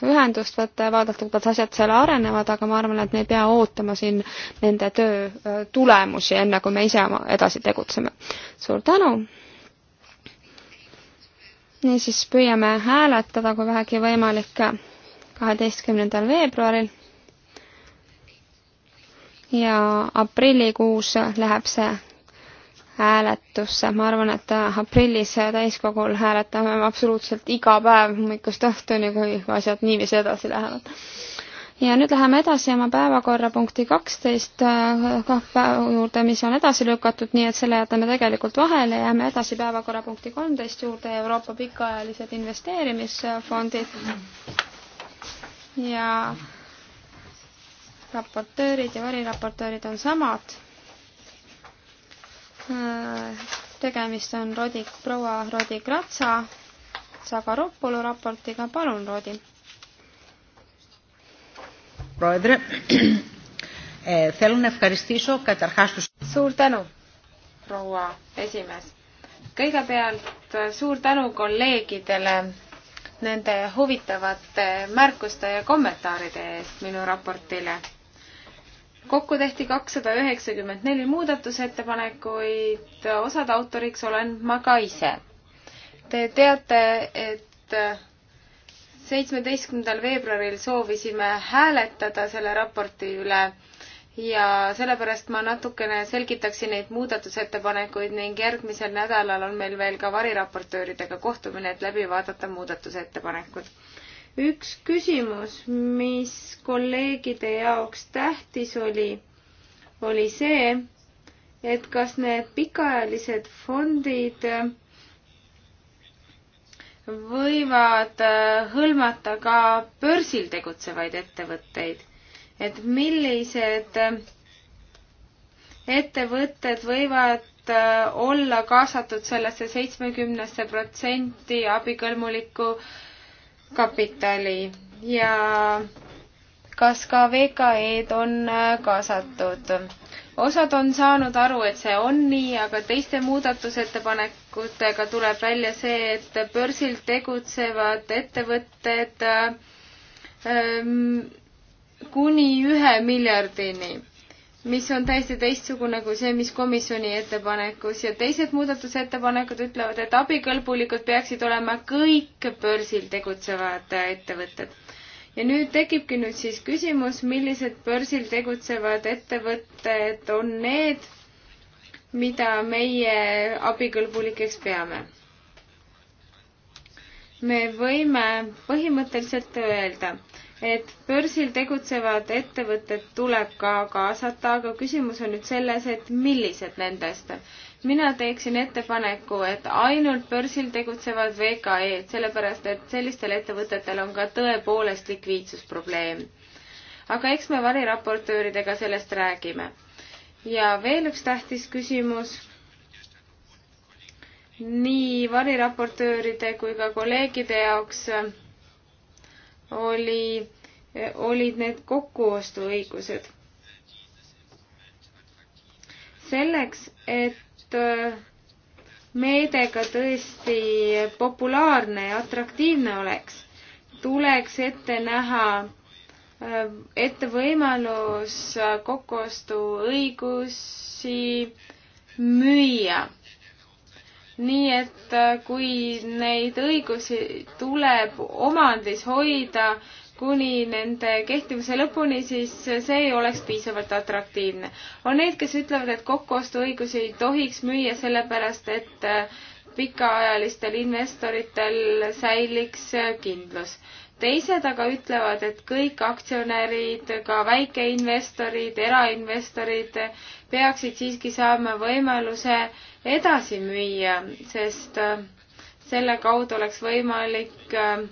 Speaker 1: ühendust võtta ja vaadata, kuidas asjad seal arenevad, aga ma arvan, et me ei pea ootama siin nende töö äh, tulemusi, enne kui me ise oma edasi tegutseme. suur tänu! niisiis, püüame hääletada, kui vähegi võimalik, kaheteistkümnendal veebruaril ja aprillikuus läheb see hääletusse, ma arvan, et aprillis täiskogul hääletame absoluutselt iga päev hommikust õhtuni, kui asjad niiviisi edasi lähevad. ja nüüd läheme edasi oma päevakorrapunkti kaksteist äh, juurde, mis on edasi lükatud, nii et selle jätame tegelikult vahele, jääme edasi päevakorrapunkti kolmteist juurde, Euroopa pikaajalised investeerimisfondid ja raportöörid ja variraportöörid on samad. tegemist on Rodi, proua Rodi Kratsa Sagaropolu raportiga, palun, Rodi.
Speaker 2: Eh, suur tänu, proua esimees. kõigepealt suur tänu kolleegidele nende huvitavate märkuste ja kommentaaride eest minu raportile kokku tehti kakssada üheksakümmend neli muudatusettepanekuid, osad autoriks olen ma ka ise. Te teate, et seitsmeteistkümnendal veebruaril soovisime hääletada selle raporti üle ja sellepärast ma natukene selgitaksin neid muudatusettepanekuid ning järgmisel nädalal on meil veel ka variraportööridega kohtumine, et läbi vaadata muudatusettepanekud üks küsimus, mis kolleegide jaoks tähtis oli, oli see, et kas need pikaajalised fondid võivad äh, hõlmata ka börsil tegutsevaid ettevõtteid, et millised äh, ettevõtted võivad äh, olla kaasatud sellesse seitsmekümnesse protsenti abikõlbuliku kapitali ja kas ka VKE-d on äh, kaasatud. osad on saanud aru, et see on nii, aga teiste muudatusettepanekutega tuleb välja see, et börsil tegutsevad ettevõtted äh, ähm, kuni ühe miljardini mis on täiesti teistsugune kui see, mis komisjoni ettepanekus ja teised muudatusettepanekud ütlevad, et abikõlbulikud peaksid olema kõik börsil tegutsevad ettevõtted. ja nüüd tekibki nüüd siis küsimus, millised börsil tegutsevad ettevõtted on need, mida meie abikõlbulikeks peame? me võime põhimõtteliselt öelda et börsil tegutsevad ettevõtted tuleb ka kaasata, aga küsimus on nüüd selles, et millised nendest. mina teeksin ettepaneku, et ainult börsil tegutsevad VKE-d, sellepärast et sellistel ettevõtetel on ka tõepoolest likviidsusprobleem. aga eks me variraportööridega sellest räägime. ja veel üks tähtis küsimus nii variraportööride kui ka kolleegide jaoks oli, olid need kokkuostuõigused. selleks, et äh, meede ka tõesti populaarne ja atraktiivne oleks, tuleks ette näha äh, ette võimalus äh, kokkuostuõigusi müüa nii et äh, kui neid õigusi tuleb omandis hoida kuni nende kehtivuse lõpuni, siis see ei oleks piisavalt atraktiivne. on neid, kes ütlevad, et kokkuostuõigusi ei tohiks müüa sellepärast, et äh, pikaajalistel investoritel säiliks äh, kindlus teised aga ütlevad, et kõik aktsionärid, ka väikeinvestorid, erainvestorid peaksid siiski saama võimaluse edasi müüa, sest äh, selle kaudu oleks võimalik äh,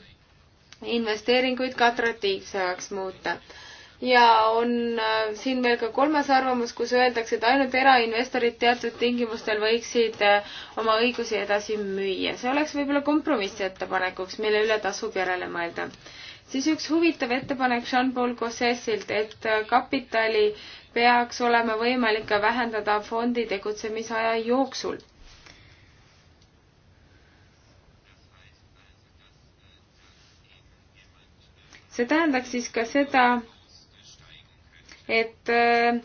Speaker 2: investeeringuid ka atraktiivsemaks muuta ja on äh, siin veel ka kolmas arvamus, kus öeldakse, et ainult erainvestorid teatud tingimustel võiksid äh, oma õigusi edasi müüa. see oleks võib-olla kompromissettepanekuks, mille üle tasub järele mõelda. siis üks huvitav ettepanek Jean-Paul Gossessilt, et äh, kapitali peaks olema võimalik ka vähendada fondi tegutsemisaja jooksul. see tähendaks siis ka seda, et äh,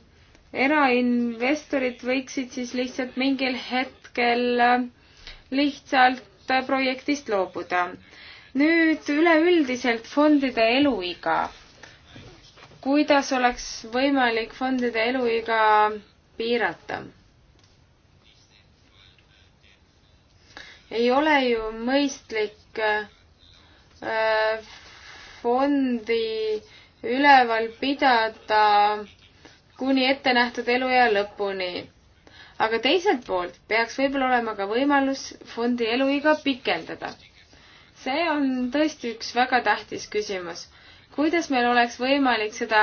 Speaker 2: erainvestorid võiksid siis lihtsalt mingil hetkel äh, lihtsalt äh, projektist loobuda. nüüd üleüldiselt fondide eluiga. kuidas oleks võimalik fondide eluiga piirata? ei ole ju mõistlik fondi äh, üleval pidada kuni ettenähtud eluea lõpuni. aga teiselt poolt peaks võib-olla olema ka võimalus fondi eluiga pikendada. see on tõesti üks väga tähtis küsimus. kuidas meil oleks võimalik seda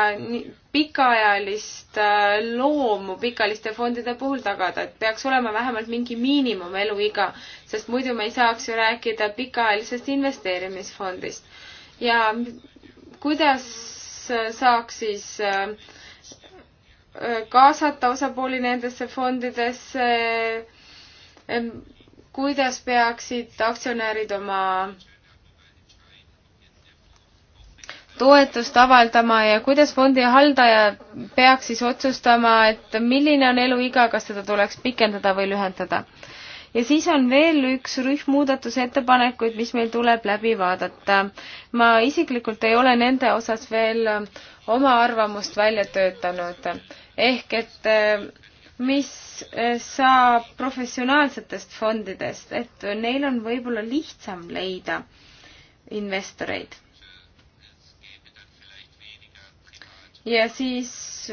Speaker 2: pikaajalist äh, loomu pikaajaliste fondide puhul tagada, et peaks olema vähemalt mingi miinimum eluiga, sest muidu me ei saaks ju rääkida pikaajalisest investeerimisfondist. ja kuidas saaks siis äh, kaasata osapooli nendesse fondidesse, ähm, kuidas peaksid aktsionärid oma toetust avaldama ja kuidas fondi haldaja peaks siis otsustama, et milline on eluiga, kas seda tuleks pikendada või lühendada ja siis on veel üks rühm muudatusettepanekuid, mis meil tuleb läbi vaadata. ma isiklikult ei ole nende osas veel oma arvamust välja töötanud. ehk et eh, mis eh, saab professionaalsetest fondidest, et neil on võib-olla lihtsam leida investoreid. ja siis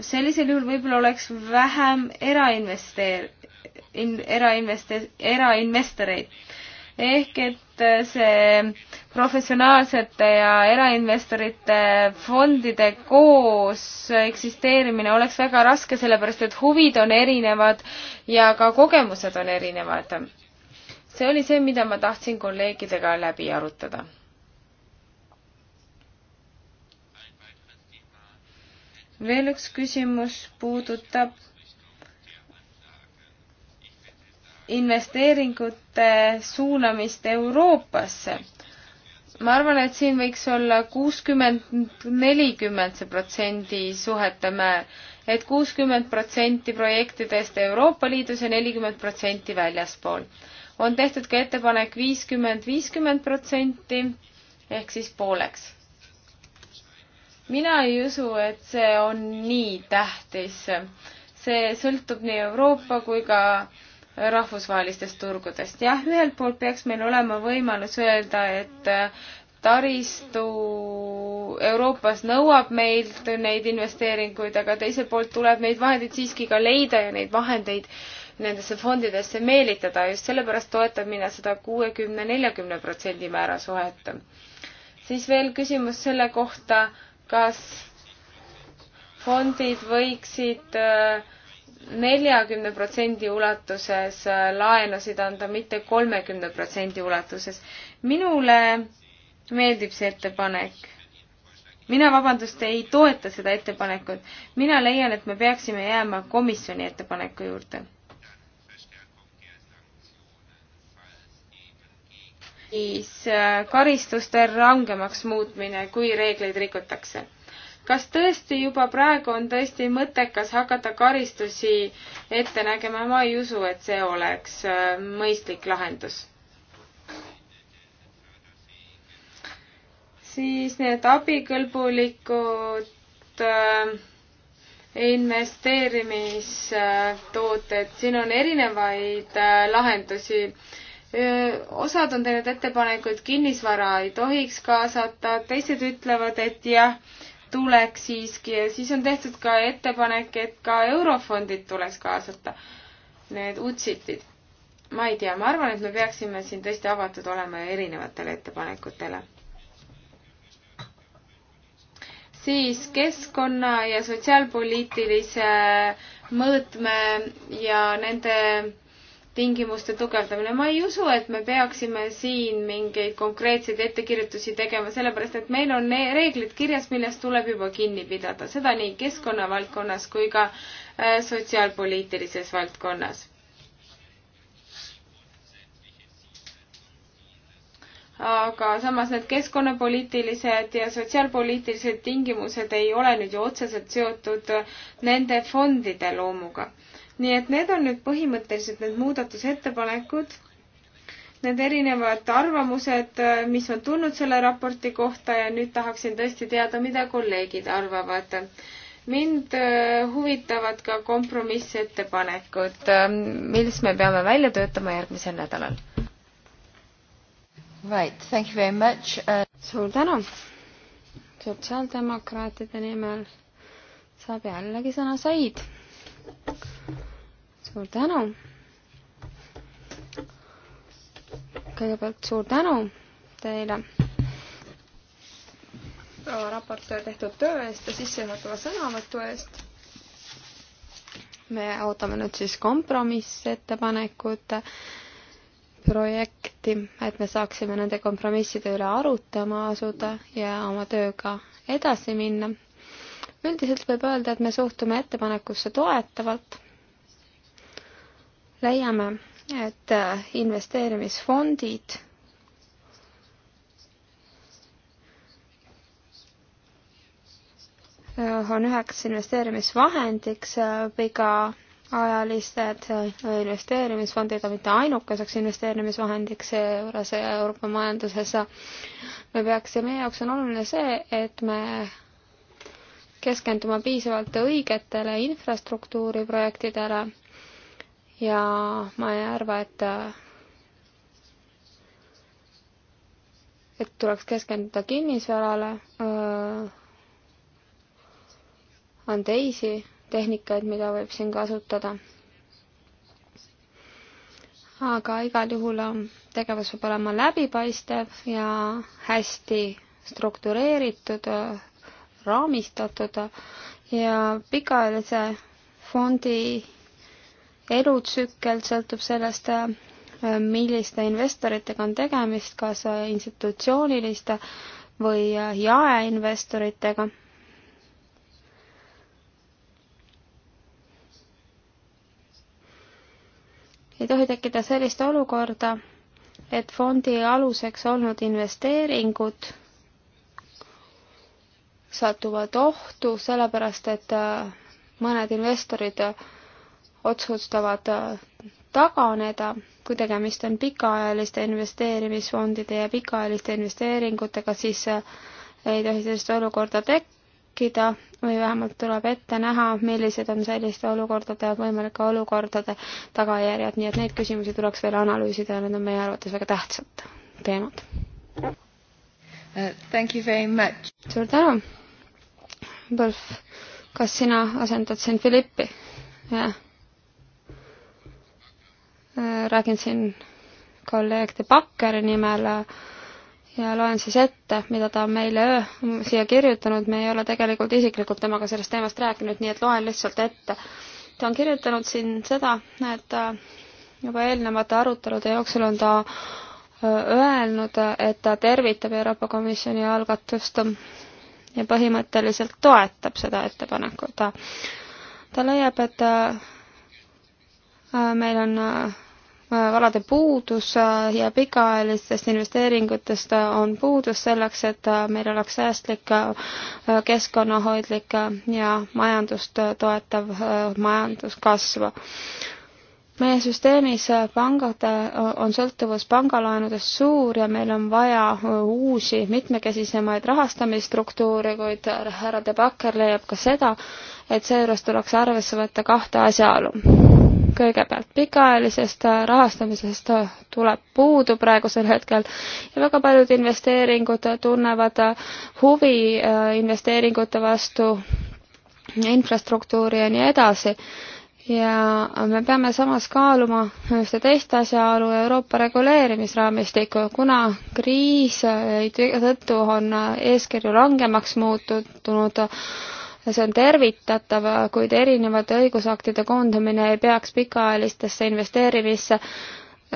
Speaker 2: sellisel juhul võib-olla oleks vähem erainvesteer-, in-, erainveste-, erainvestoreid. ehk et äh, see professionaalsete ja erainvestorite fondide koos eksisteerimine oleks väga raske, sellepärast et huvid on erinevad ja ka kogemused on erinevad. see oli see, mida ma tahtsin kolleegidega läbi arutada veel üks küsimus puudutab investeeringute suunamist Euroopasse. ma arvan, et siin võiks olla kuuskümmend, nelikümmend see protsendi suhete määr, et kuuskümmend protsenti projektidest Euroopa Liidus ja nelikümmend protsenti väljaspool. on tehtud ka ettepanek viiskümmend, viiskümmend protsenti ehk siis pooleks. mina ei usu, et see on nii tähtis. see sõltub nii Euroopa kui ka äh, rahvusvahelistest turgudest. jah, ühelt poolt peaks meil olema võimalus öelda, et äh, taristu Euroopas nõuab meilt neid investeeringuid, aga teiselt poolt tuleb neid vahendeid siiski ka leida ja neid vahendeid nendesse fondidesse meelitada, just sellepärast toetan mina seda kuuekümne, neljakümne protsendi määra suhet. siis veel küsimus selle kohta, kas fondid võiksid äh, neljakümne protsendi ulatuses laenusid anda, mitte kolmekümne protsendi ulatuses. minule meeldib see ettepanek. mina, vabandust, ei toeta seda ettepanekut. mina leian, et me peaksime jääma komisjoni ettepaneku juurde. siis äh, karistuste rangemaks muutmine, kui reegleid rikutakse kas tõesti juba praegu on tõesti mõttekas hakata karistusi ette nägema, ma ei usu, et see oleks äh, mõistlik lahendus. siis need abikõlbulikud äh, investeerimistooted, siin on erinevaid äh, lahendusi osad on teinud ettepanekuid, kinnisvara ei tohiks kaasata, teised ütlevad, et jah, tuleks siiski ja siis on tehtud ka ettepanek, et ka eurofondid tuleks kaasata, need UTSIT-id. ma ei tea, ma arvan, et me peaksime siin tõesti avatud olema erinevatele ettepanekutele. siis keskkonna ja sotsiaalpoliitilise mõõtme ja nende tingimuste tugevdamine. ma ei usu, et me peaksime siin mingeid konkreetseid ettekirjutusi tegema, sellepärast et meil on reeglid kirjas, millest tuleb juba kinni pidada, seda nii keskkonna valdkonnas kui ka äh, sotsiaalpoliitilises valdkonnas. aga samas need keskkonnapoliitilised ja sotsiaalpoliitilised tingimused ei ole nüüd ju otseselt seotud äh, nende fondide loomuga nii et need on nüüd põhimõtteliselt need muudatusettepanekud, need erinevad arvamused, äh, mis on tulnud selle raporti kohta ja nüüd tahaksin tõesti teada, mida kolleegid arvavad. mind äh, huvitavad ka kompromissettepanekud, äh, mis me peame välja töötama järgmisel nädalal. Right, thank you very much uh.... suur tänu.
Speaker 1: sotsiaaldemokraatide nimel saab jällegi sõna Said suur tänu. kõigepealt suur tänu teile proua raportöö tehtud töö eest ja sissejuhatava sõnavõtu eest. me ootame nüüd siis kompromissettepanekute projekti, et me saaksime nende kompromisside üle arutama asuda ja oma tööga edasi minna. üldiselt võib öelda, et me suhtume ettepanekusse toetavalt leiame, et äh, investeerimisfondid äh, on üheks investeerimisvahendiks äh, pikaajalised investeerimisfondid on mitte ainukeseks investeerimisvahendiks juures Euroopa majanduses. me peaks ja meie jaoks on oluline see, et me keskenduma piisavalt õigetele infrastruktuuriprojektidele ja ma ei arva, et et tuleks keskenduda kinnisvarale, äh, on teisi tehnikaid, mida võib siin kasutada. aga igal juhul äh, tegevus peab olema läbipaistev ja hästi struktureeritud, äh, raamistatud ja pikaajalise fondi elutsükkel sõltub sellest, äh, milliste investoritega on tegemist, kas äh, institutsiooniliste või äh, jaeinvestoritega. ei tohi tekkida sellist olukorda, et fondi aluseks olnud investeeringud satuvad ohtu, sellepärast et mõned investorid otsustavad äh, taganeda, kui tegemist on pikaajaliste investeerimisfondide ja pikaajaliste investeeringutega, siis äh, ei tohi sellist olukorda tekkida või vähemalt tuleb ette näha, millised on selliste olukordade, võimalike olukordade tagajärjed, nii et neid küsimusi tuleks veel analüüsida ja need on meie arvates väga tähtsad teemad uh,. Thank you very much. suur tänu. Wolf, kas sina asendad siin Philippi? jah yeah Äh, räägin siin kolleeg De Bakkeri nimel äh, ja loen siis ette, mida ta on meile äh, siia kirjutanud, me ei ole tegelikult isiklikult temaga sellest teemast rääkinud, nii et loen lihtsalt ette. ta on kirjutanud siin seda, et juba eelnevate arutelude jooksul on ta öelnud, et ta tervitab Euroopa Komisjoni algatust ja põhimõtteliselt toetab seda ettepanekut. ta leiab, et meil on Äh, varade puudus äh, ja pikaajalistest investeeringutest äh, on puudus selleks, et meil oleks säästlik, keskkonnahoidlik ja majandust toetav majanduskasv. meie süsteemis pangad, on sõltuvus pangalaenudest suur ja meil on vaja uusi mitmekesisemaid rahastamisstruktuure, kuid härra De Backer leiab ka seda, et seejuures tuleks arvesse võtta kahte asjaolu kõigepealt pikaajalisest rahastamisest tuleb puudu praegusel hetkel ja väga paljud investeeringud tunnevad huvi äh, investeeringute vastu infrastruktuuri ja nii edasi. ja me peame samas kaaluma ühte teist asjaolu Euroopa reguleerimisraamistikku, kuna kriis tõttu on eeskirju rangemaks muutunud see on tervitatav, kuid erinevate õigusaktide koondamine ei peaks pikaajalistesse investeerimisse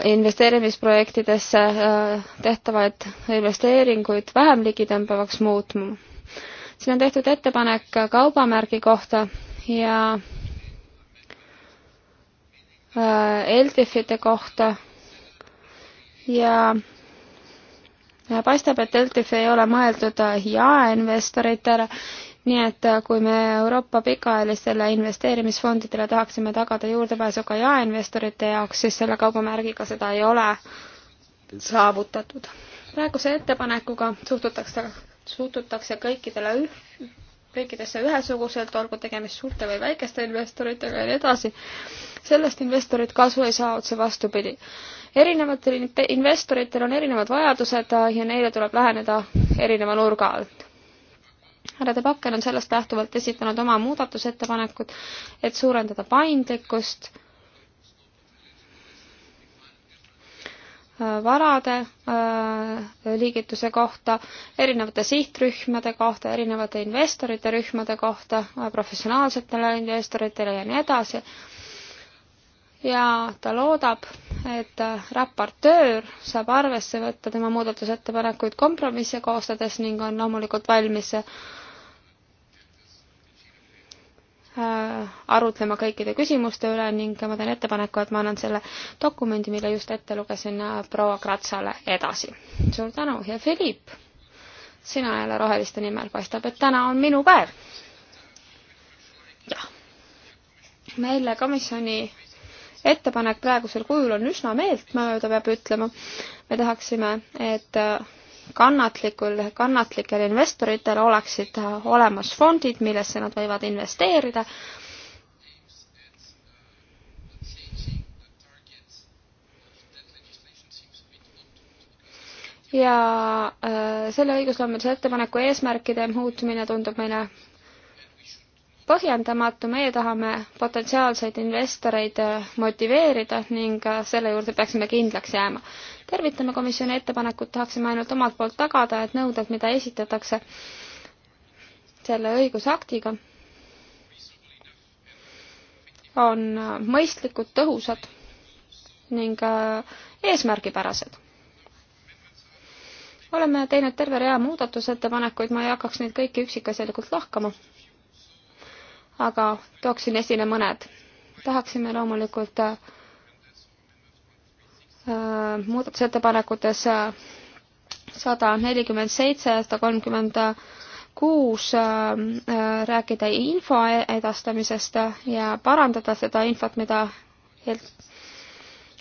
Speaker 1: investeerimisprojektidesse äh, tehtavaid investeeringuid vähem ligitõmbavaks muutma. siin on tehtud ettepanek kaubamärgi kohta ja äh, LTIF-ide kohta ja paistab, et LTIF ei ole mõeldud äh, jaeinvestoritele nii et äh, kui me Euroopa pikaajalistele investeerimisfondidele tahaksime tagada juurdepääsu ka jaeinvestorite jaoks, siis selle kaubamärgiga seda ei ole saavutatud. praeguse ettepanekuga suhtutakse, suhtutakse kõikidele üh, kõikidesse ühesuguselt, olgu tegemist suurte või väikeste investoritega ja nii edasi. sellest investorid kasu ei saa, otse vastupidi. erinevatel investoritel on erinevad vajadused ja neile tuleb läheneda erineva nurga alt härra De Backer on sellest lähtuvalt esitanud oma muudatusettepanekud, et suurendada paindlikkust äh, varade äh, liigituse kohta, erinevate sihtrühmade kohta, erinevate investorite rühmade kohta, äh, professionaalsetele investoritele ja nii edasi. ja ta loodab, et raportöör saab arvesse võtta tema muudatusettepanekuid kompromisse koostades ning on loomulikult valmis Äh, arutlema kõikide küsimuste üle ning ma teen ettepaneku, et ma annan selle dokumendi, mille just ette lugesin, äh, proua Kratsale edasi. suur tänu ja Philipp, sina jälle Roheliste nimel, paistab, et täna on minu päev. jah. meile komisjoni ettepanek praegusel kujul on üsna meeltmööda, peab ütlema. me tahaksime, et äh, kannatlikul, kannatlikel investoritel oleksid olemas fondid, millesse nad võivad investeerida. ja äh, selle õigusloomelise ettepaneku eesmärkide muutmine tundub meile põhjendamatu, meie tahame potentsiaalseid investoreid äh, motiveerida ning äh, selle juurde peaksime kindlaks jääma. tervitame komisjoni ettepanekut, tahaksime ainult omalt poolt tagada, et nõuded, mida esitatakse selle õigusaktiga, on äh, mõistlikud, tõhusad ning eesmärgipärased oleme teinud terve rea muudatusettepanekuid, ma ei hakkaks neid kõiki üksikasjalikult lahkama aga tooksin esile mõned. tahaksime loomulikult äh, äh muudatusettepanekutes äh, sada nelikümmend seitse, sada kolmkümmend kuus äh, rääkida info edastamisest ja parandada seda infot, mida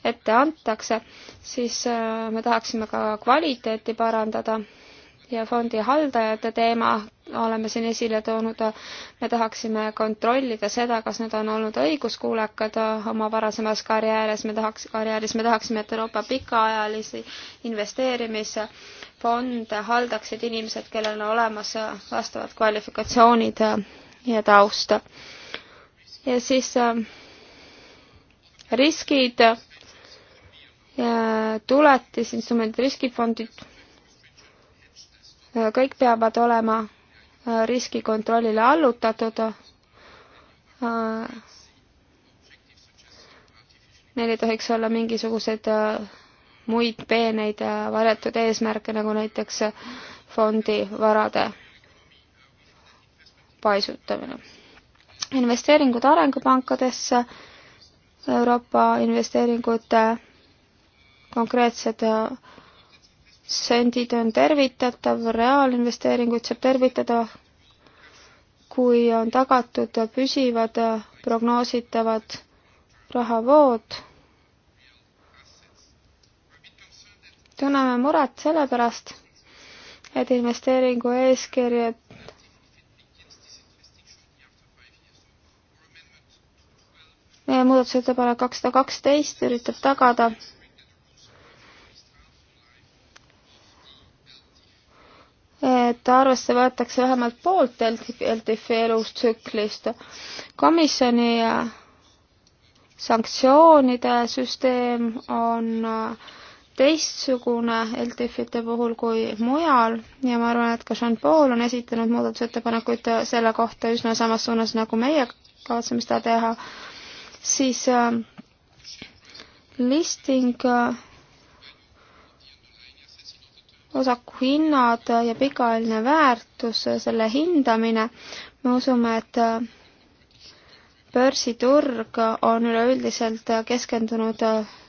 Speaker 1: ette antakse, siis me tahaksime ka kvaliteeti parandada ja fondi haldajate teema oleme siin esile toonud. me tahaksime kontrollida seda, kas nad on olnud õiguskuulekad oma varasemas karjääris, me tahaks, karjääris, me tahaksime, et Euroopa pikaajalisi investeerimisfonde haldaksid inimesed, kellel on olemas vastavad kvalifikatsioonid ja taust. ja siis äh, riskid, tuletisinstrumendid, riskifondid kõik peavad olema äh, riskikontrollile allutatud. Äh, neil ei tohiks olla mingisuguseid äh, muid peeneid varjatud eesmärke, nagu näiteks fondivarade paisutamine. investeeringud arengupankadesse, Euroopa investeeringute konkreetsed sendid on tervitatav, reaalinvesteeringuid saab tervitada, kui on tagatud püsivad prognoositavad rahavood. tunneme muret selle pärast, et investeeringu eeskirjad meie muudatusettepanek kakssada kaksteist üritab tagada et arvesse võetakse vähemalt poolt LTF-i elustsüklist. komisjoni äh, sanktsioonide süsteem on äh, teistsugune LTF-ite puhul kui mujal ja ma arvan, et ka Jean-Paul on esitanud muudatusettepanekuid selle kohta üsna samas suunas, nagu meie kavatseme seda teha, siis äh, listing äh, osakuhinnad ja pikaajaline väärtus, selle hindamine, me usume, et börsiturg on üleüldiselt keskendunud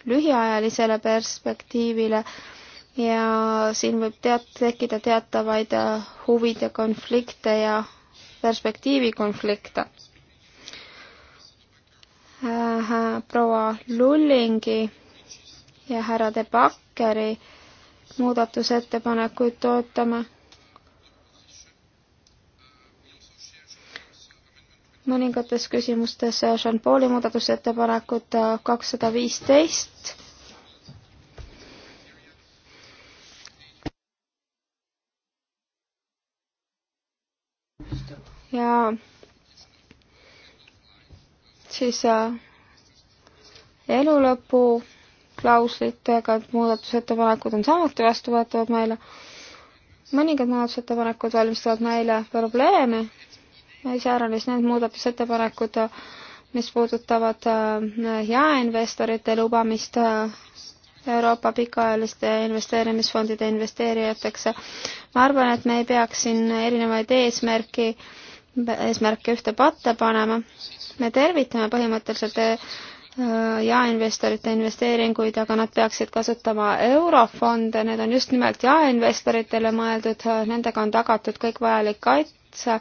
Speaker 1: lühiajalisele perspektiivile ja siin võib teat-, tekkida teatavaid huvide konflikte ja perspektiivikonflikte. Äh, proua Lullingi ja härra De Bakkeri muudatusettepanekuid toetame. mõningates küsimustes Jean-Pauli muudatusettepanekut kakssada viisteist ja siis äh, elulõpu klauslitega, et muudatusettepanekud on samuti vastuvõetavad meile. mõningad muudatusettepanekud valmistavad meile probleeme, iseäranis need muudatusettepanekud, mis puudutavad äh, jaeinvestorite lubamist äh, Euroopa pikaajaliste investeerimisfondide investeerijateks. ma arvan, et me ei peaks siin erinevaid eesmärki, eesmärke ühte patta panema. me tervitame põhimõtteliselt äh, Äh, jaeinvestorite investeeringuid, aga nad peaksid kasutama eurofonde, need on just nimelt jaeinvestoritele mõeldud, äh, nendega on tagatud kõik vajalik kaitse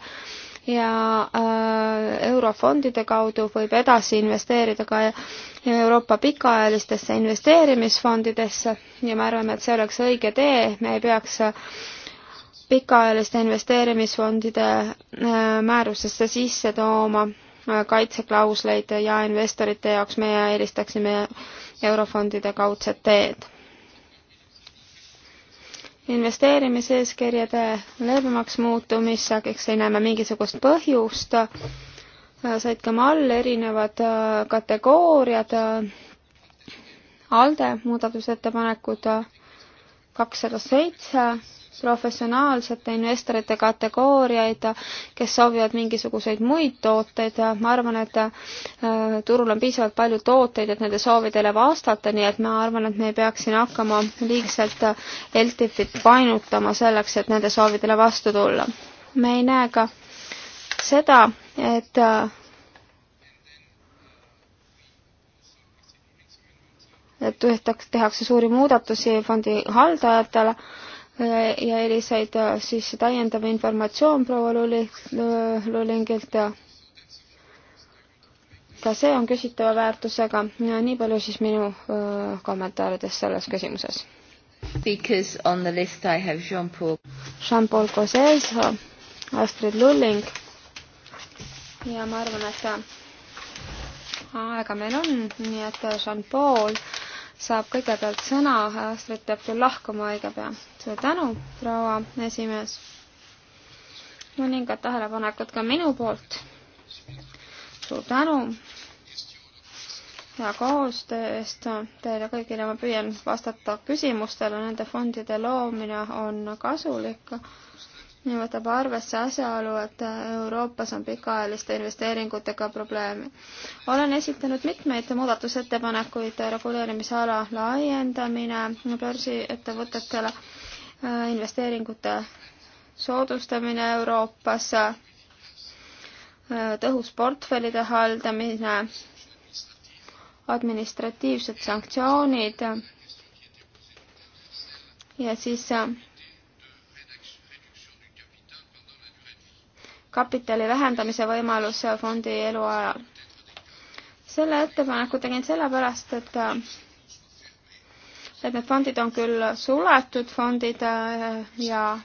Speaker 1: ja äh, eurofondide kaudu võib edasi investeerida ka Euroopa pikaajalistesse investeerimisfondidesse ja me arvame, et see oleks õige tee, me ei peaks pikaajaliste investeerimisfondide määrusesse sisse tooma kaitseklausleid ja investorite jaoks meie eelistaksime eurofondide kaudset teed. investeerimiseeskirjade leebemaks muutumiseks ei näe me mingisugust põhjust, said ka mall erinevad äh, kategooriad, ALDE muudatusettepanekud äh, kakssada seitse professionaalsete investorite kategooriaid, kes soovivad mingisuguseid muid tooteid, ma arvan, et äh, turul on piisavalt palju tooteid, et nende soovidele vastata, nii et ma arvan, et me ei peaks siin hakkama liigselt äh, LTIF-it painutama selleks, et nende soovidele vastu tulla. me ei näe ka seda, et äh, et tehtakse suuri muudatusi fondi haldajatele ja eeliseid, äh, siis täiendav informatsioon proua Luli, äh, Lulingilt. ka see on küsitava väärtusega. nii palju siis minu äh, kommentaaridest selles küsimuses. Speakers on the list I have Jean-Paul. Jean-Paul Cosses, Astrid Lulling. ja ma arvan, et aega meil on, nii et Jean-Paul saab kõigepealt sõna, Astrid peab küll lahkuma õige pea. suur tänu, proua esimees. mõningad tähelepanekud ka minu poolt. suur tänu hea koostöö eest teile kõigile. ma püüan vastata küsimustele, nende fondide loomine on kasulik ja võtab arvesse asjaolu, et Euroopas on pikaajaliste investeeringutega probleeme. olen esitanud mitmeid muudatusettepanekuid, reguleerimisala laiendamine börsiettevõtetele, investeeringute soodustamine Euroopas, tõhus portfellide haldamine, administratiivsed sanktsioonid ja siis kapitali vähendamise võimalus fondi eluajal. selle ettepaneku tegin sellepärast, et et need fondid on küll suletud fondid äh, ja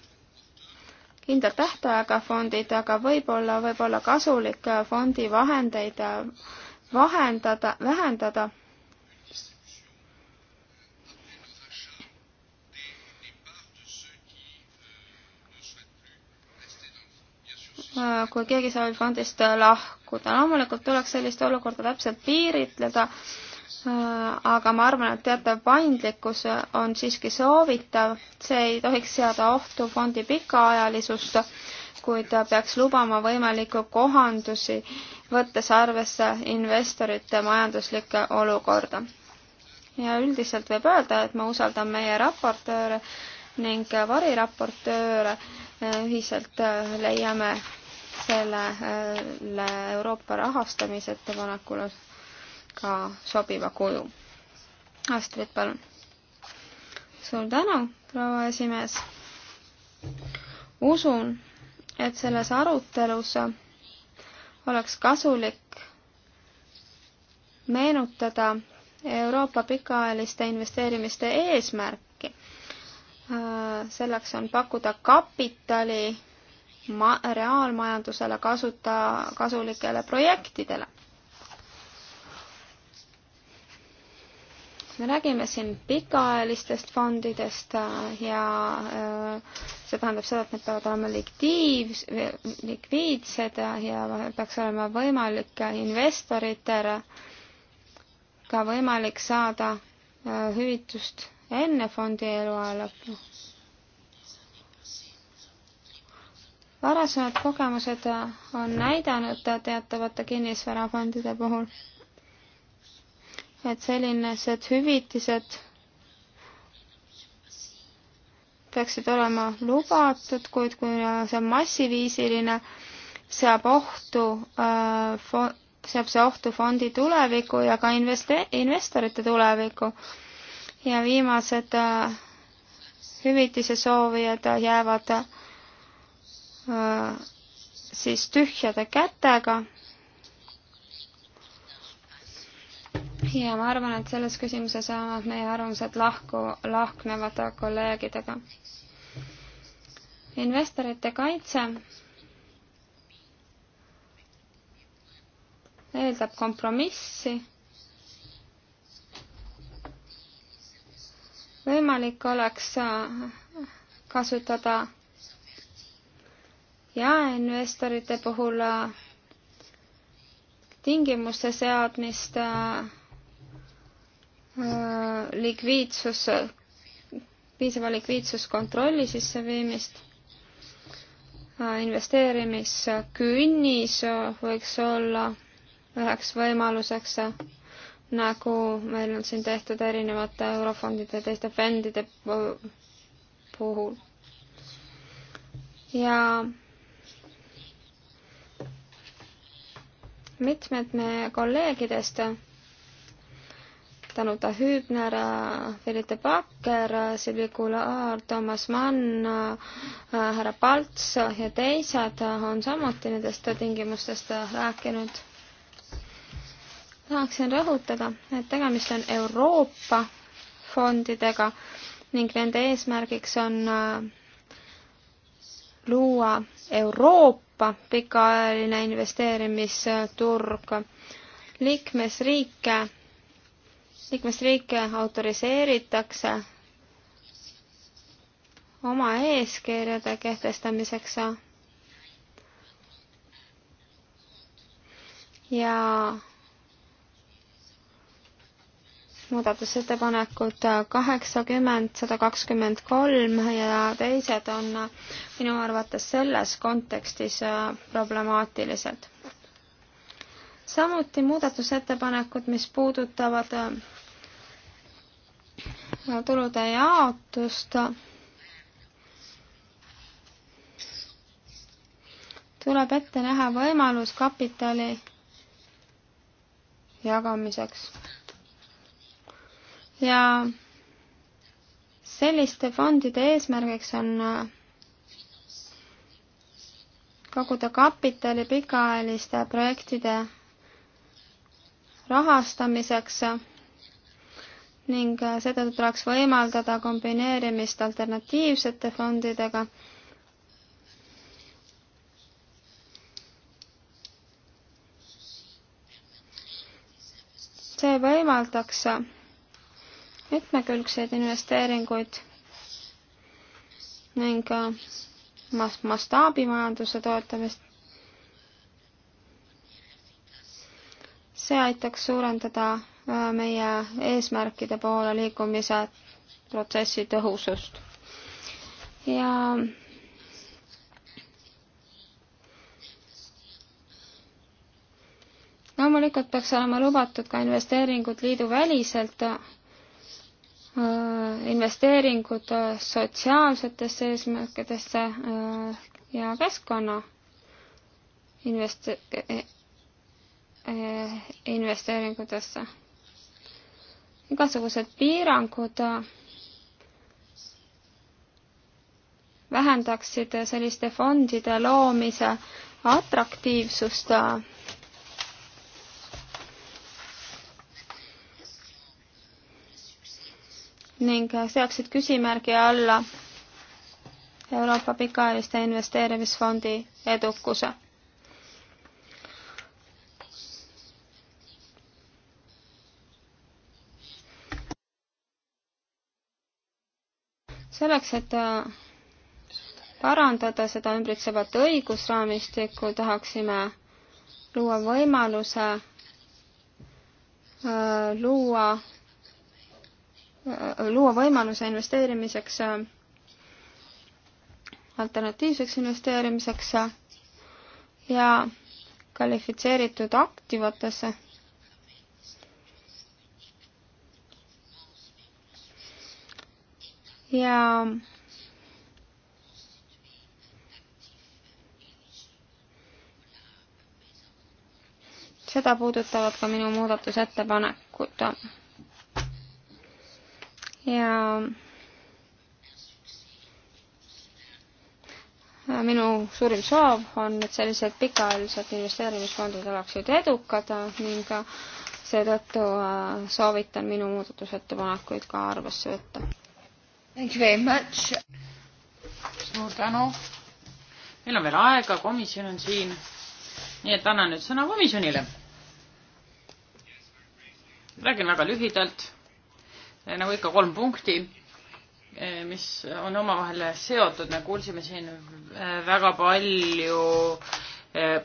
Speaker 1: kindla tähtajaga fondid, aga võib-olla võib olla kasulik fondi vahendeid äh, vahendada, vähendada Äh, kui keegi soovib fondist lahkuda. loomulikult tuleks sellist olukorda täpselt piiritleda, äh, aga ma arvan, et teatav paindlikkus on siiski soovitav, see ei tohiks seada ohtu fondi pikaajalisust, kuid peaks lubama võimalikku kohandusi, võttes arvesse investorite majanduslikke olukorda. ja üldiselt võib öelda, et ma usaldan meie raportööre ning variraportööre, äh, ühiselt leiame sellele Euroopa rahastamisettepanekule ka sobiva kuju. Astrid, palun. suur tänu, proua esimees. usun, et selles arutelus oleks kasulik meenutada Euroopa pikaajaliste investeerimiste eesmärki. Äh, selleks on pakkuda kapitali ma-, reaalmajandusele kasuta, kasulikele projektidele. me räägime siin pikaajalistest fondidest äh, ja äh, see tähendab seda, et need peavad olema liktiivs-, likviidsed ja peaks olema võimalik investoritele ka võimalik saada äh, hüvitust enne fondi eluaja lõppu varasemad kogemused on näidanud teatavate kinnisvarafondide puhul, et sellised hüvitised peaksid olema lubatud, kuid kui see on massiviisiline, seab ohtu äh, seab see ohtu fondi tuleviku ja ka investe-, investorite tuleviku. ja viimased äh, hüvitise soovijad jäävad äh, Äh, siis tühjade kätega. ja ma arvan, et selles küsimuses meie arvamused lahku, lahknevad kolleegidega. investorite kaitse eeldab kompromissi. võimalik oleks kasutada jaeinvestorite puhul äh, tingimuste seadmist äh, äh, likviidsus, piisava likviidsuskontrolli sisseviimist, investeerimiskünnis võiks olla üheks võimaluseks, nagu meil on siin tehtud erinevate eurofondide ja teiste fondide puhul. ja mitmed meie kolleegidest, Tanuta Hübner, Felipe Bakker, Silvi Kulaar, Toomas Mann, härra Palts ja teised on samuti nendest tingimustest rääkinud. tahaksin rõhutada, et tegemist on Euroopa fondidega ning nende eesmärgiks on luua Euroopa Euroopa pikaajaline investeerimisturg. liikmesriike, liikmesriike autoriseeritakse oma eeskirjade kehtestamiseks ja muudatusettepanekud äh, kaheksakümmend, sada kakskümmend kolm ja teised on äh, minu arvates selles kontekstis äh, problemaatilised. samuti muudatusettepanekud, mis puudutavad tulude jaotust, tuleb ette näha võimalus kapitali jagamiseks ja selliste fondide eesmärgiks on äh, koguda kapitali pikaajaliste projektide rahastamiseks äh, ning äh, seetõttu tuleks võimaldada kombineerimist alternatiivsete fondidega. see võimaldaks mitmekülgseid investeeringuid ning mas-, mastaabimajanduse toetamist. see aitaks suurendada äh, meie eesmärkide poole liikumise protsessi tõhusust. ja loomulikult peaks olema lubatud ka investeeringud liiduväliselt Äh, investeeringud äh, sotsiaalsetesse eesmärkidesse äh, ja keskkonna invest-, investeeringutesse. igasugused piirangud vähendaksid selliste fondide loomise atraktiivsust ning seaksid küsimärgi alla Euroopa pikaajaliste investeerimisfondi edukuse. selleks, et äh, parandada seda ümbritsevat õigusraamistikku, tahaksime luua võimaluse äh, luua Äh, luua võimaluse investeerimiseks, äh, alternatiivseks investeerimiseks äh, ja kvalifitseeritud aktivatesse. ja seda puudutavad ka minu muudatusettepanekud ja minu suurim soov on, et sellised pikaajalised investeerimisfondid oleksid edukad ning seetõttu äh, soovitan minu muudatusettepanekuid ka arvesse võtta.
Speaker 3: suur tänu. meil on veel aega, komisjon on siin. nii et annan nüüd sõna komisjonile. räägin väga lühidalt nagu ikka kolm punkti, eh, mis on omavahel seotud, me kuulsime siin eh, väga palju eh,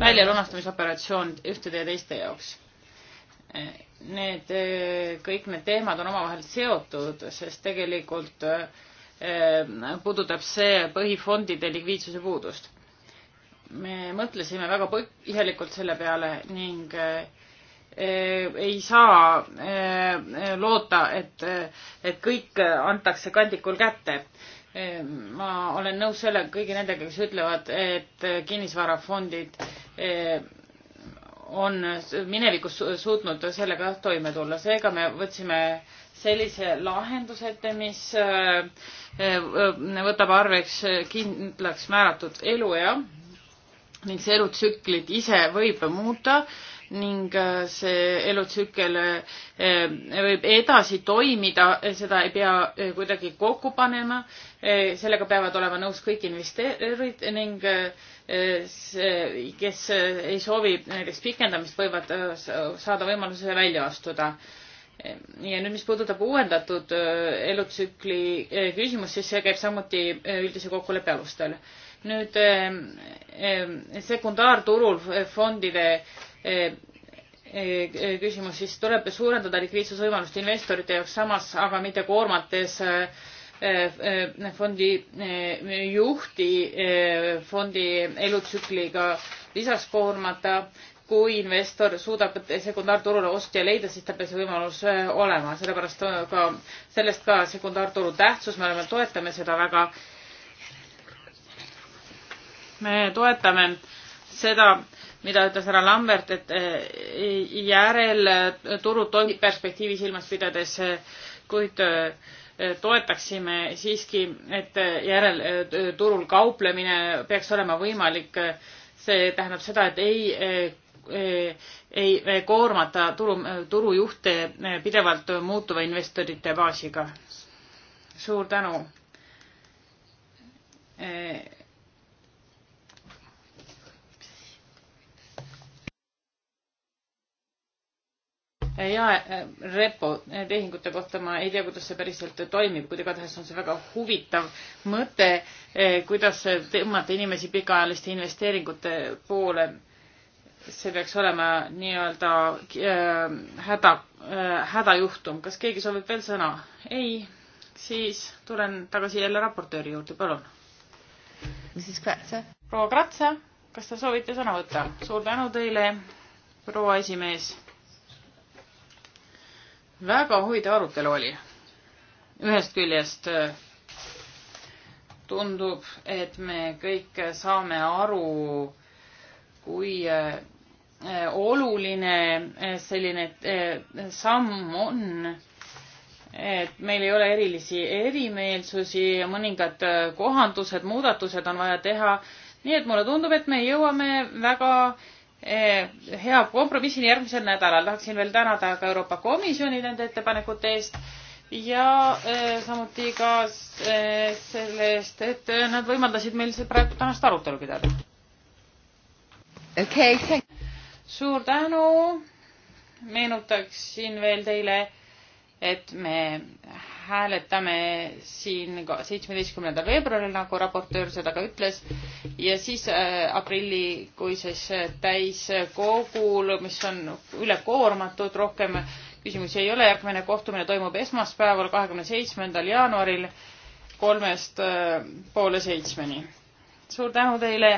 Speaker 3: väljalunastamisoperatsioon ühtede ja teiste jaoks. Need, kõik need teemad on omavahel seotud, sest tegelikult puudutab see põhifondide likviidsuse puudust. me mõtlesime väga põhjalikult selle peale ning äh, Eh, ei saa eh, loota, et, et kõik antakse kandikul kätte. Eh, ma olen nõus selle, kõigi nendega, kes ütlevad, et kinnisvarafondid on minevikus suutnud sellega toime tulla, seega me võtsime sellise lahenduse ette, mis võtab arveks kindlaks määratud eluea ning see elutsüklit ise võib muuta ning äh, see elutsükkel äh, võib edasi toimida, äh, seda ei pea kuidagi kokku panema. sellega peavad olema nõus kõik investeerid ning see, kes ei soovi näiteks pikendamist, võivad saada võimaluse välja astuda. ja nüüd, mis puudutab uuendatud elutsükli küsimust, siis see käib samuti üldise kokkuleppe alustel nüüd sekundaarturul fondide Eh, eh, küsimus, siis tuleb suurendada likviidsusvõimalust investorite jaoks samas, aga mitte koormates eh, fondi juhti fondi elutsükliga lisaks koormata. kui investor suudab sekundaarturule ostja leida, siis tal peab see võimalus olema, sellepärast ka sellest ka sekundaarturu tähtsus, me oleme, toetame seda väga. me toetame seda mida ütles härra Lambert, et eh, järelturu toimib perspektiivi silmas pidades, eh, kuid eh, toetaksime siiski, et järelturul kauplemine peaks olema võimalik. see tähendab seda, et ei ei koormata turu, turujuhte pidevalt muutuva investorite baasiga. suur tänu. jaerepo äh, äh, tehingute kohta ma ei tea, kuidas see päriselt toimib, kuid igatahes on see väga huvitav mõte, äh, kuidas tõmmata inimesi pikaajaliste investeeringute poole. see peaks olema nii-öelda äh, häda äh,, hädajuhtum. kas keegi soovib veel sõna? ei, siis tulen tagasi jälle raportööri juurde, palun. proua Kratse, kas te soovite sõna võtta? suur tänu teile, proua esimees väga huvitav arutelu oli. ühest küljest äh, tundub, et me kõik saame aru, kui äh, oluline äh, selline samm on, et meil ei ole erilisi erimeelsusi, mõningad kohandused, muudatused on vaja teha, nii et mulle tundub, et me jõuame väga Eh, hea kompromissini järgmisel nädalal. tahaksin veel tänada ka Euroopa Komisjoni nende ettepanekute eest ja eh, samuti ka eh, selle eest, et nad võimaldasid meil praegu tänast arutelu pidada. okei okay,, suur tänu. meenutaksin veel teile, et me hääletame siin seitsmeteistkümnendal veebruaril, nagu raportöör seda ka ütles, ja siis äh, aprillikuises täiskogul, mis on ülekoormatud, rohkem küsimusi ei ole, järgmine kohtumine toimub esmaspäeval, kahekümne seitsmendal jaanuaril kolmest äh, poole seitsmeni. suur tänu teile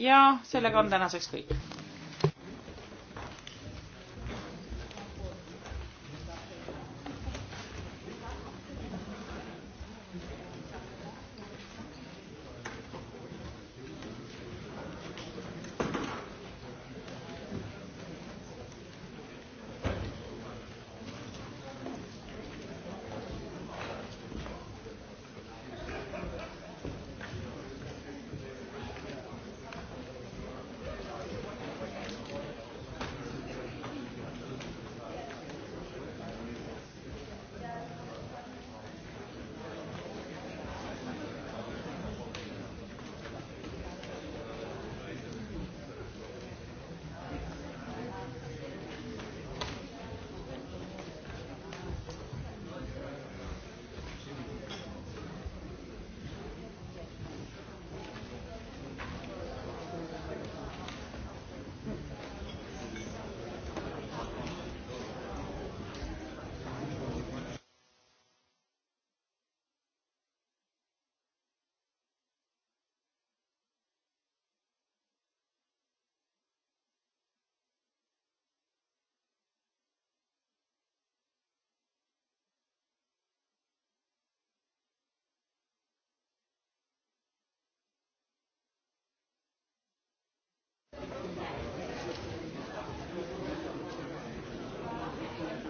Speaker 3: ja sellega on tänaseks kõik.